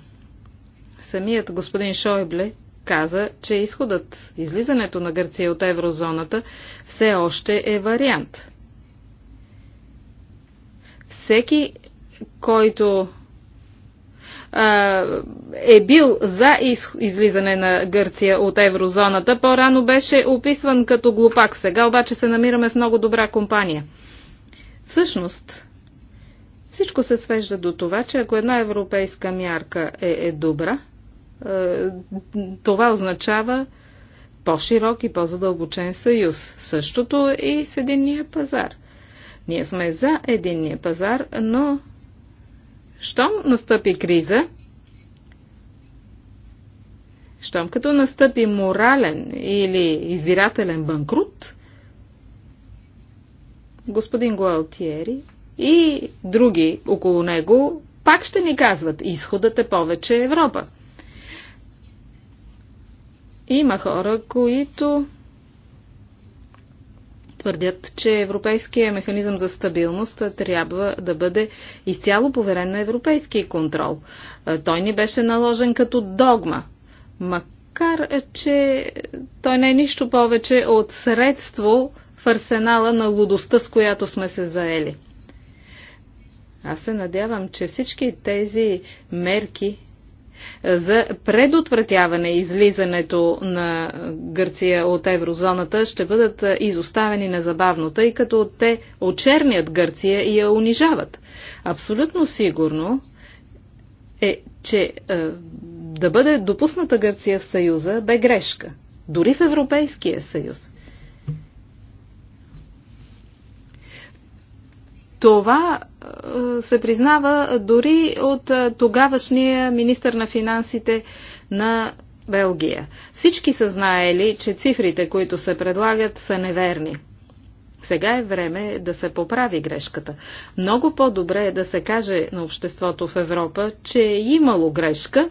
Самият господин Шойбле каза, че изходът, излизането на Гърция от еврозоната все още е вариант. Всеки, който е бил за излизане на Гърция от еврозоната. По-рано беше описван като глупак. Сега обаче се намираме в много добра компания. Всъщност, всичко се свежда до това, че ако една европейска мярка е, е добра, е, това означава по-широк и по-задълбочен съюз. Същото и с единния пазар. Ние сме за единния пазар, но щом настъпи криза, щом като настъпи морален или избирателен банкрут, господин Гуалтиери и други около него пак ще ни казват, изходът е повече Европа. Има хора, които твърдят, че Европейския механизъм за стабилност трябва да бъде изцяло поверен на европейски контрол. Той ни беше наложен като догма, макар е, че той не е нищо повече от средство в арсенала на лудостта, с която сме се заели. Аз се надявам, че всички тези мерки за предотвратяване излизането на Гърция от еврозоната ще бъдат изоставени незабавно, тъй като те очернят Гърция и я унижават. Абсолютно сигурно е, че е, да бъде допусната Гърция в Съюза бе грешка. Дори в Европейския съюз. Това е, се признава дори от е, тогавашния министр на финансите на Белгия. Всички са знаели, че цифрите, които се предлагат, са неверни. Сега е време да се поправи грешката. Много по-добре е да се каже на обществото в Европа, че е имало грешка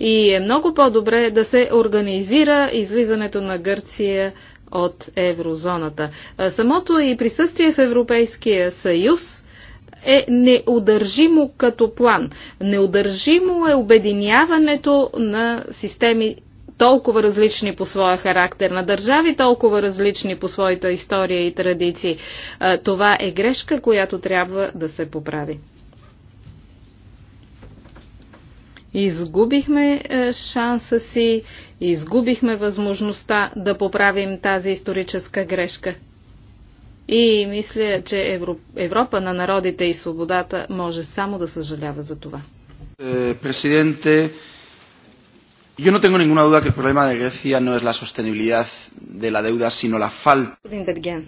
и е много по-добре да се организира излизането на Гърция от еврозоната. Самото и присъствие в Европейския съюз е неудържимо като план. Неудържимо е обединяването на системи толкова различни по своя характер, на държави толкова различни по своята история и традиции. Това е грешка, която трябва да се поправи. Изгубихме е, шанса си, изгубихме възможността да поправим тази историческа грешка. И мисля, че Европа на народите и свободата може само да съжалява за това. Е, президенте, Yo no tengo ninguna duda que el problema de Grecia no es la sostenibilidad de la deuda, sino la falta de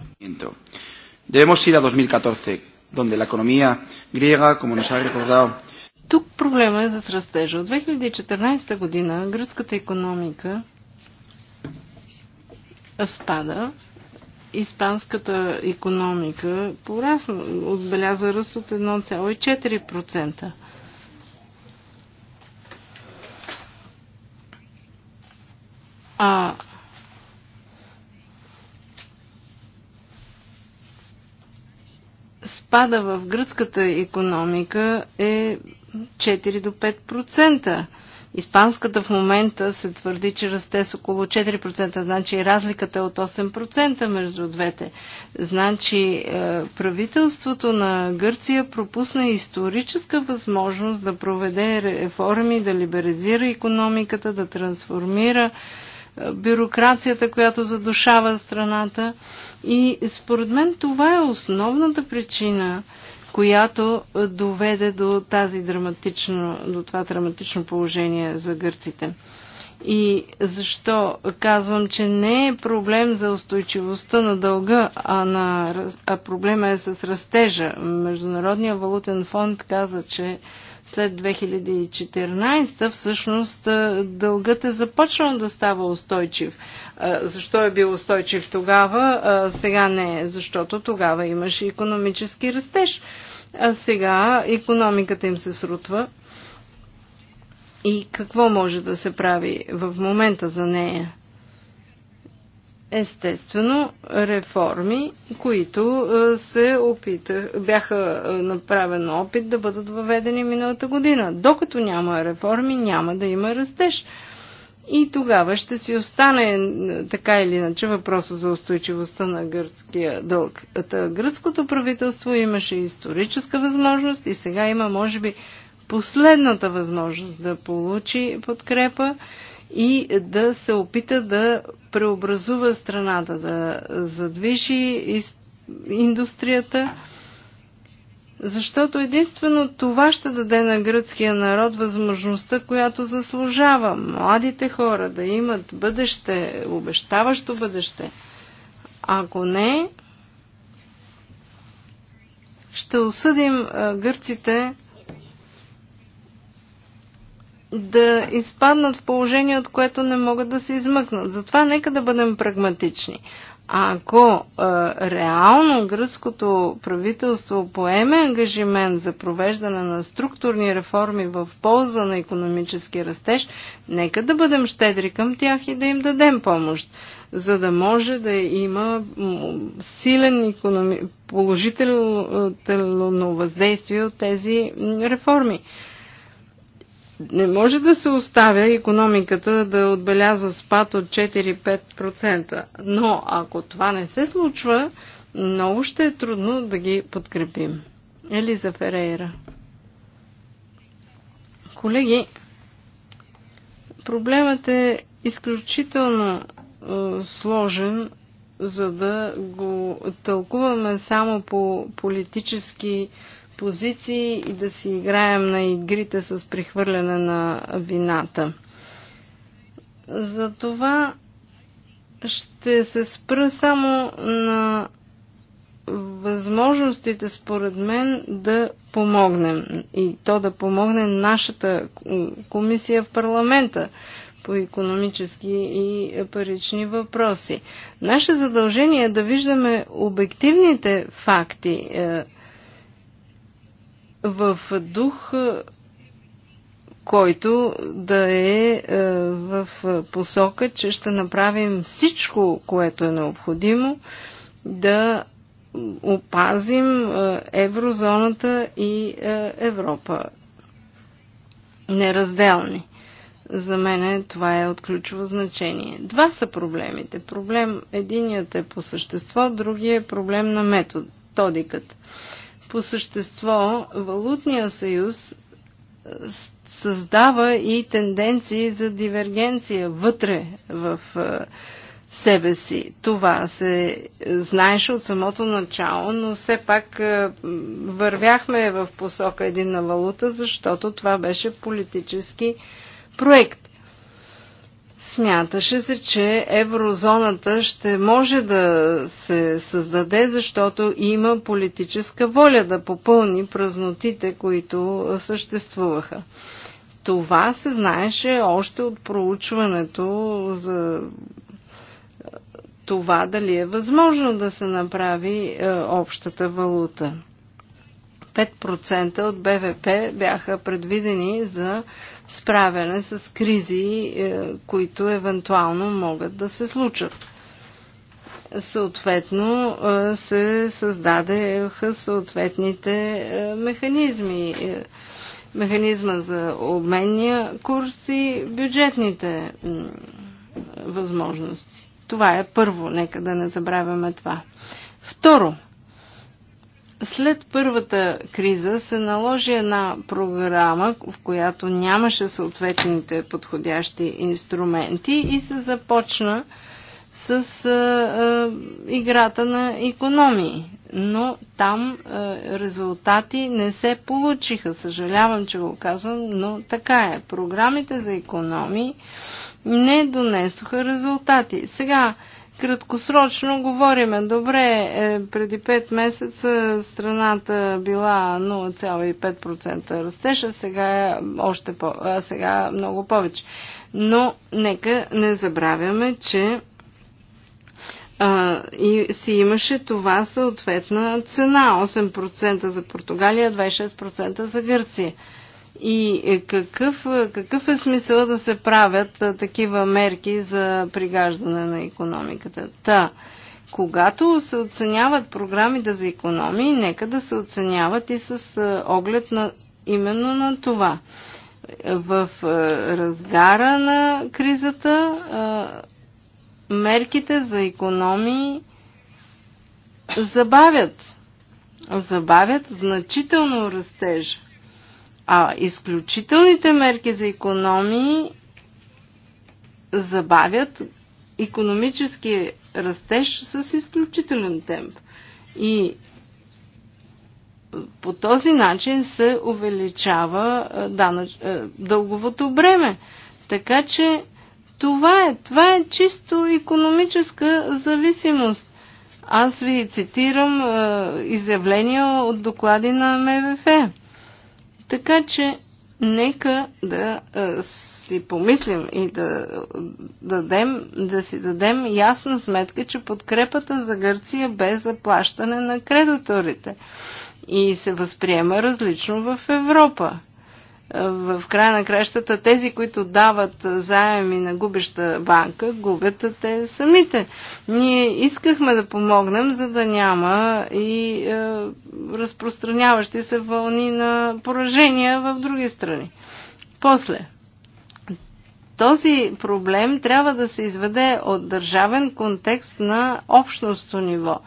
Debemos ir a 2014, donde la economía griega, como nos ha recordado тук проблема е за срастежа. От 2014 година гръцката економика спада. Испанската економика порасна, отбеляза ръст от 1,4%. А спада в гръцката економика е 4 до 5%. Испанската в момента се твърди, че расте с около 4%, значи разликата е от 8% между двете. Значи е, правителството на Гърция пропусна историческа възможност да проведе реформи, да либерализира економиката, да трансформира е, бюрокрацията, която задушава страната. И според мен това е основната причина, която е, доведе до, тази драматично, до това драматично положение за гърците. И защо казвам, че не е проблем за устойчивостта на дълга, а, на, а проблема е с растежа. Международния валутен фонд каза, че след 2014 всъщност дългът е започнал да става устойчив. Защо е бил устойчив тогава? Сега не е, защото тогава имаше економически растеж. А сега економиката им се срутва. И какво може да се прави в момента за нея? естествено реформи, които е, се опита, бяха е, направен опит да бъдат въведени миналата година. Докато няма реформи, няма да има растеж. И тогава ще си остане е, така или иначе въпроса за устойчивостта на гръцкия дълг. Та, гръцкото правителство имаше историческа възможност и сега има, може би, последната възможност да получи подкрепа и да се опита да преобразува страната, да задвижи индустрията, защото единствено това ще даде на гръцкия народ възможността, която заслужава. Младите хора да имат бъдеще, обещаващо бъдеще. Ако не, ще осъдим гърците да изпаднат в положение, от което не могат да се измъкнат. Затова нека да бъдем прагматични. А ако а, е, реално гръцкото правителство поеме ангажимент за провеждане на структурни реформи в полза на економически растеж, нека да бъдем щедри към тях и да им дадем помощ, за да може да има силен економи... положително е, въздействие от тези реформи. Не може да се оставя економиката да отбелязва спад от 4-5%, но ако това не се случва, много ще е трудно да ги подкрепим. Елиза Ферейра. Колеги, проблемът е изключително е, сложен, за да го тълкуваме само по политически е, позиции и да си играем на игрите с прехвърляне на вината. Затова ще се спра само на възможностите, според мен, да помогнем. И то да помогне нашата комисия в парламента по економически и парични въпроси. Наше задължение е да виждаме обективните факти, е, в дух, който да е, е в посока, че ще направим всичко, което е необходимо, да опазим е, еврозоната и е, Европа неразделни. За мен това е от ключово значение. Два са проблемите. Проблем единият е по същество, другият е проблем на методиката по същество валутния съюз е, създава и тенденции за дивергенция вътре в е, себе си. Това се знаеше от самото начало, но все пак е, вървяхме в посока единна валута, защото това беше политически проект. Смяташе се, че еврозоната ще може да се създаде, защото има политическа воля да попълни празнотите, които съществуваха. Това се знаеше още от проучването за това дали е възможно да се направи е, общата валута. 5% от БВП бяха предвидени за справяне с кризи, е, които евентуално могат да се случат. Съответно е, се създадеха съответните е, механизми. Механизма за обменния курс и бюджетните възможности. Това е първо, нека да не забравяме това. Второ, след първата криза се наложи една програма, в която нямаше съответните подходящи инструменти и се започна с а, а, играта на економии. Но там а, резултати не се получиха. Съжалявам, че го казвам, но така е. Програмите за економии не донесоха резултати. Сега краткосрочно говориме. Добре, е, преди 5 месеца страната била 0,5% растежа, сега е още по, а сега много повече. Но нека не забравяме, че а, и си имаше това съответна цена. 8% за Португалия, 26% за Гърция. И е, какъв, е, какъв е смисъл да се правят е, такива мерки за пригаждане на економиката? Та, когато се оценяват програмите за економии, нека да се оценяват и с оглед на именно на това. В разгара на кризата мерките за економии забавят. Забавят значително растежа. А изключителните мерки за економии забавят економически растеж с изключителен темп. И по този начин се увеличава данъч, дълговото бреме. Така че това е, това е чисто економическа зависимост. Аз ви цитирам е, изявления от доклади на МВФ. Така че нека да а, си помислим и да, дадем, да си дадем ясна сметка, че подкрепата за Гърция бе заплащане на кредиторите и се възприема различно в Европа в края на кращата тези, които дават заеми на губеща банка, губят те самите. Ние искахме да помогнем, за да няма и е, разпространяващи се вълни на поражения в други страни. После, този проблем трябва да се изведе от държавен контекст на общностно ниво.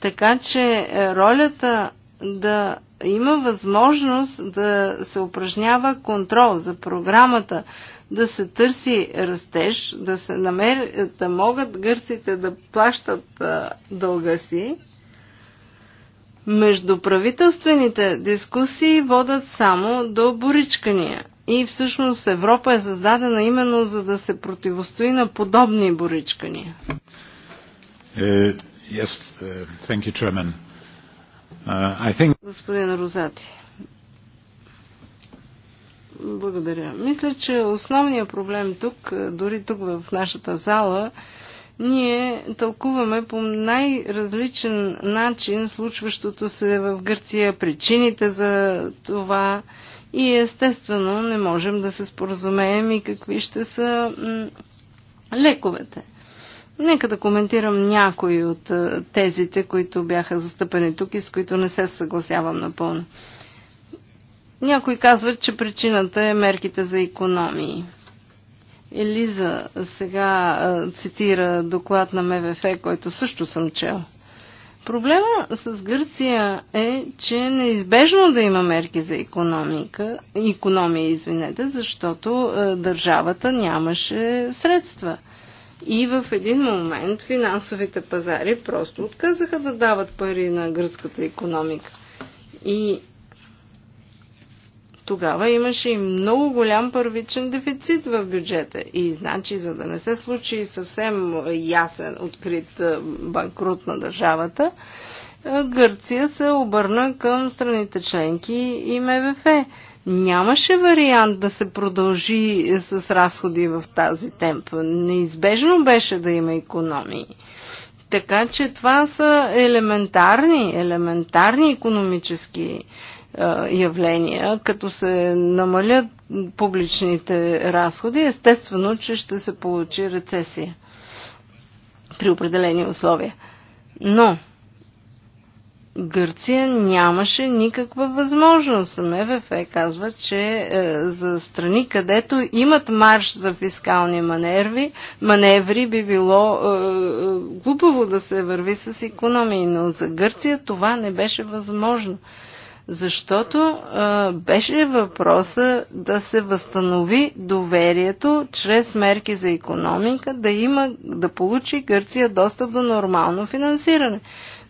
Така че е, ролята да има възможност да се упражнява контрол за програмата, да се търси растеж, да се намери, да могат гърците да плащат дълга си. Междуправителствените дискусии водат само до боричкания. И всъщност Европа е създадена именно за да се противостои на подобни боричкания. Uh, yes, uh, thank you, Uh, think... Господин Розати. Благодаря. Мисля, че основният проблем тук, е, дори тук в нашата зала, ние тълкуваме по най-различен начин случващото се в Гърция, причините за това и естествено не можем да се споразумеем и какви ще са лековете. Нека да коментирам някои от е, тезите, които бяха застъпени тук и с които не се съгласявам напълно. Някои казват, че причината е мерките за економии. Елиза сега е, цитира доклад на МВФ, който също съм чел. Проблема с Гърция е, че е неизбежно да има мерки за економика, економия, извинете, защото е, държавата нямаше средства – и в един момент финансовите пазари просто отказаха да дават пари на гръцката економика. И тогава имаше и много голям първичен дефицит в бюджета. И значи, за да не се случи съвсем ясен, открит банкрут на държавата, Гърция се обърна към страните членки и МВФ нямаше вариант да се продължи с разходи в тази темп. Неизбежно беше да има економии. Така че това са елементарни, елементарни економически е, явления. Като се намалят публичните разходи, естествено, че ще се получи рецесия при определени условия. Но Гърция нямаше никаква възможност. МВФ казва, че е, за страни, където имат марш за фискални маневри, маневри би било е, е, глупаво да се върви с економии, но за Гърция това не беше възможно. Защото е, беше въпроса да се възстанови доверието чрез мерки за економика, да, има, да получи Гърция достъп до нормално финансиране.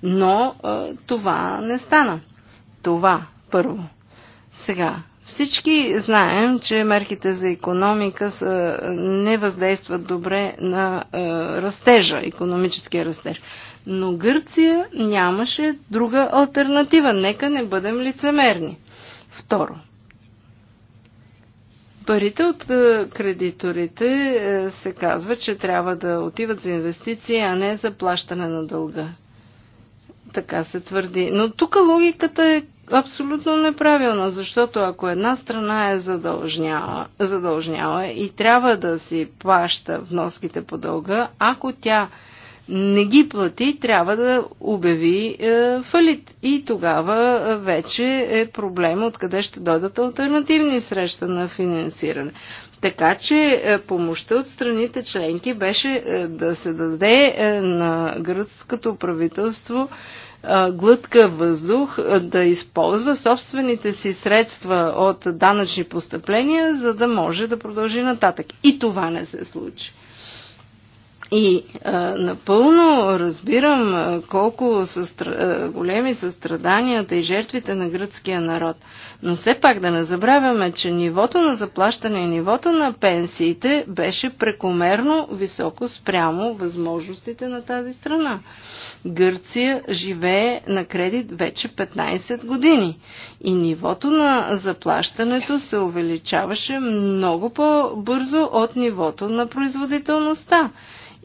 Но а, това не стана. Това първо. Сега, всички знаем, че мерките за економика са, не въздействат добре на а, растежа, економическия растеж. Но Гърция нямаше друга альтернатива. Нека не бъдем лицемерни. Второ. Парите от кредиторите се казва, че трябва да отиват за инвестиции, а не за плащане на дълга. Така се твърди. Но тук логиката е абсолютно неправилна, защото ако една страна е задължняла, задължняла и трябва да си плаща вноските по дълга, ако тя не ги плати, трябва да обяви е, фалит. И тогава е, вече е проблем откъде ще дойдат альтернативни среща на финансиране. Така че е, помощта от страните членки беше е, да се даде е, на гръцкото правителство е, глътка въздух, да използва собствените си средства от данъчни постъпления, за да може да продължи нататък. И това не се случи. И а, напълно разбирам колко са стр... големи са страданията и жертвите на гръцкия народ. Но все пак да не забравяме, че нивото на заплащане и нивото на пенсиите беше прекомерно високо спрямо възможностите на тази страна. Гърция живее на кредит вече 15 години и нивото на заплащането се увеличаваше много по-бързо от нивото на производителността.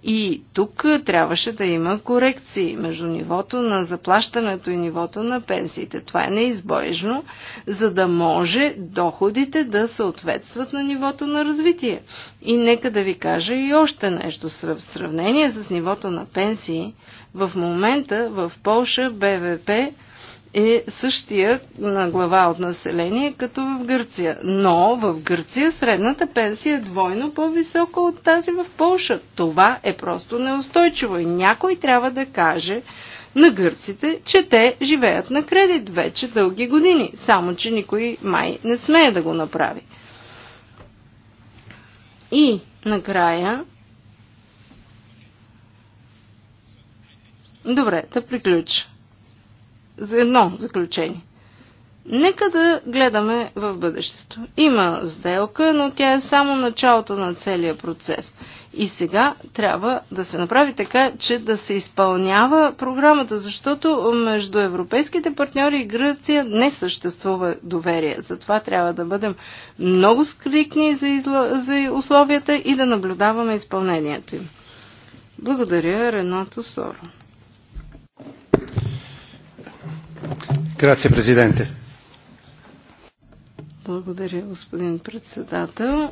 И тук трябваше да има корекции между нивото на заплащането и нивото на пенсиите. Това е неизбежно, за да може доходите да съответстват на нивото на развитие. И нека да ви кажа и още нещо. В сравнение с нивото на пенсии, в момента в Полша БВП е същия на глава от население, като в Гърция. Но в Гърция средната пенсия е двойно по-висока от тази в Польша. Това е просто неустойчиво и някой трябва да каже на гърците, че те живеят на кредит вече дълги години, само че никой май не смее да го направи. И накрая Добре, да приключа за едно заключение. Нека да гледаме в бъдещето. Има сделка, но тя е само началото на целия процес. И сега трябва да се направи така, че да се изпълнява програмата, защото между европейските партньори и Гръция не съществува доверие. Затова трябва да бъдем много скрикни за, изла... за условията и да наблюдаваме изпълнението им. Благодаря, Ренато Соро. Грация, президенте. Благодаря, господин председател.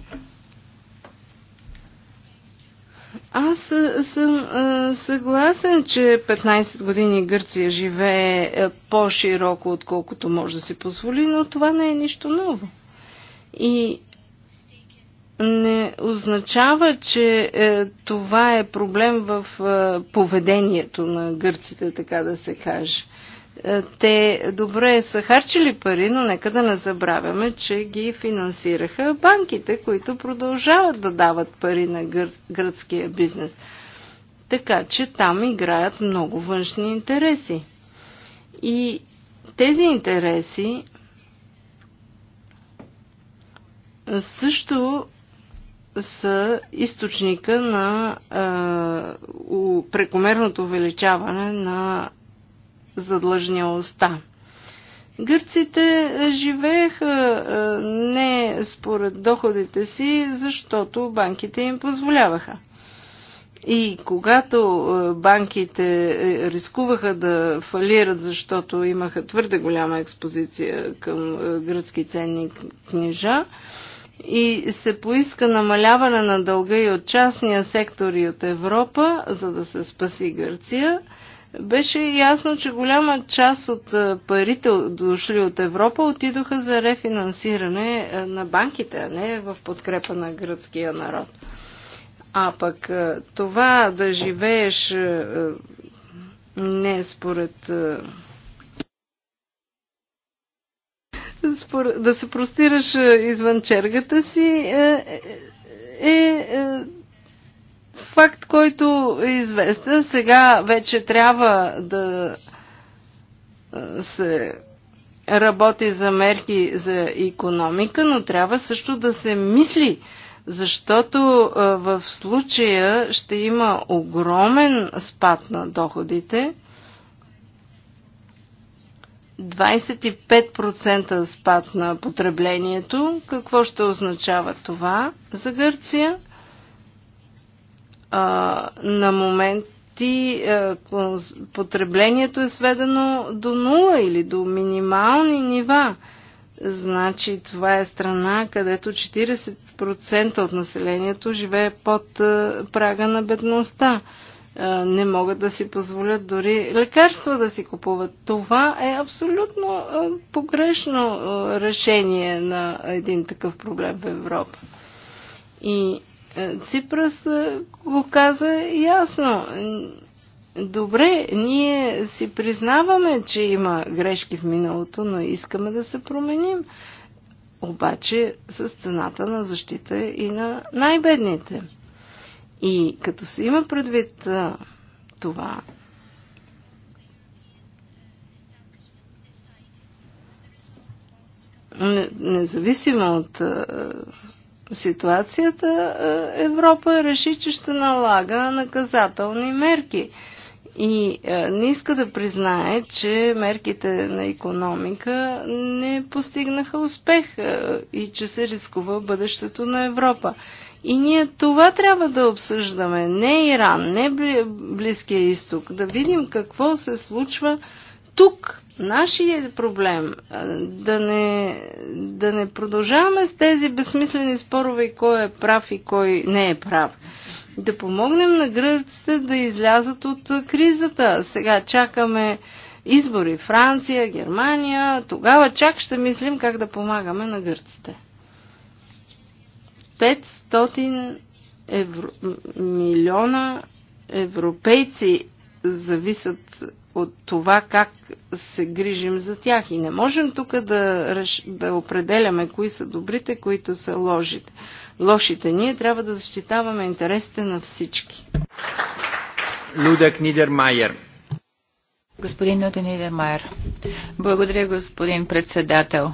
Аз съм съгласен, че 15 години Гърция живее по-широко, отколкото може да си позволи, но това не е нищо ново. И не означава, че е, това е проблем в е, поведението на гърците, така да се каже. Е, те добре са харчили пари, но нека да не забравяме, че ги финансираха банките, които продължават да дават пари на гър... гръцкия бизнес. Така че там играят много външни интереси. И тези интереси също са източника на е, у, прекомерното увеличаване на задлъжнялостта. Гърците е, живееха е, не според доходите си, защото банките им позволяваха. И когато е, банките рискуваха да фалират, защото имаха твърде голяма експозиция към гръцки ценни книжа, и се поиска намаляване на дълга и от частния сектор и от Европа, за да се спаси Гърция, беше ясно, че голяма част от е, парите, дошли от Европа, отидоха за рефинансиране е, на банките, а не в подкрепа на гръцкия народ. А пък е, това да живееш не според да се простираш извън чергата си е, е, е факт, който е известен. Сега вече трябва да се работи за мерки за економика, но трябва също да се мисли, защото в случая ще има огромен спад на доходите. 25% спад на потреблението. Какво ще означава това за Гърция? а, на моменти а, е, потреблението е сведено до нула или до минимални нива. Значи това е страна, където 40% от населението живее под а, е, прага на бедността. А, е, не могат да си позволят дори лекарства да си купуват. Това е абсолютно а, погрешно решение на един такъв проблем в Европа. И Ципрас го каза ясно. Добре, ние си признаваме, че има грешки в миналото, но искаме да се променим. Обаче с цената на защита и на най-бедните. И като се има предвид това, независимо от ситуацията, е, Европа реши, че ще налага наказателни мерки. И е, не иска да признае, че мерките на економика не постигнаха успех е, и че се рискува бъдещето на Европа. И ние това трябва да обсъждаме. Не Иран, не Близкия изток. Да видим какво се случва тук нашия проблем. Да не, да не продължаваме с тези безсмислени спорове и кой е прав и кой не е прав. Да помогнем на гръците да излязат от кризата. Сега чакаме избори Франция, Германия. Тогава чак ще мислим как да помагаме на гърците. 500 евро, милиона европейци зависят от това как се грижим за тях. И не можем тук да, реш... да определяме кои са добрите, които са лошите. лошите. Ние трябва да защитаваме интересите на всички. Людък Нидермайер. Господин Нидермайер. Благодаря, господин председател.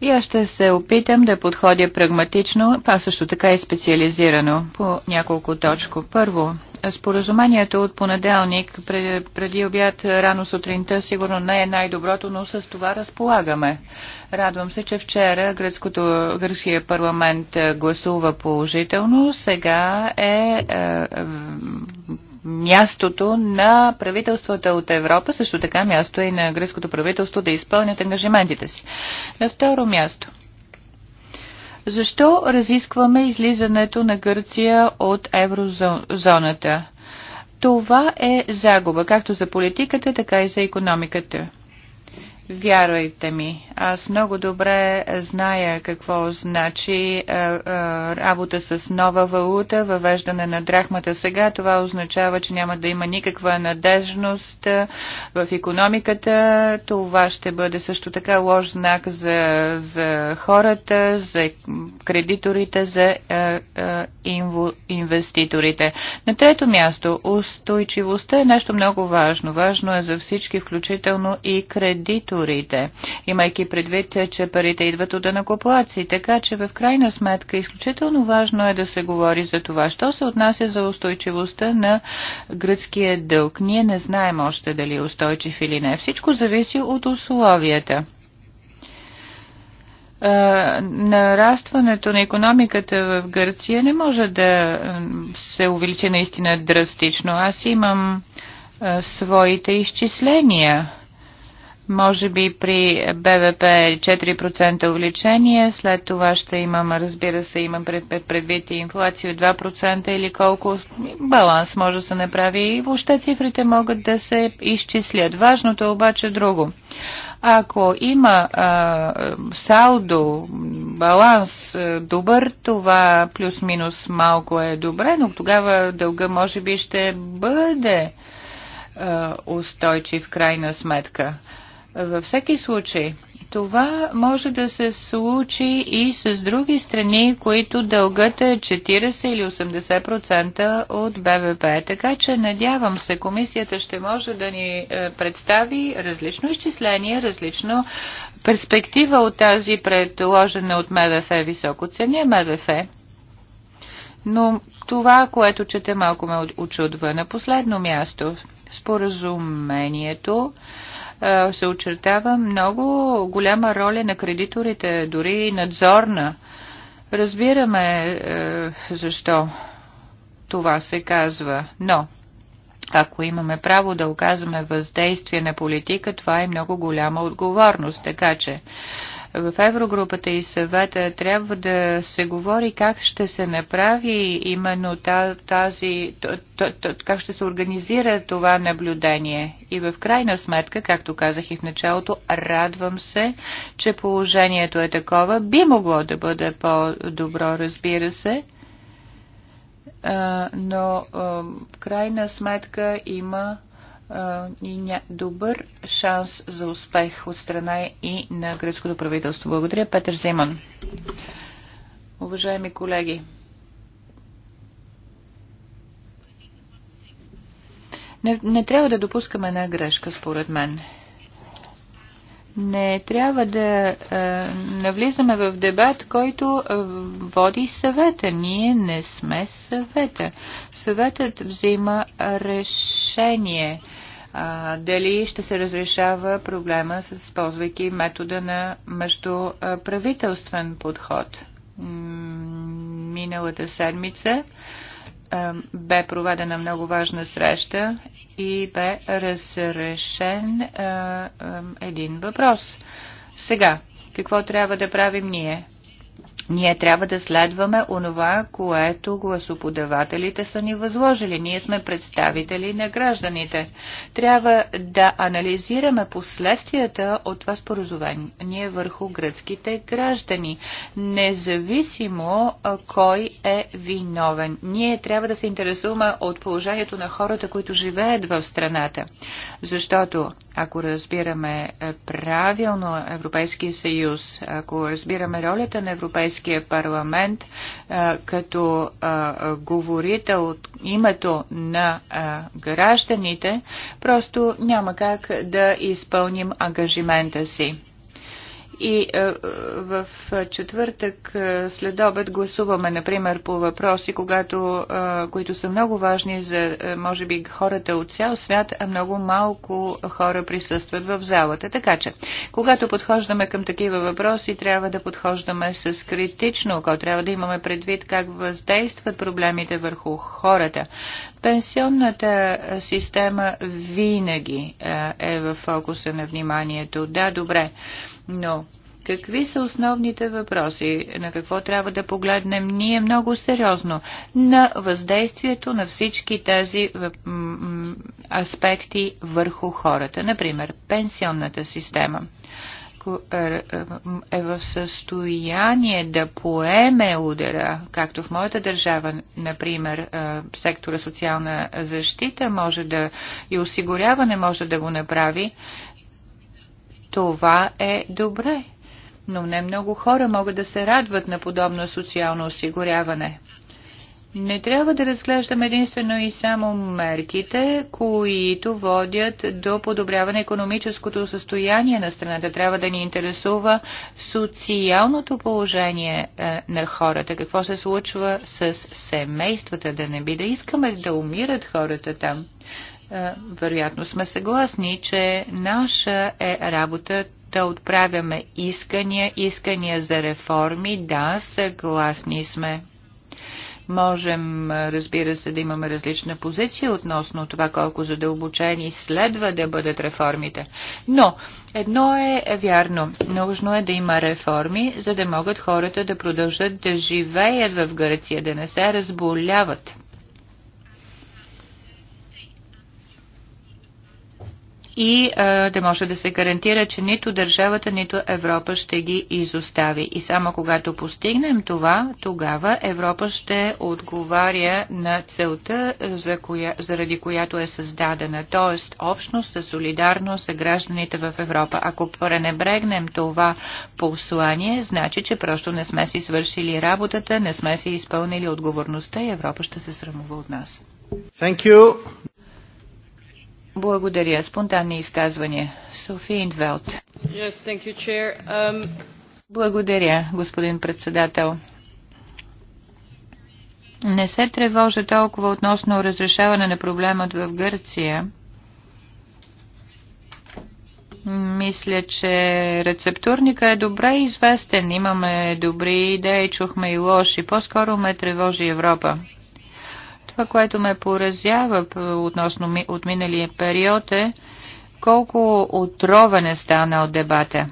И аз ще се опитам да подходя прагматично, а също така и специализирано по няколко точко. Първо, споразумението от понеделник преди, преди обяд рано сутринта сигурно не е най-доброто, но с това разполагаме. Радвам се, че вчера гръцкото, гръцкия парламент е, гласува положително. Сега е, е мястото на правителствата от Европа, също така място и на гръцкото правителство да изпълнят ангажиментите си. На второ място. Защо разискваме излизането на Гърция от еврозоната? Това е загуба както за политиката, така и за економиката. Вярвайте ми, аз много добре зная какво значи а, е, а, е, работа с нова валута, въвеждане на драхмата сега. Това означава, че няма да има никаква надежност е, в економиката. Това ще бъде също така лош знак за, за хората, за кредиторите, за а, инво, инвеститорите. На трето място, устойчивостта е нещо много важно. Важно е за всички, включително и кредиторите структурите, имайки предвид, че парите идват от данакоплаци. Така че в крайна сметка изключително важно е да се говори за това. Що се отнася за устойчивостта на гръцкия дълг? Ние не знаем още дали е устойчив или не. Всичко зависи от условията нарастването на економиката в Гърция не може да се увеличи наистина драстично. Аз имам своите изчисления може би при БВП 4% е увеличение, след това ще имам, разбира се, имам предвид и инфлация от 2% или колко баланс може да се направи и въобще цифрите могат да се изчислят. Важното е обаче друго. Ако има а, салдо, баланс добър, това плюс-минус малко е добре, но тогава дълга може би ще бъде а, устойчив крайна сметка. Във всеки случай, това може да се случи и с други страни, които дългът е 40 или 80% от БВП. Така че надявам се, комисията ще може да ни е, представи различно изчисление, различно перспектива от тази предложена от МВФ високо цени, МВФ. Но това, което чете малко ме очудва. На последно място, споразумението е, се очертава много голяма роля на кредиторите, дори и надзорна. Разбираме е, защо това се казва, но ако имаме право да оказваме въздействие на политика, това е много голяма отговорност, така че в Еврогрупата и съвета трябва да се говори как ще се направи именно тази, как ще се организира това наблюдение. И в крайна сметка, както казах и в началото, радвам се, че положението е такова. Би могло да бъде по-добро, разбира се, но в крайна сметка има и добър шанс за успех от страна и на гръцкото правителство. Благодаря, Петър Зиман. Уважаеми колеги, не, не трябва да допускаме една грешка, според мен. Не трябва да е, навлизаме в дебат, който е, води съвета. Ние не сме съвета. Съветът взима решение а, дали ще се разрешава проблема с ползвайки метода на междуправителствен подход. Миналата седмица а, бе проведена много важна среща и бе разрешен а, а, един въпрос. Сега, какво трябва да правим ние? Ние трябва да следваме онова, което гласоподавателите са ни възложили. Ние сме представители на гражданите. Трябва да анализираме последствията от това споразумение върху гръцките граждани, независимо кой е виновен. Ние трябва да се интересуваме от положението на хората, които живеят в страната. Защото, ако разбираме е, правилно Европейския съюз, ако разбираме ролята на Европейския Европейския парламент като говорител от името на гражданите, просто няма как да изпълним ангажимента си. И е, е, в четвъртък е, след обед гласуваме, например, по въпроси, когато, които са много важни за, може би, хората от цял свят, а много малко хора присъстват в залата. Така че, когато подхождаме към такива въпроси, трябва да подхождаме с критично око. Трябва да имаме предвид как въздействат проблемите върху хората. Пенсионната система винаги е в фокуса на вниманието. Да, добре. Но Какви са основните въпроси? На какво трябва да погледнем ние много сериозно? На въздействието на всички тези аспекти върху хората. Например, пенсионната система е, е, е в състояние да поеме удара, както в моята държава, например, е, сектора социална защита може да и осигуряване може да го направи, това е добре, но не много хора могат да се радват на подобно социално осигуряване. Не трябва да разглеждаме единствено и само мерките, които водят до подобряване економическото състояние на страната. Трябва да ни интересува социалното положение е, на хората, какво се случва с семействата, да не би да искаме да умират хората там. Е, вероятно сме съгласни, че наша е работа да отправяме искания, искания за реформи. Да, съгласни сме. Можем, разбира се, да имаме различна позиция относно това колко задълбочени следва да бъдат реформите. Но едно е вярно. Нужно е да има реформи, за да могат хората да продължат да живеят в Гърция, да не се разболяват. и а, да може да се гарантира, че нито държавата, нито Европа ще ги изостави. И само когато постигнем това, тогава Европа ще отговаря на целта, за коя, заради която е създадена, т.е. общност, със солидарност за гражданите в Европа. Ако пренебрегнем това послание, значи, че просто не сме си свършили работата, не сме си изпълнили отговорността и Европа ще се срамува от нас. Thank you. Благодаря. Спонтанни изказвания. Софи Индвелт. Yes, thank you, chair. Um... Благодаря, господин председател. Не се тревожа толкова относно разрешаване на проблемът в Гърция. Мисля, че рецептурника е добре известен. Имаме добри идеи, чухме и лоши. По-скоро ме тревожи Европа. Това, което ме поразява относно от миналия период е колко отровен е станал дебата.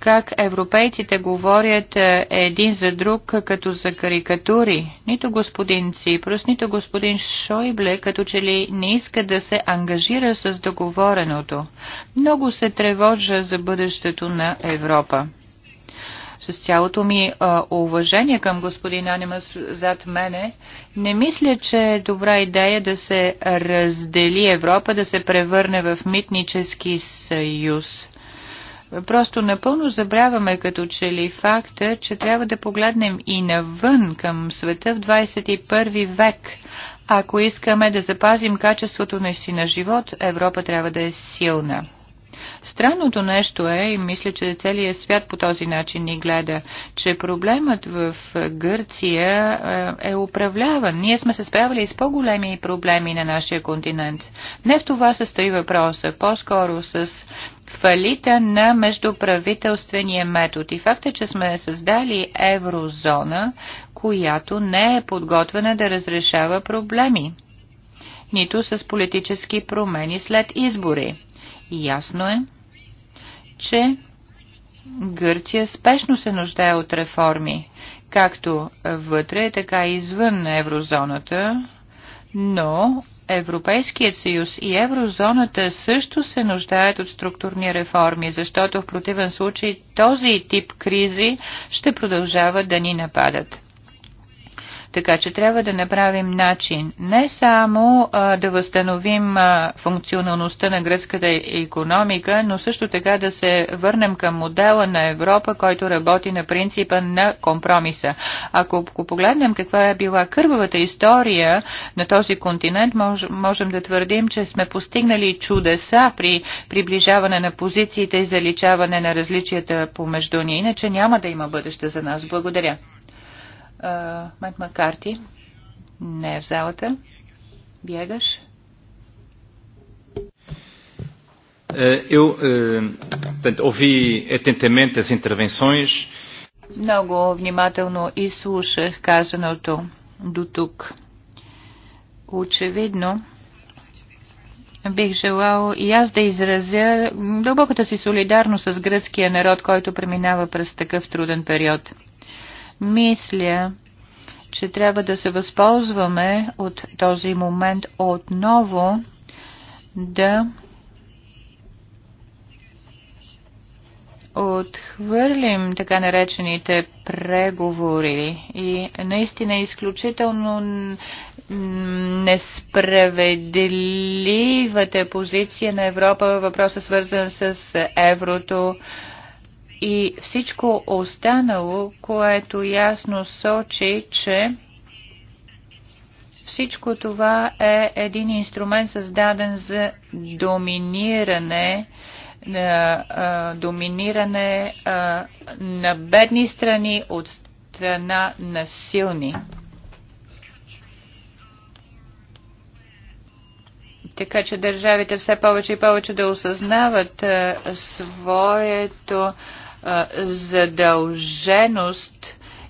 Как европейците говорят е, един за друг като за карикатури. Нито господин Ципрус, нито господин Шойбле като че ли не иска да се ангажира с договореното. Много се тревожа за бъдещето на Европа с цялото ми а, уважение към господин Анимас зад мене, не мисля, че е добра идея да се раздели Европа, да се превърне в митнически съюз. Просто напълно забравяме като че ли факта, че трябва да погледнем и навън към света в 21 век. Ако искаме да запазим качеството на си на живот, Европа трябва да е силна. Странното нещо е, и мисля, че целият свят по този начин ни гледа, че проблемът в Гърция е, е управляван. Ние сме се справили с по-големи проблеми на нашия континент. Не в това състои въпроса, по-скоро с фалита на междуправителствения метод. И факта, че сме създали еврозона, която не е подготвена да разрешава проблеми, нито с политически промени след избори. Ясно е, че Гърция спешно се нуждае от реформи, както вътре, така и извън еврозоната, но Европейският съюз и еврозоната също се нуждаят от структурни реформи, защото в противен случай този тип кризи ще продължават да ни нападат. Така че трябва да направим начин не само а, да възстановим а, функционалността на гръцката економика, но също така да се върнем към модела на Европа, който работи на принципа на компромиса. Ако, ако погледнем каква е била кървавата история на този континент, мож, можем да твърдим, че сме постигнали чудеса при приближаване на позициите и заличаване на различията помежду ни. Иначе няма да има бъдеще за нас. Благодаря. Майк Макарти не е в залата. Бягаш. Е, е, Много внимателно изслушах казаното до тук. Очевидно, бих желал и аз да изразя дълбоката си солидарност с гръцкия народ, който преминава през такъв труден период. Мисля, че трябва да се възползваме от този момент отново да отхвърлим така наречените преговори и наистина е изключително несправедливата позиция на Европа въпроса свързан с еврото и всичко останало, което ясно сочи, че всичко това е един инструмент създаден за доминиране доминиране на бедни страни от страна на силни. Така че държавите все повече и повече да осъзнават своето задълженост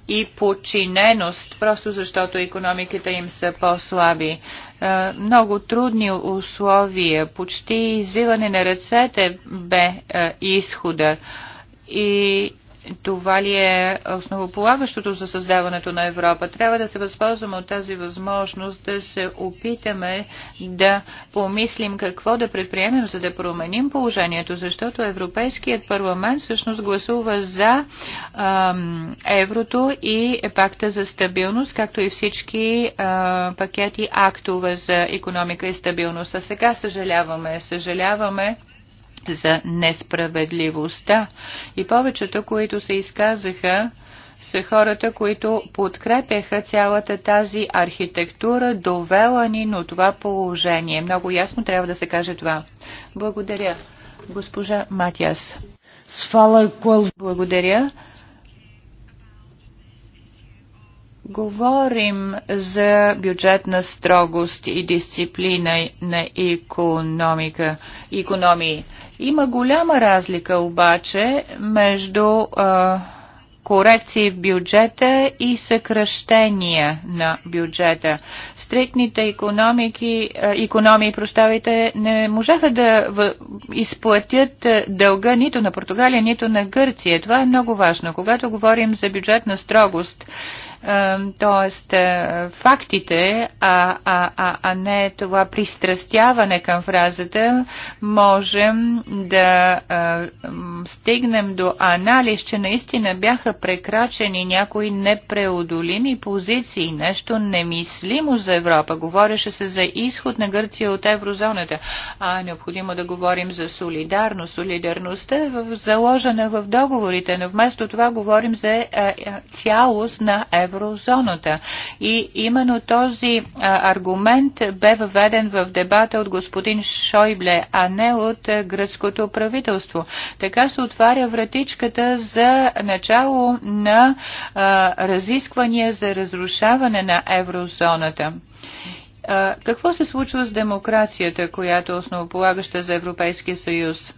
и подчиненост, просто защото економиките им са по-слаби. Много трудни условия, почти извиване на ръцете бе изхода. И това ли е основополагащото за създаването на Европа? Трябва да се възползваме от тази възможност да се опитаме да помислим какво да предприемем, за да променим положението, защото Европейският парламент всъщност гласува за ам, еврото и пакта за стабилност, както и всички а, пакети актове за економика и стабилност. А сега съжаляваме, съжаляваме за несправедливостта. И повечето, които се изказаха, са хората, които подкрепяха цялата тази архитектура, довела ни на това положение. Много ясно трябва да се каже това. Благодаря, госпожа Матиас. Благодаря. Говорим за бюджетна строгост и дисциплина на економика, економии. Има голяма разлика обаче между а, корекции в бюджета и съкръщения на бюджета. Стриктните економики, економии, прощавайте, не можаха да изплатят дълга нито на Португалия, нито на Гърция. Това е много важно. Когато говорим за бюджетна строгост, е, тоест, е, фактите, а, а, а, а не това пристрастяване към фразата, можем да а, е, стигнем до анализ, че наистина бяха прекрачени някои непреодолими позиции, нещо немислимо за Европа. Говореше се за изход на Гърция от еврозоната, а необходимо да говорим за солидарност. Солидарността е заложена в договорите, но вместо това говорим за цялост на еврозоната еврозоната. И именно този а, аргумент бе въведен в дебата от господин Шойбле, а не от а, гръцкото правителство. Така се отваря вратичката за начало на а, разисквания за разрушаване на еврозоната. Какво се случва с демокрацията, която е основополагаща за Европейския съюз?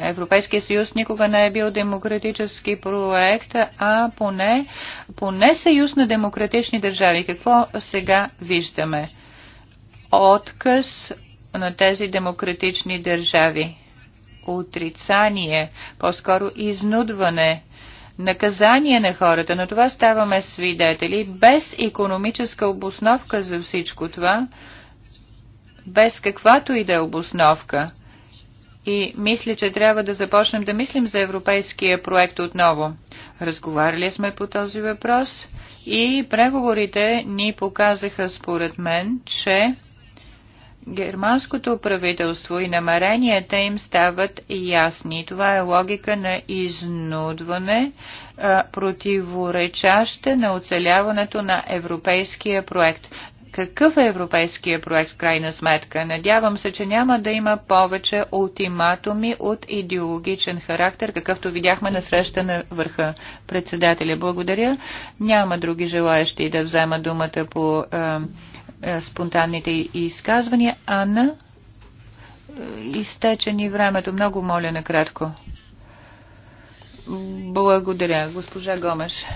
Европейския съюз никога не е бил демократически проект, а поне, поне съюз на демократични държави. Какво сега виждаме? Отказ на тези демократични държави. Отрицание, по-скоро изнудване наказание на хората, На това ставаме свидетели, без економическа обосновка за всичко това, без каквато и да е обосновка и мисля, че трябва да започнем да мислим за европейския проект отново. Разговаряли сме по този въпрос и преговорите ни показаха според мен, че германското правителство и намеренията им стават ясни. Това е логика на изнудване, противоречаща на оцеляването на европейския проект какъв е европейския проект в крайна сметка. Надявам се, че няма да има повече ултиматуми от идеологичен характер, какъвто видяхме на среща на върха. Председателя, благодаря. Няма други желаящи да взема думата по е, е, спонтанните изказвания. Анна, е, изтече ни времето. Много моля накратко. Благодаря, госпожа Гомеш.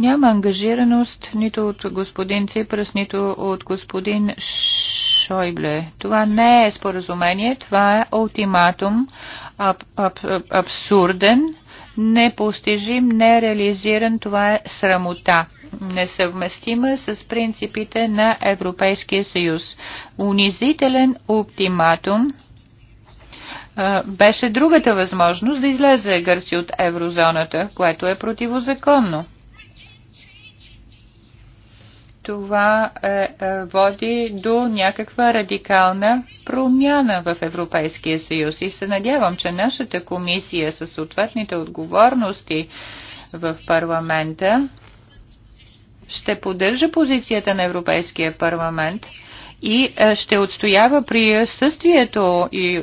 Няма ангажираност нито от господин Ципрас, нито от господин Шойбле. Това не е споразумение, това е ултиматум, аб, аб, аб, абсурден, непостижим, нереализиран, това е срамота несъвместима с принципите на Европейския съюз. Унизителен оптиматум беше другата възможност да излезе Гърция от еврозоната, което е противозаконно това е, е, води до някаква радикална промяна в Европейския съюз. И се надявам, че нашата комисия със съответните отговорности в парламента ще поддържа позицията на Европейския парламент – и е, ще отстоява присъствието и е,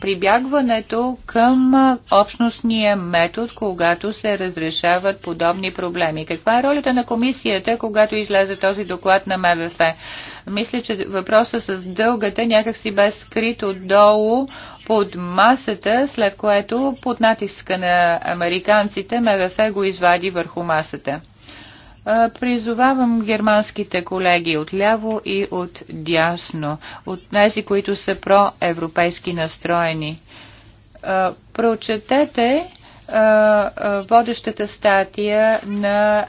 прибягването към е, общностния метод, когато се разрешават подобни проблеми. Каква е ролята на комисията, когато излезе този доклад на МВФ? Мисля, че въпросът с дългата някакси бе скрит отдолу под масата, след което под натиска на американците МВФ го извади върху масата. Призовавам германските колеги от ляво и от дясно, от тези, които са проевропейски настроени. Прочетете водещата статия на,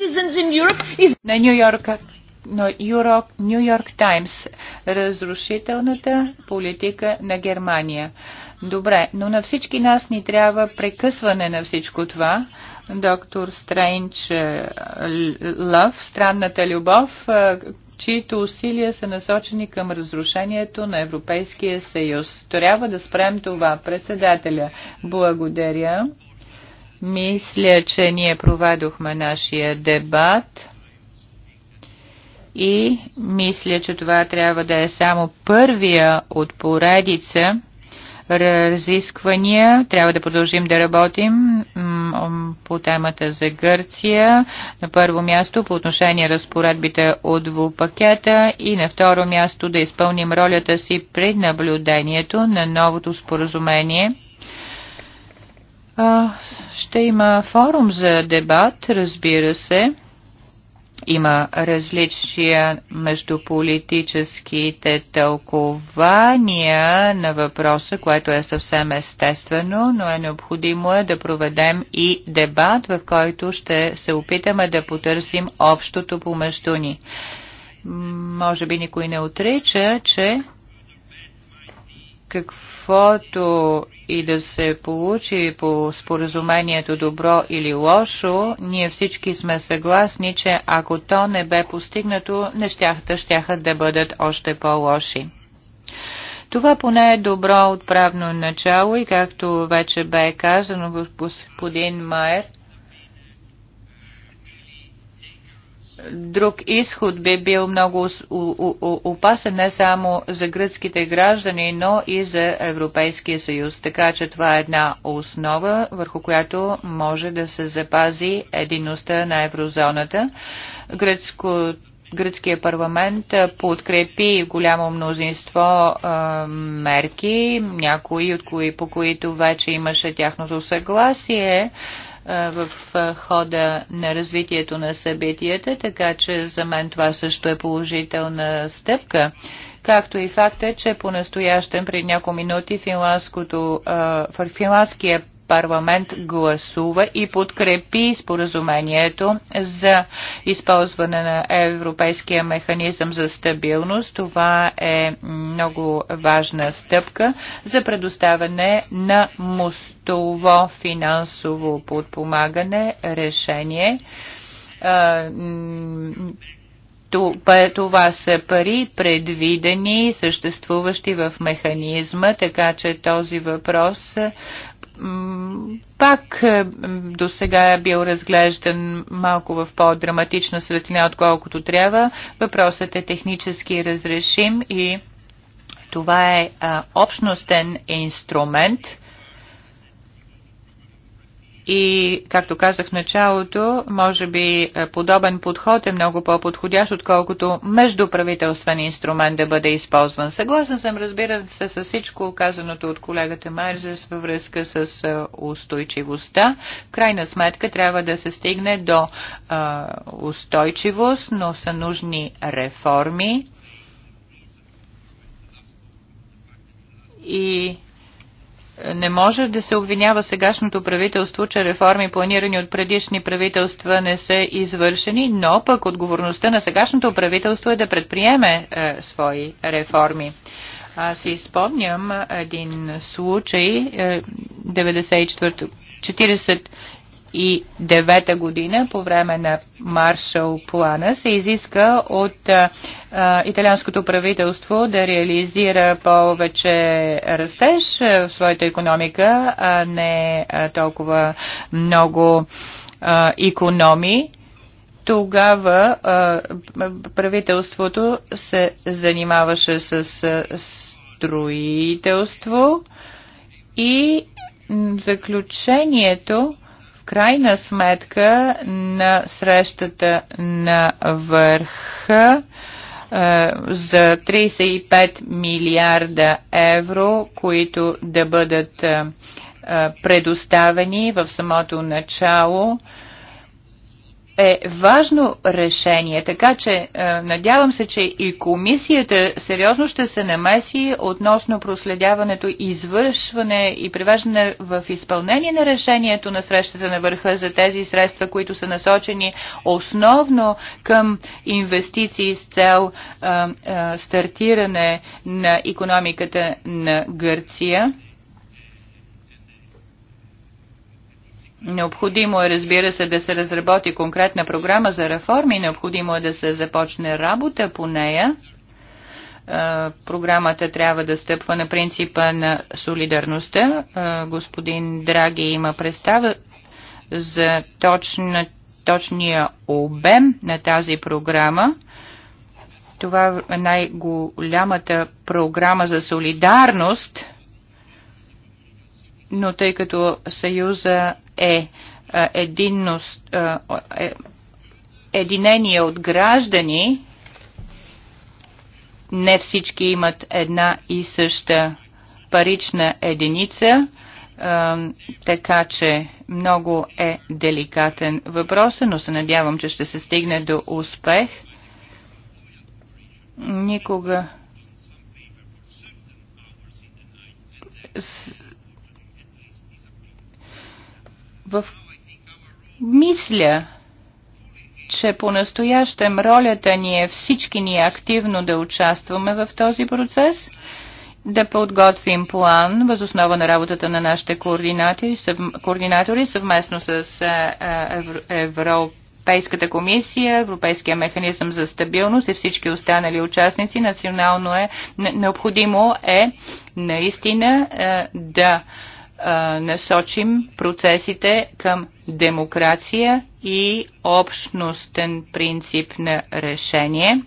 на Нью Йорк на Нью Йорк Таймс разрушителната политика на Германия. Добре, но на всички нас ни трябва прекъсване на всичко това. Доктор Стрейндж е, Лъв, странната любов, е, чието усилия са насочени към разрушението на Европейския съюз. Трябва да спрем това. Председателя, благодаря. Мисля, че ние проведохме нашия дебат и мисля, че това трябва да е само първия от поредица разисквания. Трябва да продължим да работим по темата за Гърция. На първо място по отношение разпоредбите от двупакета и на второ място да изпълним ролята си при наблюдението на новото споразумение. Ще има форум за дебат, разбира се. Има различия между политическите тълкования на въпроса, което е съвсем естествено, но е необходимо е да проведем и дебат, в който ще се опитаме да потърсим общото помежду ни. Може би никой не отрича, че каквото и да се получи по споразумението добро или лошо, ние всички сме съгласни, че ако то не бе постигнато, нещата щяха да бъдат още по-лоши. Това поне е добро отправно начало и както вече бе казано господин Майерт, друг изход би бил много опасен не само за гръцките граждани, но и за Европейския съюз. Така че това е една основа, върху която може да се запази единността на еврозоната. Гръцко, гръцкия парламент подкрепи голямо мнозинство а, мерки, някои от кои, по които вече имаше тяхното съгласие в хода на развитието на събитията, така че за мен това също е положителна стъпка както и факта, че по настоящен пред няколко минути финландското, финландския парламент гласува и подкрепи споразумението за използване на Европейския механизъм за стабилност. Това е много важна стъпка за предоставяне на мостово финансово подпомагане, решение. Това са пари предвидени, съществуващи в механизма, така че този въпрос пак е, до сега е бил разглеждан малко в по-драматична светлина, отколкото трябва. Въпросът е технически разрешим и това е а, общностен инструмент – и, както казах в началото, може би е, подобен подход е много по-подходящ, отколкото междуправителствен инструмент да бъде използван. Съгласен съм, разбира се, с всичко казаното от колегата Майрзес във връзка с е, устойчивостта. В крайна сметка трябва да се стигне до а, е, устойчивост, но са нужни реформи. И не може да се обвинява сегашното правителство, че реформи, планирани от предишни правителства, не са извършени, но пък отговорността на сегашното правителство е да предприеме е, свои реформи. Аз си спомням един случай, е, 94 40 2009 година по време на Маршал плана се изиска от а, италианското правителство да реализира повече растеж в своята економика, а не толкова много а, економии тогава а, правителството се занимаваше с, с строителство и заключението крайна сметка на срещата на върха е, за 35 милиарда евро, които да бъдат е, е, предоставени в самото начало е важно решение, така че е, надявам се, че и комисията сериозно ще се намеси относно проследяването, извършване и привеждане в изпълнение на решението на срещата на върха за тези средства, които са насочени основно към инвестиции с цел е, е, стартиране на економиката на Гърция Необходимо е, разбира се, да се разработи конкретна програма за реформи, необходимо е да се започне работа по нея. Програмата трябва да стъпва на принципа на солидарността. Господин Драги има представа за точна, точния обем на тази програма. Това е най-голямата програма за солидарност, но тъй като Съюза е, е единност, е, е, единение от граждани, не всички имат една и съща парична единица, така че много е деликатен въпрос, но се надявам, че ще се стигне до успех. Никога В... Мисля, че по-настоящем ролята ни е всички ние активно да участваме в този процес, да подготвим план възоснова на работата на нашите координатори, съв... координатори съвместно с Евро... Европа Европейската комисия, Европейския механизъм за стабилност и всички останали участници, национално е необходимо е наистина е, да а, насочим процесите към демокрация и общностен принцип на решение.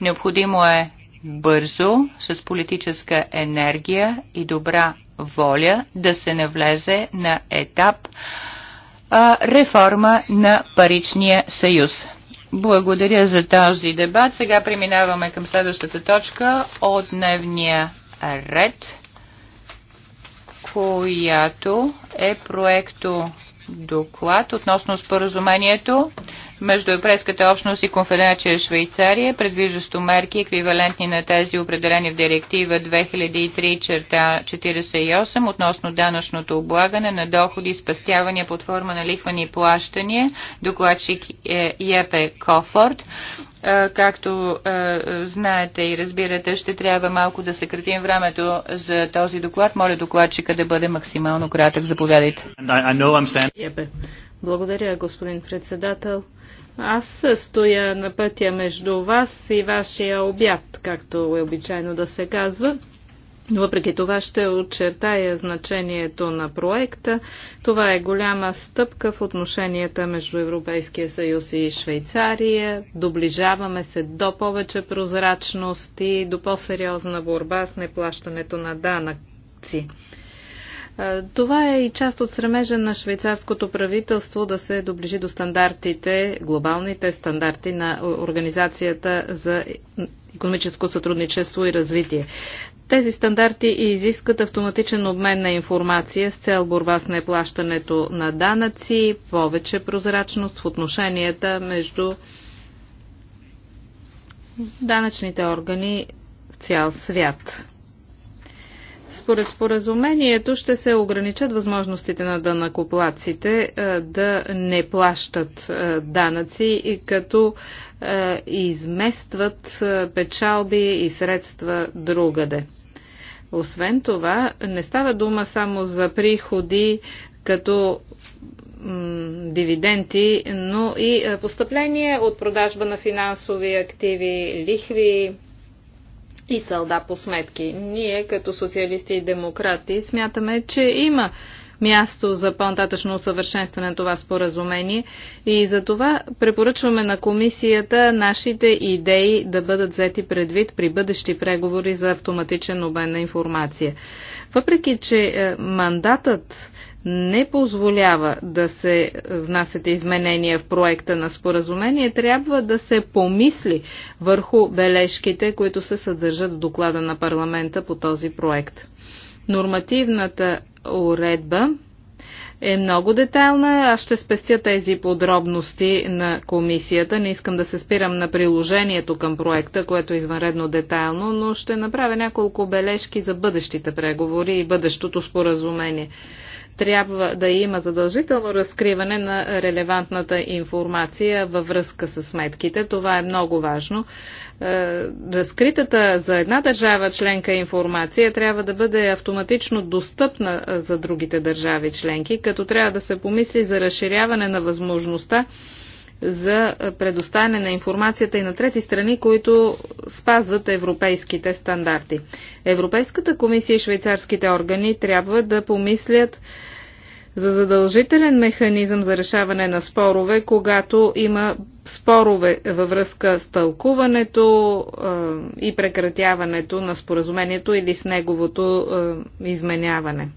Необходимо е бързо, с политическа енергия и добра воля да се навлезе на етап а, реформа на паричния съюз. Благодаря за този дебат. Сега преминаваме към следващата точка от дневния ред която е проекто доклад относно споразумението между Европейската общност и Конфедерация Швейцария, предвиждащо мерки, еквивалентни на тези определени в директива 2003-48 относно данъчното облагане на доходи и спестявания под форма на лихвани плащания, докладчик е Епе Кофорд. Е, както е, знаете и разбирате, ще трябва малко да съкратим времето за този доклад. Моля докладчика да бъде максимално кратък. Заповядайте. Е, Благодаря, господин председател. Аз стоя на пътя между вас и вашия обяд, както е обичайно да се казва. Въпреки това ще очертая значението на проекта. Това е голяма стъпка в отношенията между Европейския съюз и Швейцария. Доближаваме се до повече прозрачност и до по-сериозна борба с неплащането на данъци. Това е и част от срамежа на швейцарското правителство да се доближи до стандартите, глобалните стандарти на Организацията за економическо сътрудничество и развитие. Тези стандарти и изискват автоматичен обмен на информация с цел борба с неплащането на данъци, повече прозрачност в отношенията между данъчните органи в цял свят. Според споразумението ще се ограничат възможностите на данакоплаците е, да не плащат е, данъци, като е, изместват печалби и средства другаде. Освен това, не става дума само за приходи като дивиденти, но и постъпление от продажба на финансови активи, лихви, и сълда по сметки. Ние, като социалисти и демократи, смятаме, че има място за по-нататъчно усъвършенстване на това споразумение и за това препоръчваме на комисията нашите идеи да бъдат взети предвид при бъдещи преговори за автоматичен обмен на информация. Въпреки, че е, мандатът не позволява да се внасят изменения в проекта на споразумение, трябва да се помисли върху бележките, които се съдържат в доклада на парламента по този проект. Нормативната уредба е много детайлна. Аз ще спестя тези подробности на комисията. Не искам да се спирам на приложението към проекта, което е извънредно детайлно, но ще направя няколко бележки за бъдещите преговори и бъдещото споразумение трябва да има задължително разкриване на релевантната информация във връзка с сметките. Това е много важно. Е, разкритата за една държава членка информация трябва да бъде автоматично достъпна е, за другите държави членки, като трябва да се помисли за разширяване на възможността за предоставяне на информацията и на трети страни, които спазват европейските стандарти. Европейската комисия и швейцарските органи трябва да помислят за задължителен механизъм за решаване на спорове, когато има спорове във връзка с тълкуването и прекратяването на споразумението или с неговото изменяване.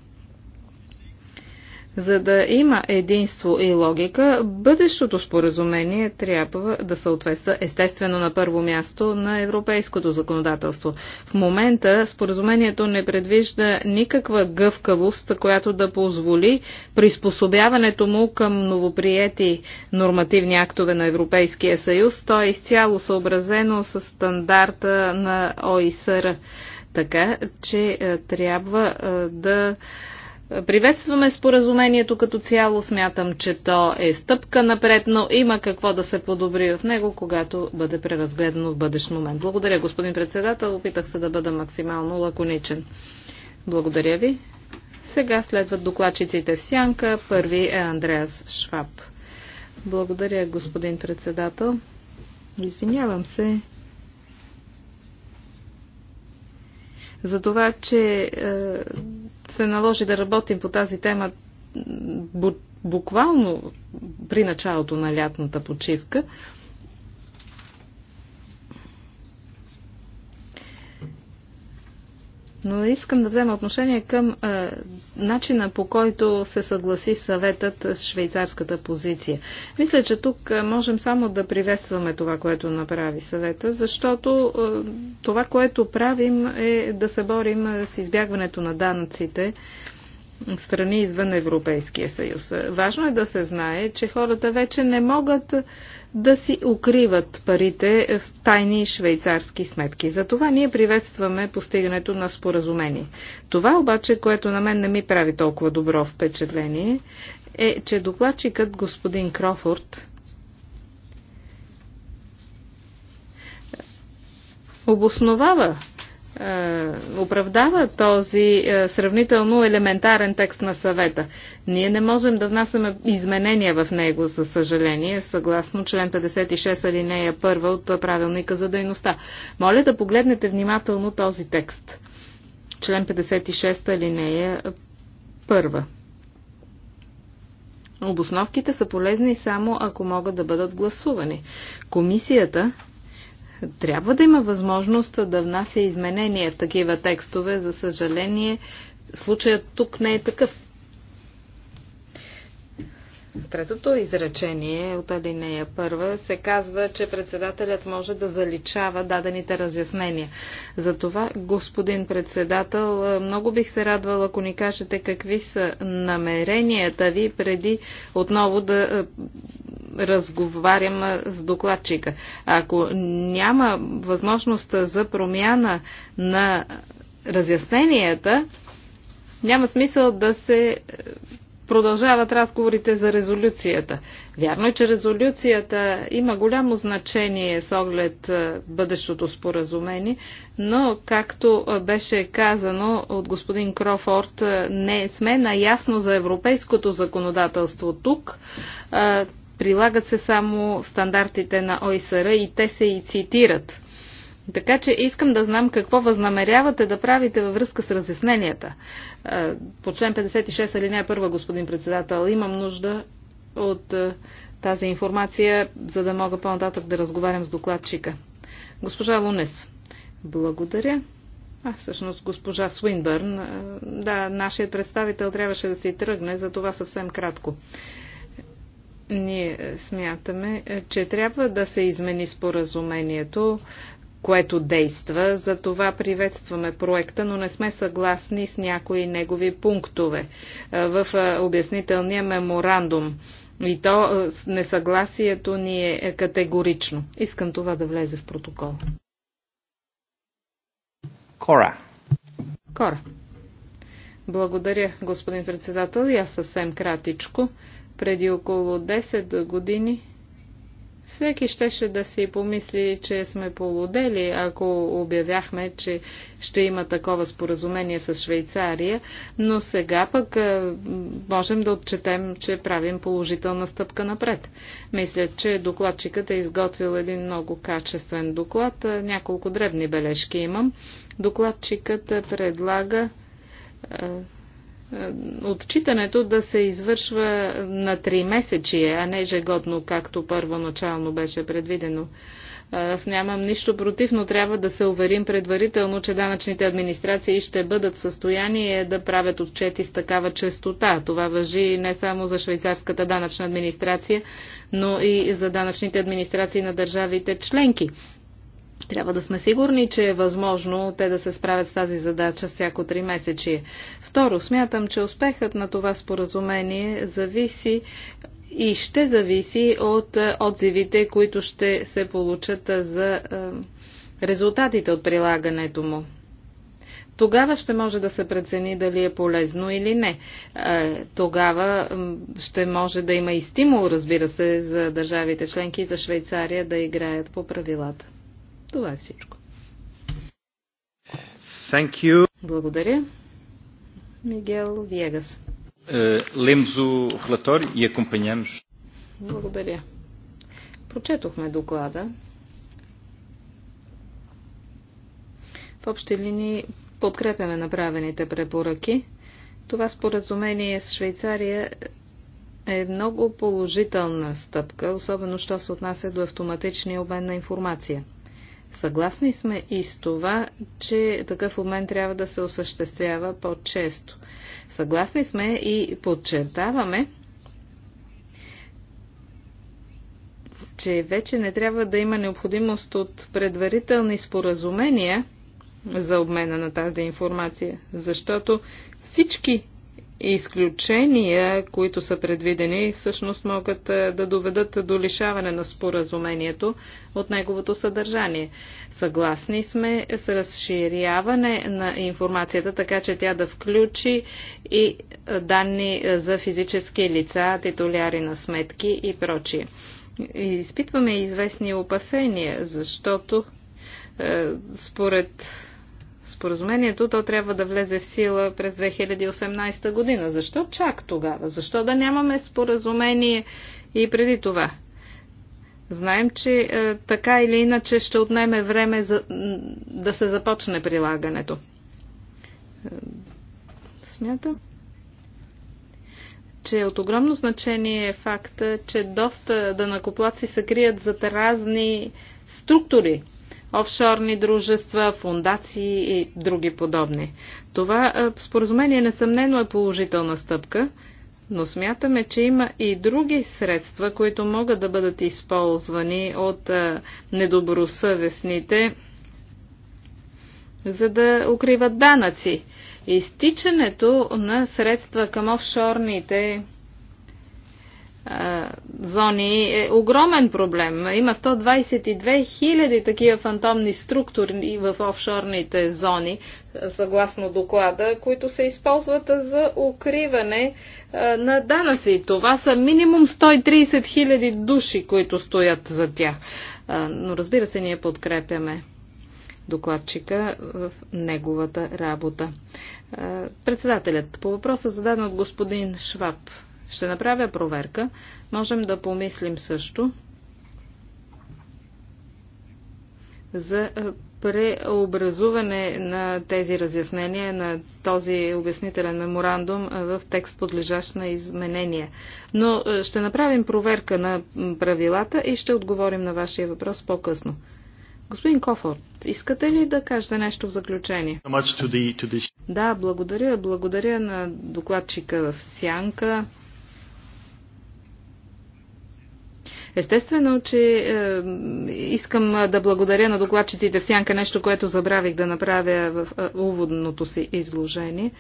За да има единство и логика, бъдещото споразумение трябва да съответства естествено на първо място на европейското законодателство. В момента споразумението не предвижда никаква гъвкавост, която да позволи приспособяването му към новоприети нормативни актове на Европейския съюз. То е изцяло съобразено с стандарта на ОИСР. Така че е, трябва е, да Приветстваме споразумението като цяло. Смятам, че то е стъпка напред, но има какво да се подобри в него, когато бъде преразгледано в бъдещ момент. Благодаря, господин председател. Опитах се да бъда максимално лаконичен. Благодаря ви. Сега следват докладчиците в сянка. Първи е Андреас Шваб. Благодаря, господин председател. Извинявам се, за това, че е, се наложи да работим по тази тема буквално при началото на лятната почивка. но искам да взема отношение към е, начина по който се съгласи съветът с швейцарската позиция. Мисля, че тук е, можем само да приветстваме това, което направи съвета, защото е, това, което правим е да се борим е, с избягването на данъците страни извън Европейския съюз. Важно е да се знае, че хората вече не могат да си укриват парите в тайни швейцарски сметки. Затова ние приветстваме постигането на споразумение. Това обаче, което на мен не ми прави толкова добро впечатление, е, че докладчикът господин Крофорд обосновава е, оправдава този е, сравнително елементарен текст на съвета. Ние не можем да внасяме изменения в него, за съжаление, съгласно член 56 алинея 1 от правилника за дейността. Моля да погледнете внимателно този текст. Член 56 алинея 1. Обосновките са полезни само ако могат да бъдат гласувани. Комисията трябва да има възможност да внася изменения в такива текстове. За съжаление, случаят тук не е такъв третото изречение от алинея първа се казва, че председателят може да заличава дадените разяснения. Затова, господин председател, много бих се радвала, ако ни кажете какви са намеренията ви преди отново да е, разговарям е, с докладчика. Ако няма възможност за промяна на разясненията, няма смисъл да се е, продължават разговорите за резолюцията. Вярно е, че резолюцията има голямо значение с оглед е, бъдещото споразумение, но, както е, беше казано от господин Крофорд, е, не сме наясно за европейското законодателство тук. Прилагат се само стандартите на ОИСР и те се и цитират. Така че искам да знам какво възнамерявате да правите във връзка с разясненията. По член 56 алинея 1, господин председател, имам нужда от тази информация, за да мога по-нататък да разговарям с докладчика. Госпожа Лунес, благодаря. А, всъщност, госпожа Свинбърн, да, нашият представител трябваше да се тръгне, за това съвсем кратко. Ние смятаме, че трябва да се измени споразумението което действа. За това приветстваме проекта, но не сме съгласни с някои негови пунктове в обяснителния меморандум. И то несъгласието ни е, е категорично. Искам това да влезе в протокол. Кора. Кора. Благодаря, господин председател. Я аз съвсем кратичко. Преди около 10 години всеки щеше да си помисли, че сме полудели, ако обявяхме, че ще има такова споразумение с Швейцария, но сега пък е, можем да отчетем, че правим положителна стъпка напред. Мисля, че докладчикът е изготвил един много качествен доклад. Е, няколко дребни бележки имам. Докладчикът е, предлага отчитането да се извършва на три месечие, а не ежегодно, както първоначално беше предвидено. Аз нямам нищо против, но трябва да се уверим предварително, че данъчните администрации ще бъдат в състояние да правят отчети с такава честота. Това въжи не само за швейцарската данъчна администрация, но и за данъчните администрации на държавите членки. Трябва да сме сигурни, че е възможно те да се справят с тази задача всяко три месечи. Второ, смятам, че успехът на това споразумение зависи и ще зависи от е, отзивите, които ще се получат е, за е, резултатите от прилагането му. Тогава ще може да се прецени дали е полезно или не. Тогава ще може да има и стимул, разбира се, за държавите членки и за Швейцария да играят по правилата. Това е всичко. Thank you. Благодаря. Мигел Вегас. Е, Лемзо o и acompanhamos. Благодаря. Прочетохме доклада. В общи линии подкрепяме направените препоръки. Това споразумение с Швейцария е много положителна стъпка, особено що се отнася до автоматичния обмен на информация – Съгласни сме и с това, че такъв обмен трябва да се осъществява по-често. Съгласни сме и подчертаваме, че вече не трябва да има необходимост от предварителни споразумения за обмена на тази информация, защото всички изключения, които са предвидени, всъщност могат е, да доведат до лишаване на споразумението от неговото съдържание. Съгласни сме с разширяване на информацията, така че тя да включи и е, данни е, за физически лица, титуляри на сметки и прочие. Изпитваме известни опасения, защото според споразумението, то трябва да влезе в сила през 2018 година. Защо чак тогава? Защо да нямаме споразумение и преди това? Знаем, че е, така или иначе ще отнеме време за, да се започне прилагането. Е, смятам, че от огромно значение е факта, че доста данакоплаци се крият зад разни структури офшорни дружества, фундации и други подобни. Това е, споразумение несъмнено е положителна стъпка, но смятаме, че има и други средства, които могат да бъдат използвани от е, недобросъвестните, за да укриват данъци. Изтичането на средства към офшорните зони е огромен проблем. Има 122 000 такива фантомни структури в офшорните зони, съгласно доклада, които се използват за укриване на данъци. Това са минимум 130 000 души, които стоят за тях. Но разбира се, ние подкрепяме докладчика в неговата работа. Председателят по въпроса зададен от господин Шваб ще направя проверка. Можем да помислим също за е, преобразуване на тези разяснения, на този обяснителен меморандум е, в текст подлежащ на изменения. Но е, ще направим проверка на правилата и ще отговорим на вашия въпрос по-късно. Господин Кофорд, искате ли да кажете нещо в заключение? Да, благодаря. Благодаря на докладчика в Сянка. Естествено, че е, искам да благодаря на докладчиците в Сянка, нещо, което забравих да направя в е, уводното си изложение.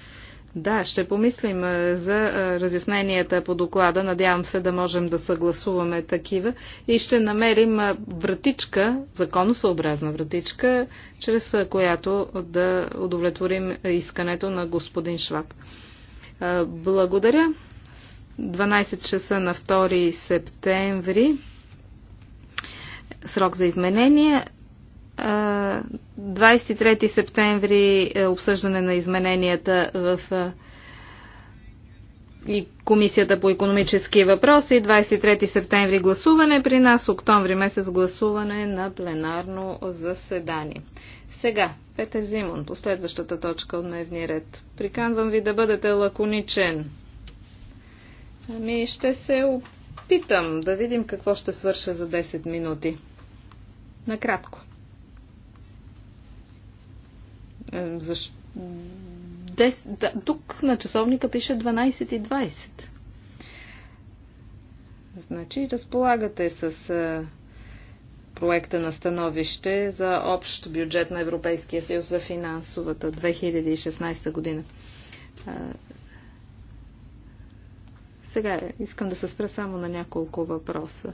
Да, ще помислим за разясненията по доклада. Надявам се да можем да съгласуваме такива и ще намерим вратичка, законосъобразна вратичка, чрез която да удовлетворим искането на господин Шваб. Благодаря. 12 часа на 2 септември. Срок за изменение. 23 септември е обсъждане на измененията в и Комисията по економически въпроси. 23 септември гласуване при нас, октомври месец гласуване на пленарно заседание. Сега, Петър Зимон, последващата точка от дневния ред. Приканвам ви да бъдете лаконичен. Ами ще се опитам да видим какво ще свърша за 10 минути. Накратко. Е, Защо? Дес... Да, тук на часовника пише 12 и 20. Значи разполагате с а, е, проекта на становище за общ бюджет на Европейския съюз за финансовата 2016 година. А, е, сега искам да се спра само на няколко въпроса.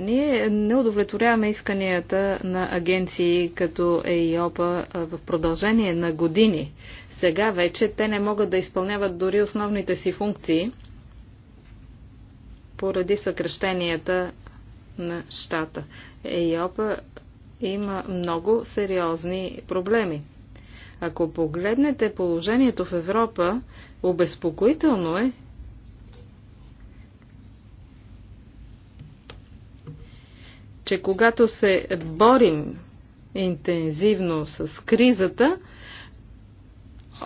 Ние не удовлетворяваме исканията на агенции като ЕИОПА в продължение на години. Сега вече те не могат да изпълняват дори основните си функции поради съкръщенията на щата. ЕИОПА има много сериозни проблеми. Ако погледнете положението в Европа, обезпокоително е, че когато се борим интензивно с кризата,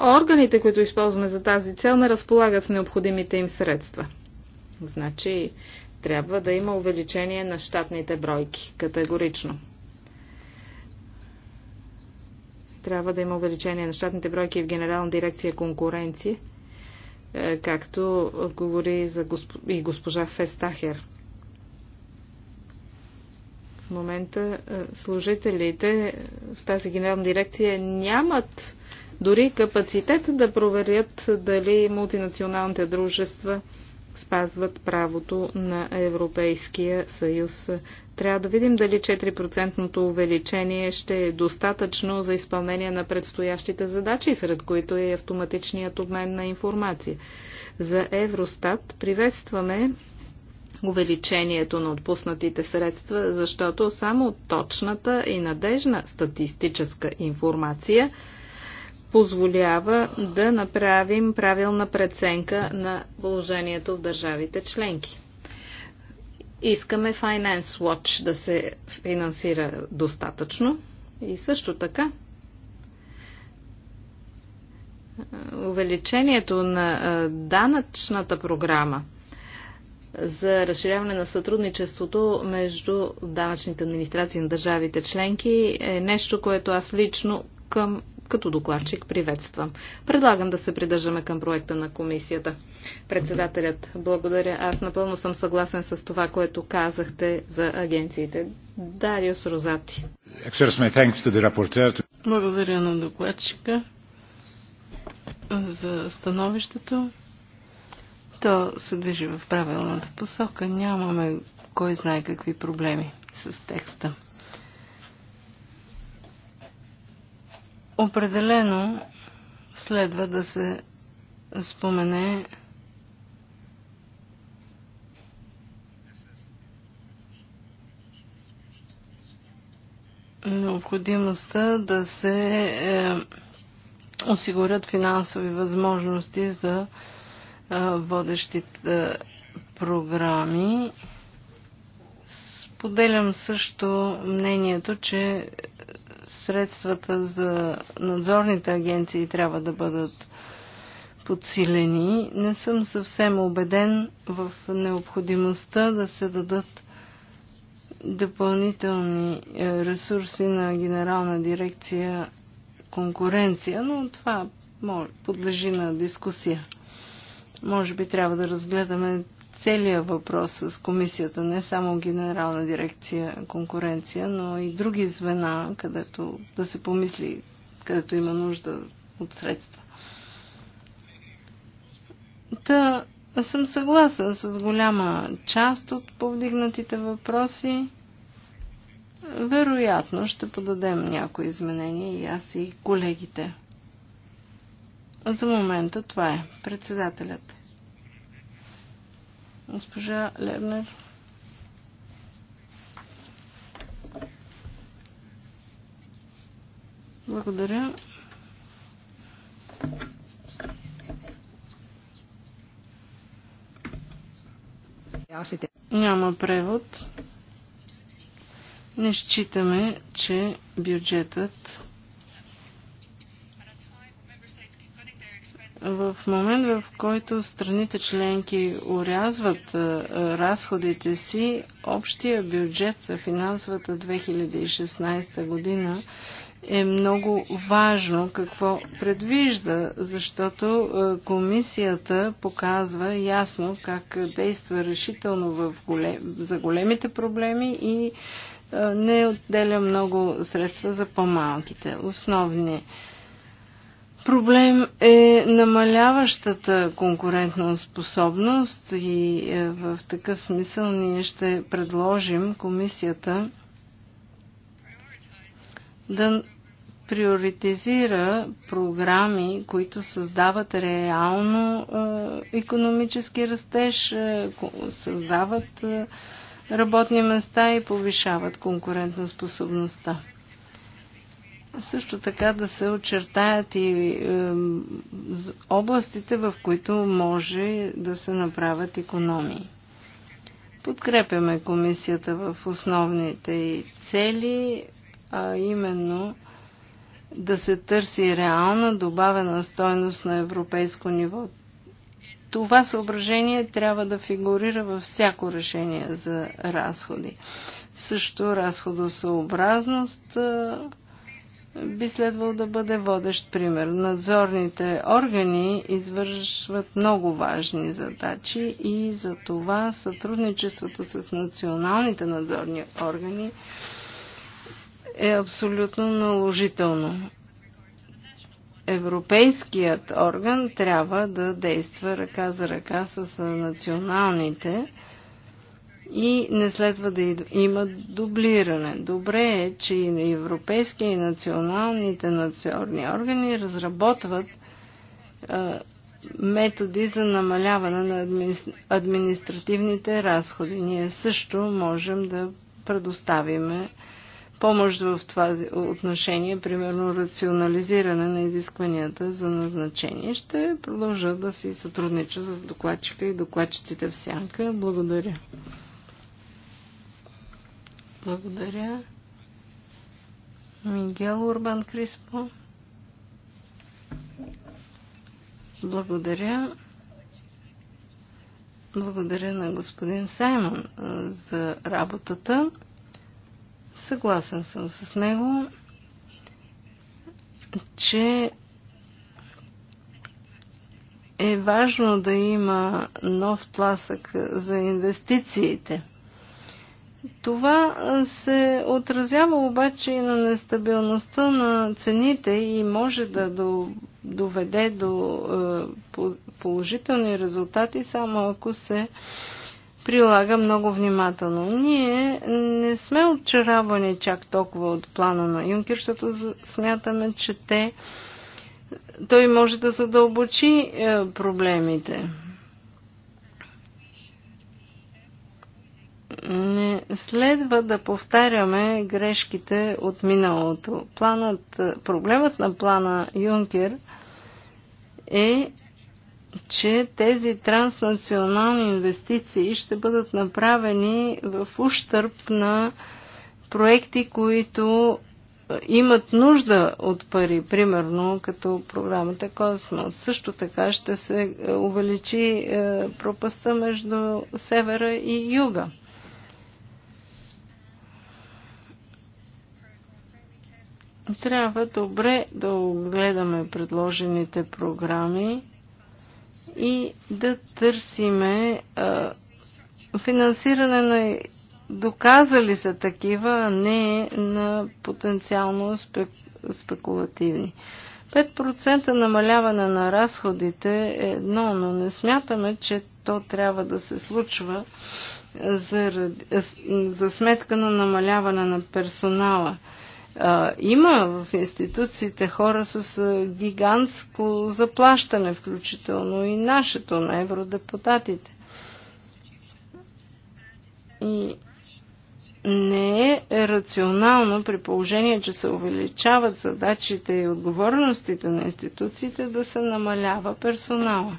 органите, които използваме за тази цел, не разполагат с необходимите им средства. Значи трябва да има увеличение на щатните бройки, категорично. Трябва да има увеличение на щатните бройки в Генерална дирекция конкуренция, е, както говори и госпожа Фестахер. В момента е, служителите в тази генерална дирекция нямат дори капацитет да проверят дали мултинационалните дружества спазват правото на Европейския съюз. Трябва да видим дали 4% увеличение ще е достатъчно за изпълнение на предстоящите задачи, сред които е автоматичният обмен на информация. За Евростат приветстваме увеличението на отпуснатите средства, защото само точната и надежна статистическа информация позволява да направим правилна преценка на положението в държавите членки. Искаме Finance Watch да се финансира достатъчно и също така увеличението на данъчната програма за разширяване на сътрудничеството между данъчните администрации на държавите членки е нещо, което аз лично към, като докладчик приветствам. Предлагам да се придържаме към проекта на комисията. Председателят, благодаря. Аз напълно съм съгласен с това, което казахте за агенциите. Дариус Розати. Благодаря на докладчика за становището. То се движи в правилната посока. Нямаме кой знае какви проблеми с текста. Определено следва да се спомене необходимостта да се е, осигурят финансови възможности за е, водещите програми. Споделям също мнението, че средствата за надзорните агенции трябва да бъдат подсилени. Не съм съвсем убеден в необходимостта да се дадат допълнителни е, ресурси на Генерална дирекция конкуренция, но това подлежи на дискусия. Може би трябва да разгледаме целия въпрос с комисията, не само Генерална дирекция конкуренция, но и други звена, където да се помисли, където има нужда от средства. Та съм съгласен с голяма част от повдигнатите въпроси. Вероятно ще подадем някои изменения и аз и колегите. За момента това е. Председателят. Госпожа Лебнер. Благодаря. Няма превод. Не считаме, че бюджетът в момент, в който страните членки урязват разходите си, общия бюджет за финансовата 2016 година е много важно какво предвижда, защото комисията показва ясно как действа решително в голем, за големите проблеми и не отделя много средства за по-малките. Основни Проблем е намаляващата конкурентна способност и е, в такъв смисъл ние ще предложим комисията да приоритизира програми, които създават реално економически растеж, е, създават е, работни места и повишават конкурентна способността също така да се очертаят и е, областите, в които може да се направят економии. Подкрепяме комисията в основните и цели, а именно да се търси реална добавена стойност на европейско ниво. Това съображение трябва да фигурира във всяко решение за разходи. Също разходосъобразност е, би следвал да бъде водещ пример. Надзорните органи извършват много важни задачи и за това сътрудничеството с националните надзорни органи е абсолютно наложително. Европейският орган трябва да действа ръка за ръка с националните и не следва да има дублиране. Добре е, че и на европейски и националните национални органи разработват методи за намаляване на админи... административните разходи. Ние също можем да предоставиме помощ в това отношение, примерно рационализиране на изискванията за назначение. Ще продължа да си сътруднича с докладчика и докладчиците в сянка. Благодаря. Благодаря. Мигел Урбан Криспо. Благодаря. Благодаря на господин Саймон за работата. Съгласен съм с него, че е важно да има нов тласък за инвестициите – това се отразява обаче и на нестабилността на цените и може да доведе до положителни резултати, само ако се прилага много внимателно. Ние не сме очаровани чак толкова от плана на Юнкер, защото смятаме, че те, той може да задълбочи е, проблемите. Не следва да повтаряме грешките от миналото. Планът, проблемът на плана Юнкер е, че тези транснационални инвестиции ще бъдат направени в ущърп на проекти, които имат нужда от пари, примерно като програмата Космос. Също така ще се увеличи е, пропаста между севера и юга. Трябва добре да огледаме предложените програми и да търсиме а, финансиране на доказали са такива, а не на потенциално спек... спекулативни. 5% намаляване на разходите е едно, но не смятаме, че то трябва да се случва за, за сметка на намаляване на персонала. Има в институциите хора с гигантско заплащане, включително и нашето, на евродепутатите. И не е рационално при положение, че се увеличават задачите и отговорностите на институциите да се намалява персонала.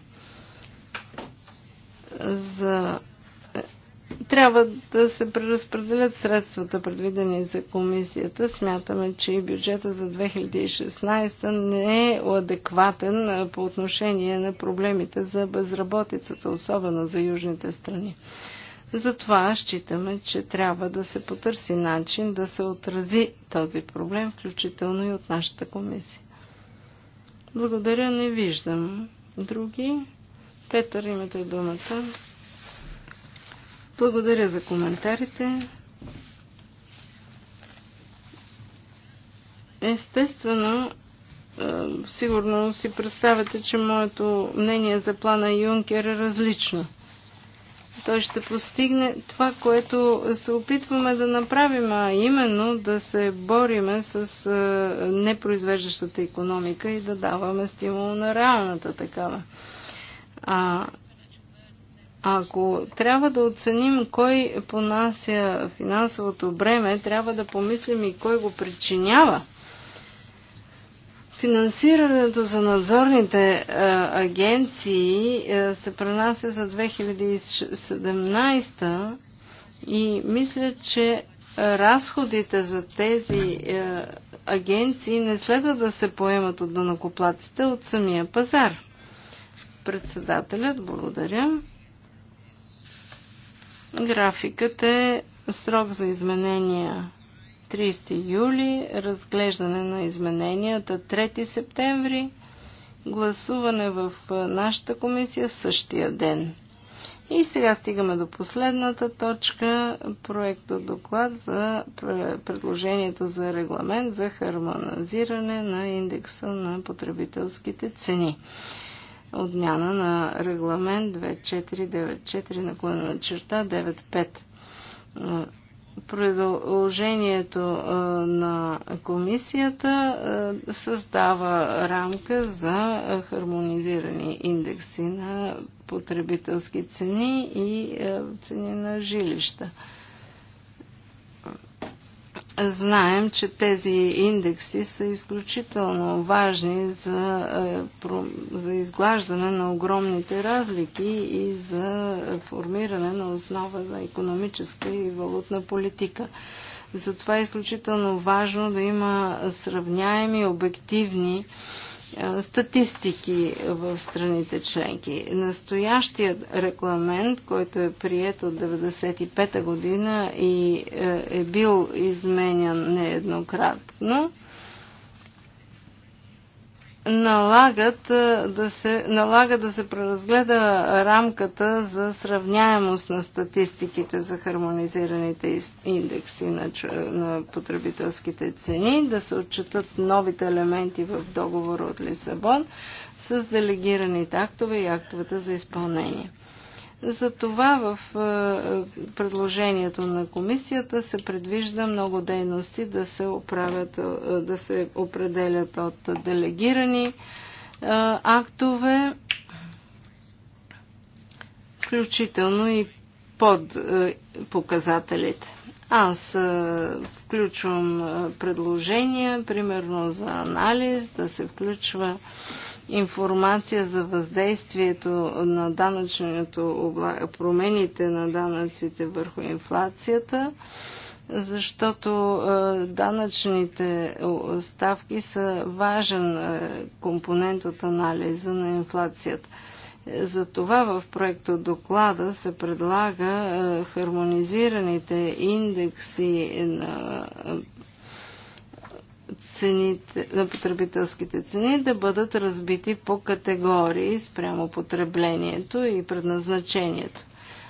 За трябва да се преразпределят средствата, предвидени за комисията. Смятаме, че и бюджета за 2016 не е адекватен по отношение на проблемите за безработицата, особено за южните страни. Затова считаме, че трябва да се потърси начин да се отрази този проблем, включително и от нашата комисия. Благодаря, не виждам. Други? Петър, имате думата. Благодаря за коментарите. Естествено, сигурно си представяте, че моето мнение за плана Юнкер е различно. Той ще постигне това, което се опитваме да направим, а именно да се бориме с непроизвеждащата економика и да даваме стимул на реалната такава. А ако трябва да оценим кой понася финансовото бреме, трябва да помислим и кой го причинява. Финансирането за надзорните е, агенции е, се пренася за 2017 и мисля, че разходите за тези е, агенции не следва да се поемат от данакоплаците, от самия пазар. Председателят, благодаря. Графикът е срок за изменения 30 юли, разглеждане на измененията 3 септември, гласуване в нашата комисия същия ден. И сега стигаме до последната точка, проекто доклад за предложението за регламент за хармонизиране на индекса на потребителските цени отмяна на регламент 2494 наклона на черта 95. Предложението на комисията създава рамка за хармонизирани индекси на потребителски цени и цени на жилища. Знаем, че тези индекси са изключително важни за, е, за изглаждане на огромните разлики и за формиране на основа на економическа и валутна политика. Затова е изключително важно да има сравняеми, обективни статистики в страните членки. Настоящият регламент, който е прият от 1995 година и е, е бил изменян нееднократно, налагат да се, налага да се преразгледа рамката за сравняемост на статистиките за хармонизираните индекси на, на потребителските цени, да се отчитат новите елементи в договора от Лисабон с делегираните актове и актовете за изпълнение. Затова в е, е, предложението на комисията се предвижда много дейности да се, оправят, е, да се определят от делегирани актове, включително и под показателите. Аз включвам предложения, примерно за анализ, да се включва информация за въздействието на данъчното промените на данъците върху инфлацията, защото е, данъчните ставки са важен е, компонент от анализа на инфлацията. Затова в проекта доклада се предлага е, хармонизираните индекси на цените, на потребителските цени да бъдат разбити по категории спрямо потреблението и предназначението.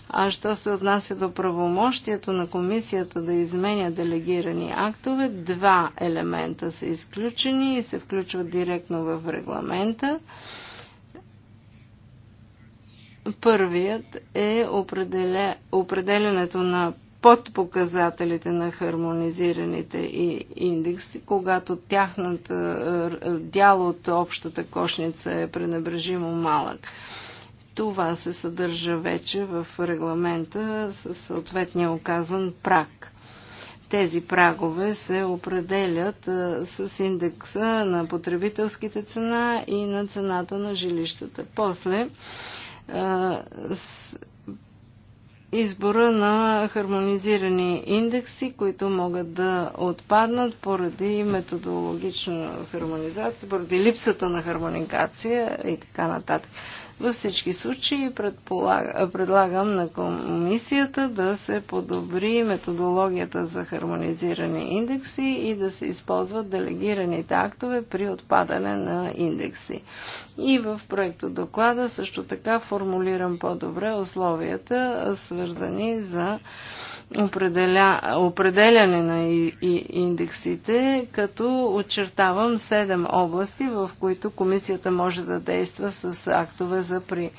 А що се отнася до правомощието на комисията да изменя делегирани актове, два елемента са изключени и се включват директно в регламента. Първият е определя, определенето на под показателите на хармонизираните индекси, когато тяхната е, дял от общата кошница е пренебрежимо малък. Това се съдържа вече в регламента със съответния оказан прак. Тези прагове се определят е, с индекса на потребителските цена и на цената на жилищата. После е, избора на хармонизирани индекси, които могат да отпаднат поради методологична хармонизация, поради липсата на хармоникация и така нататък. Във всички случаи предлагам на комисията да се подобри методологията за хармонизирани индекси и да се използват делегираните актове при отпадане на индекси. И в проекто доклада също така формулирам по-добре условията, свързани за определя, определяне на и, и индексите, като очертавам 7 области, в които комисията може да действа с актове за при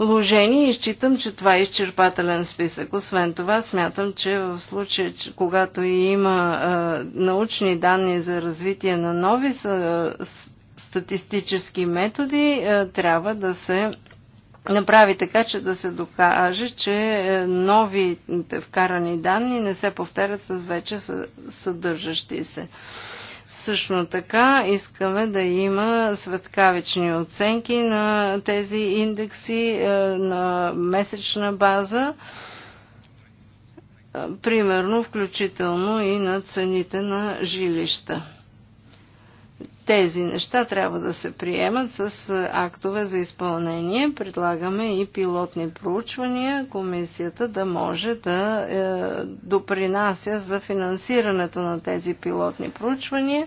Ложени и считам, че това е изчерпателен списък. Освен това, смятам, че в случай, че когато има е, научни данни за развитие на нови са, е, статистически методи, е, трябва да се направи така, че да се докаже, че е, новите вкарани данни не се повтарят с вече съдържащи се. Също така искаме да има светкавични оценки на тези индекси е, на месечна база, е, примерно включително и на цените на жилища. Тези неща трябва да се приемат с актове за изпълнение. Предлагаме и пилотни проучвания, комисията да може да е, допринася за финансирането на тези пилотни проучвания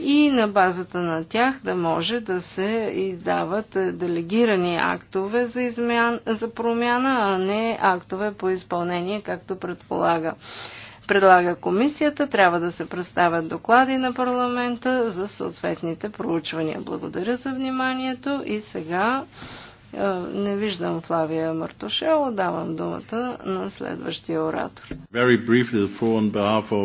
и на базата на тях да може да се издават е, делегирани актове за, измян, за промяна, а не актове по изпълнение, както предполага предлага комисията, трябва да се представят доклади на парламента за съответните проучвания. Благодаря за вниманието и сега е, не виждам Флавия Мартошело. Давам думата на следващия оратор. Uh,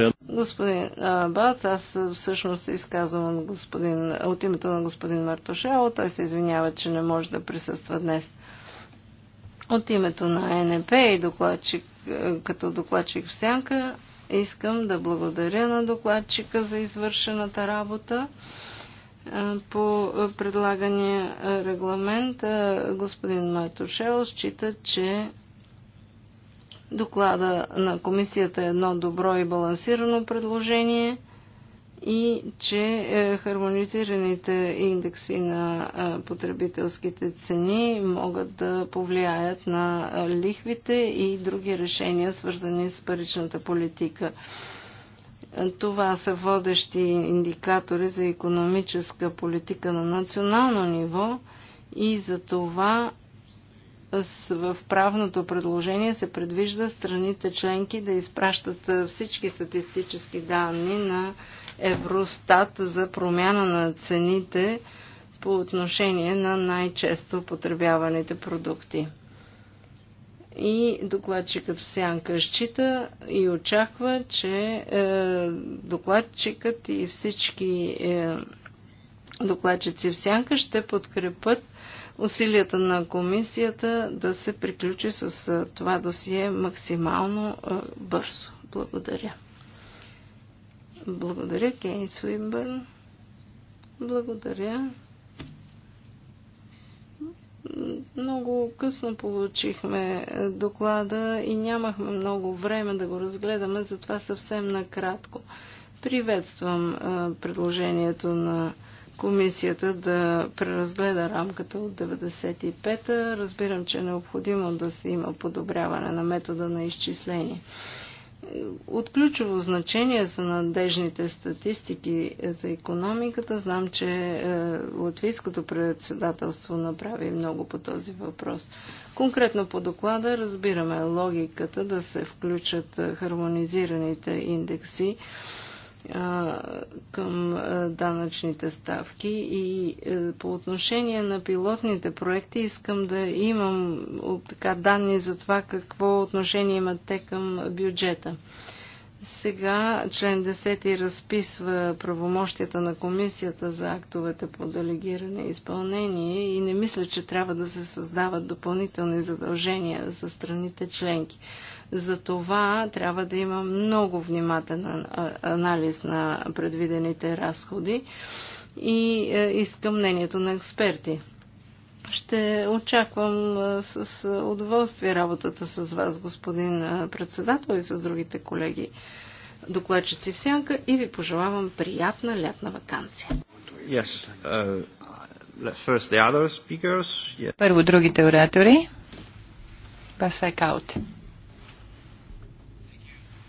e господин Бат, аз е, всъщност се изказвам от, господин, от името на господин Мартошело. Той се извинява, че не може да присъства днес. От името на НП и докладчик, е, като докладчик в сянка, искам да благодаря на докладчика за извършената работа е, по предлагания е, регламент. Господин Майтошел счита, че доклада на комисията е едно добро и балансирано предложение – и че е, хармонизираните индекси на е, потребителските цени могат да повлияят на е, лихвите и други решения, свързани с паричната политика. Това са водещи индикатори за економическа политика на национално ниво и за това в правното предложение се предвижда страните членки да изпращат всички статистически данни на Евростат за промяна на цените по отношение на най-често потребяваните продукти. И докладчикът в сянка счита и очаква, че е, докладчикът и всички е, докладчици в сянка ще подкрепят усилията на комисията да се приключи с е, това досие максимално е, бързо. Благодаря. Благодаря, Кейн Суинбърн. Благодаря. Много късно получихме доклада и нямахме много време да го разгледаме, затова съвсем накратко. Приветствам предложението на комисията да преразгледа рамката от 95-та. Разбирам, че е необходимо да се има подобряване на метода на изчисление от ключово значение са надежните статистики за економиката. Знам, че е, латвийското председателство направи много по този въпрос. Конкретно по доклада разбираме логиката да се включат е, хармонизираните индекси към данъчните ставки и е, по отношение на пилотните проекти искам да имам така данни за това какво отношение имат те към бюджета. Сега член 10 разписва правомощията на комисията за актовете по делегиране и изпълнение и не мисля, че трябва да се създават допълнителни задължения за страните членки. За това трябва да има много внимателен анализ на предвидените разходи и е, искам мнението на експерти. Ще очаквам е, с удоволствие работата с вас, господин е, председател, и с другите колеги докладчици в сянка и ви пожелавам приятна лятна вакансия. Yes. Uh, first the other speakers. Първо другите оратори. Басай Каут.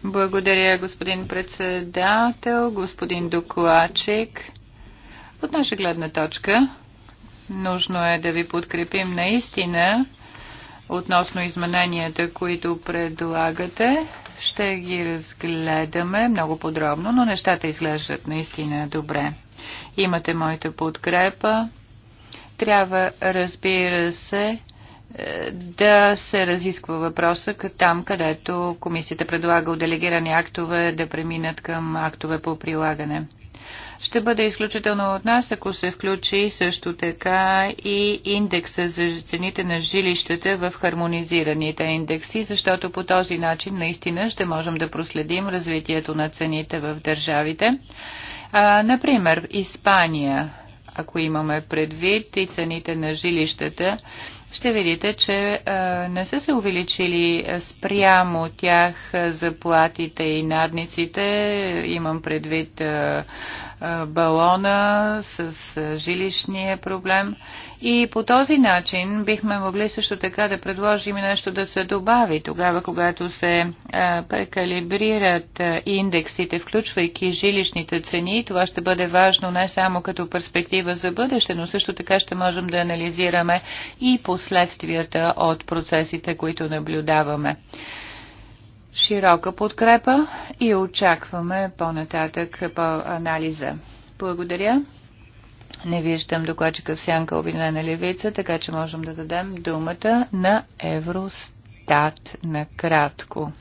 Благодаря, господин председател, господин докладчик. От наша гледна точка, нужно е да ви подкрепим наистина относно измененията, които предлагате. Ще ги разгледаме много подробно, но нещата изглеждат наистина добре. Имате моята подкрепа. Трябва, разбира се, да се разисква въпроса там, където комисията предлага делегирани актове да преминат към актове по прилагане. Ще бъде изключително от нас, ако се включи също така и индекса за цените на жилищата в хармонизираните индекси, защото по този начин наистина ще можем да проследим развитието на цените в държавите. А, например, Испания, ако имаме предвид и цените на жилищата, ще видите, че е, не са се увеличили спрямо тях заплатите и надниците. Имам предвид е, балона, с жилищния проблем. И по този начин бихме могли също така да предложим нещо да се добави тогава, когато се прекалибрират индексите, включвайки жилищните цени. Това ще бъде важно не само като перспектива за бъдеще, но също така ще можем да анализираме и последствията от процесите, които наблюдаваме широка подкрепа и очакваме по-нататък по анализа. Благодаря. Не виждам докладчика в сянка обвинена левица, така че можем да дадем думата на Евростат накратко.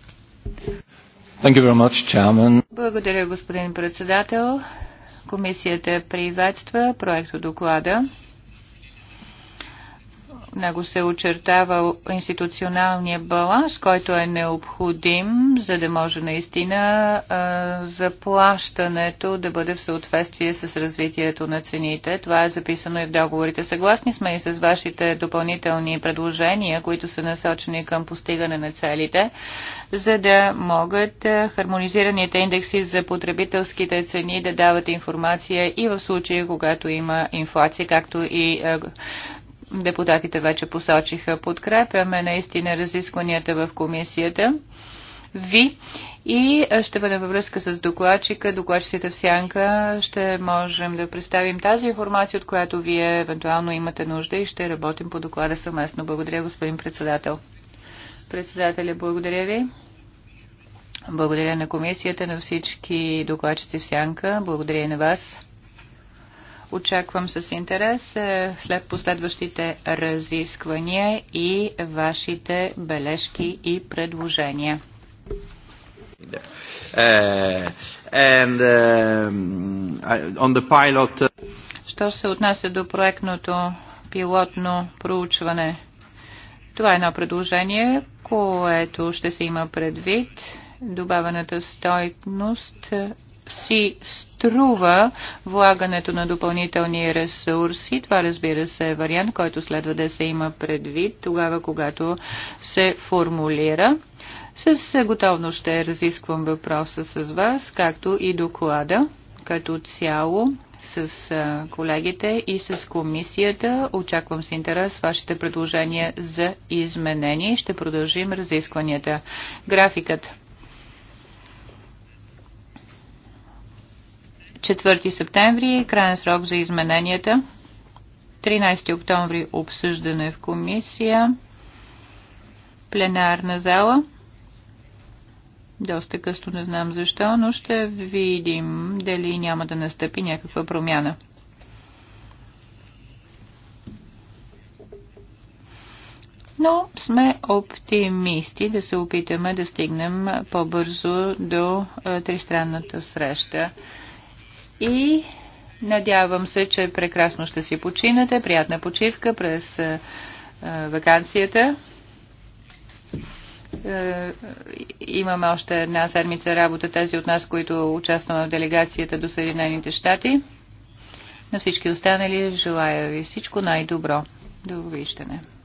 Thank you very much, chairman. Благодаря, господин председател. Комисията приветства проекто доклада него се очертава институционалния баланс, който е необходим, за да може наистина а, заплащането да бъде в съответствие с развитието на цените. Това е записано и в договорите. Съгласни сме и с вашите допълнителни предложения, които са насочени към постигане на целите, за да могат хармонизираните индекси за потребителските цени да дават информация и в случая, когато има инфлация, както и Депутатите вече посочиха. Подкрепяме наистина разискванията в комисията. Ви и ще бъдем във връзка с докладчика, докладчиците в сянка. Ще можем да представим тази информация, от която вие евентуално имате нужда и ще работим по доклада съвместно. Благодаря, господин председател. Председателя, благодаря ви. Благодаря на комисията, на всички докладчици в сянка. Благодаря и на вас. Очаквам с интерес е, след последващите разисквания и вашите бележки и предложения. Е, е, Що се отнася до проектното пилотно проучване? Това е едно предложение, което ще се има предвид добавената стойност си струва влагането на допълнителни ресурси. Това разбира се е вариант, който следва да се има предвид тогава, когато се формулира. С готовност ще разисквам въпроса с вас, както и доклада като цяло с колегите и с комисията. Очаквам с интерес вашите предложения за изменение. Ще продължим разискванията. Графикът 4 септември крайен срок за измененията. 13 октомври обсъждане в комисия. Пленарна зала. Доста късно не знам защо, но ще видим дали няма да настъпи някаква промяна. но сме оптимисти да се опитаме да стигнем по-бързо до е, тристранната среща и надявам се, че прекрасно ще си починете. Приятна почивка през е, е вакансията. Е, имаме още една седмица работа тези от нас, които участваме в делегацията до Съединените щати. На всички останали желая ви всичко най-добро. До виждане.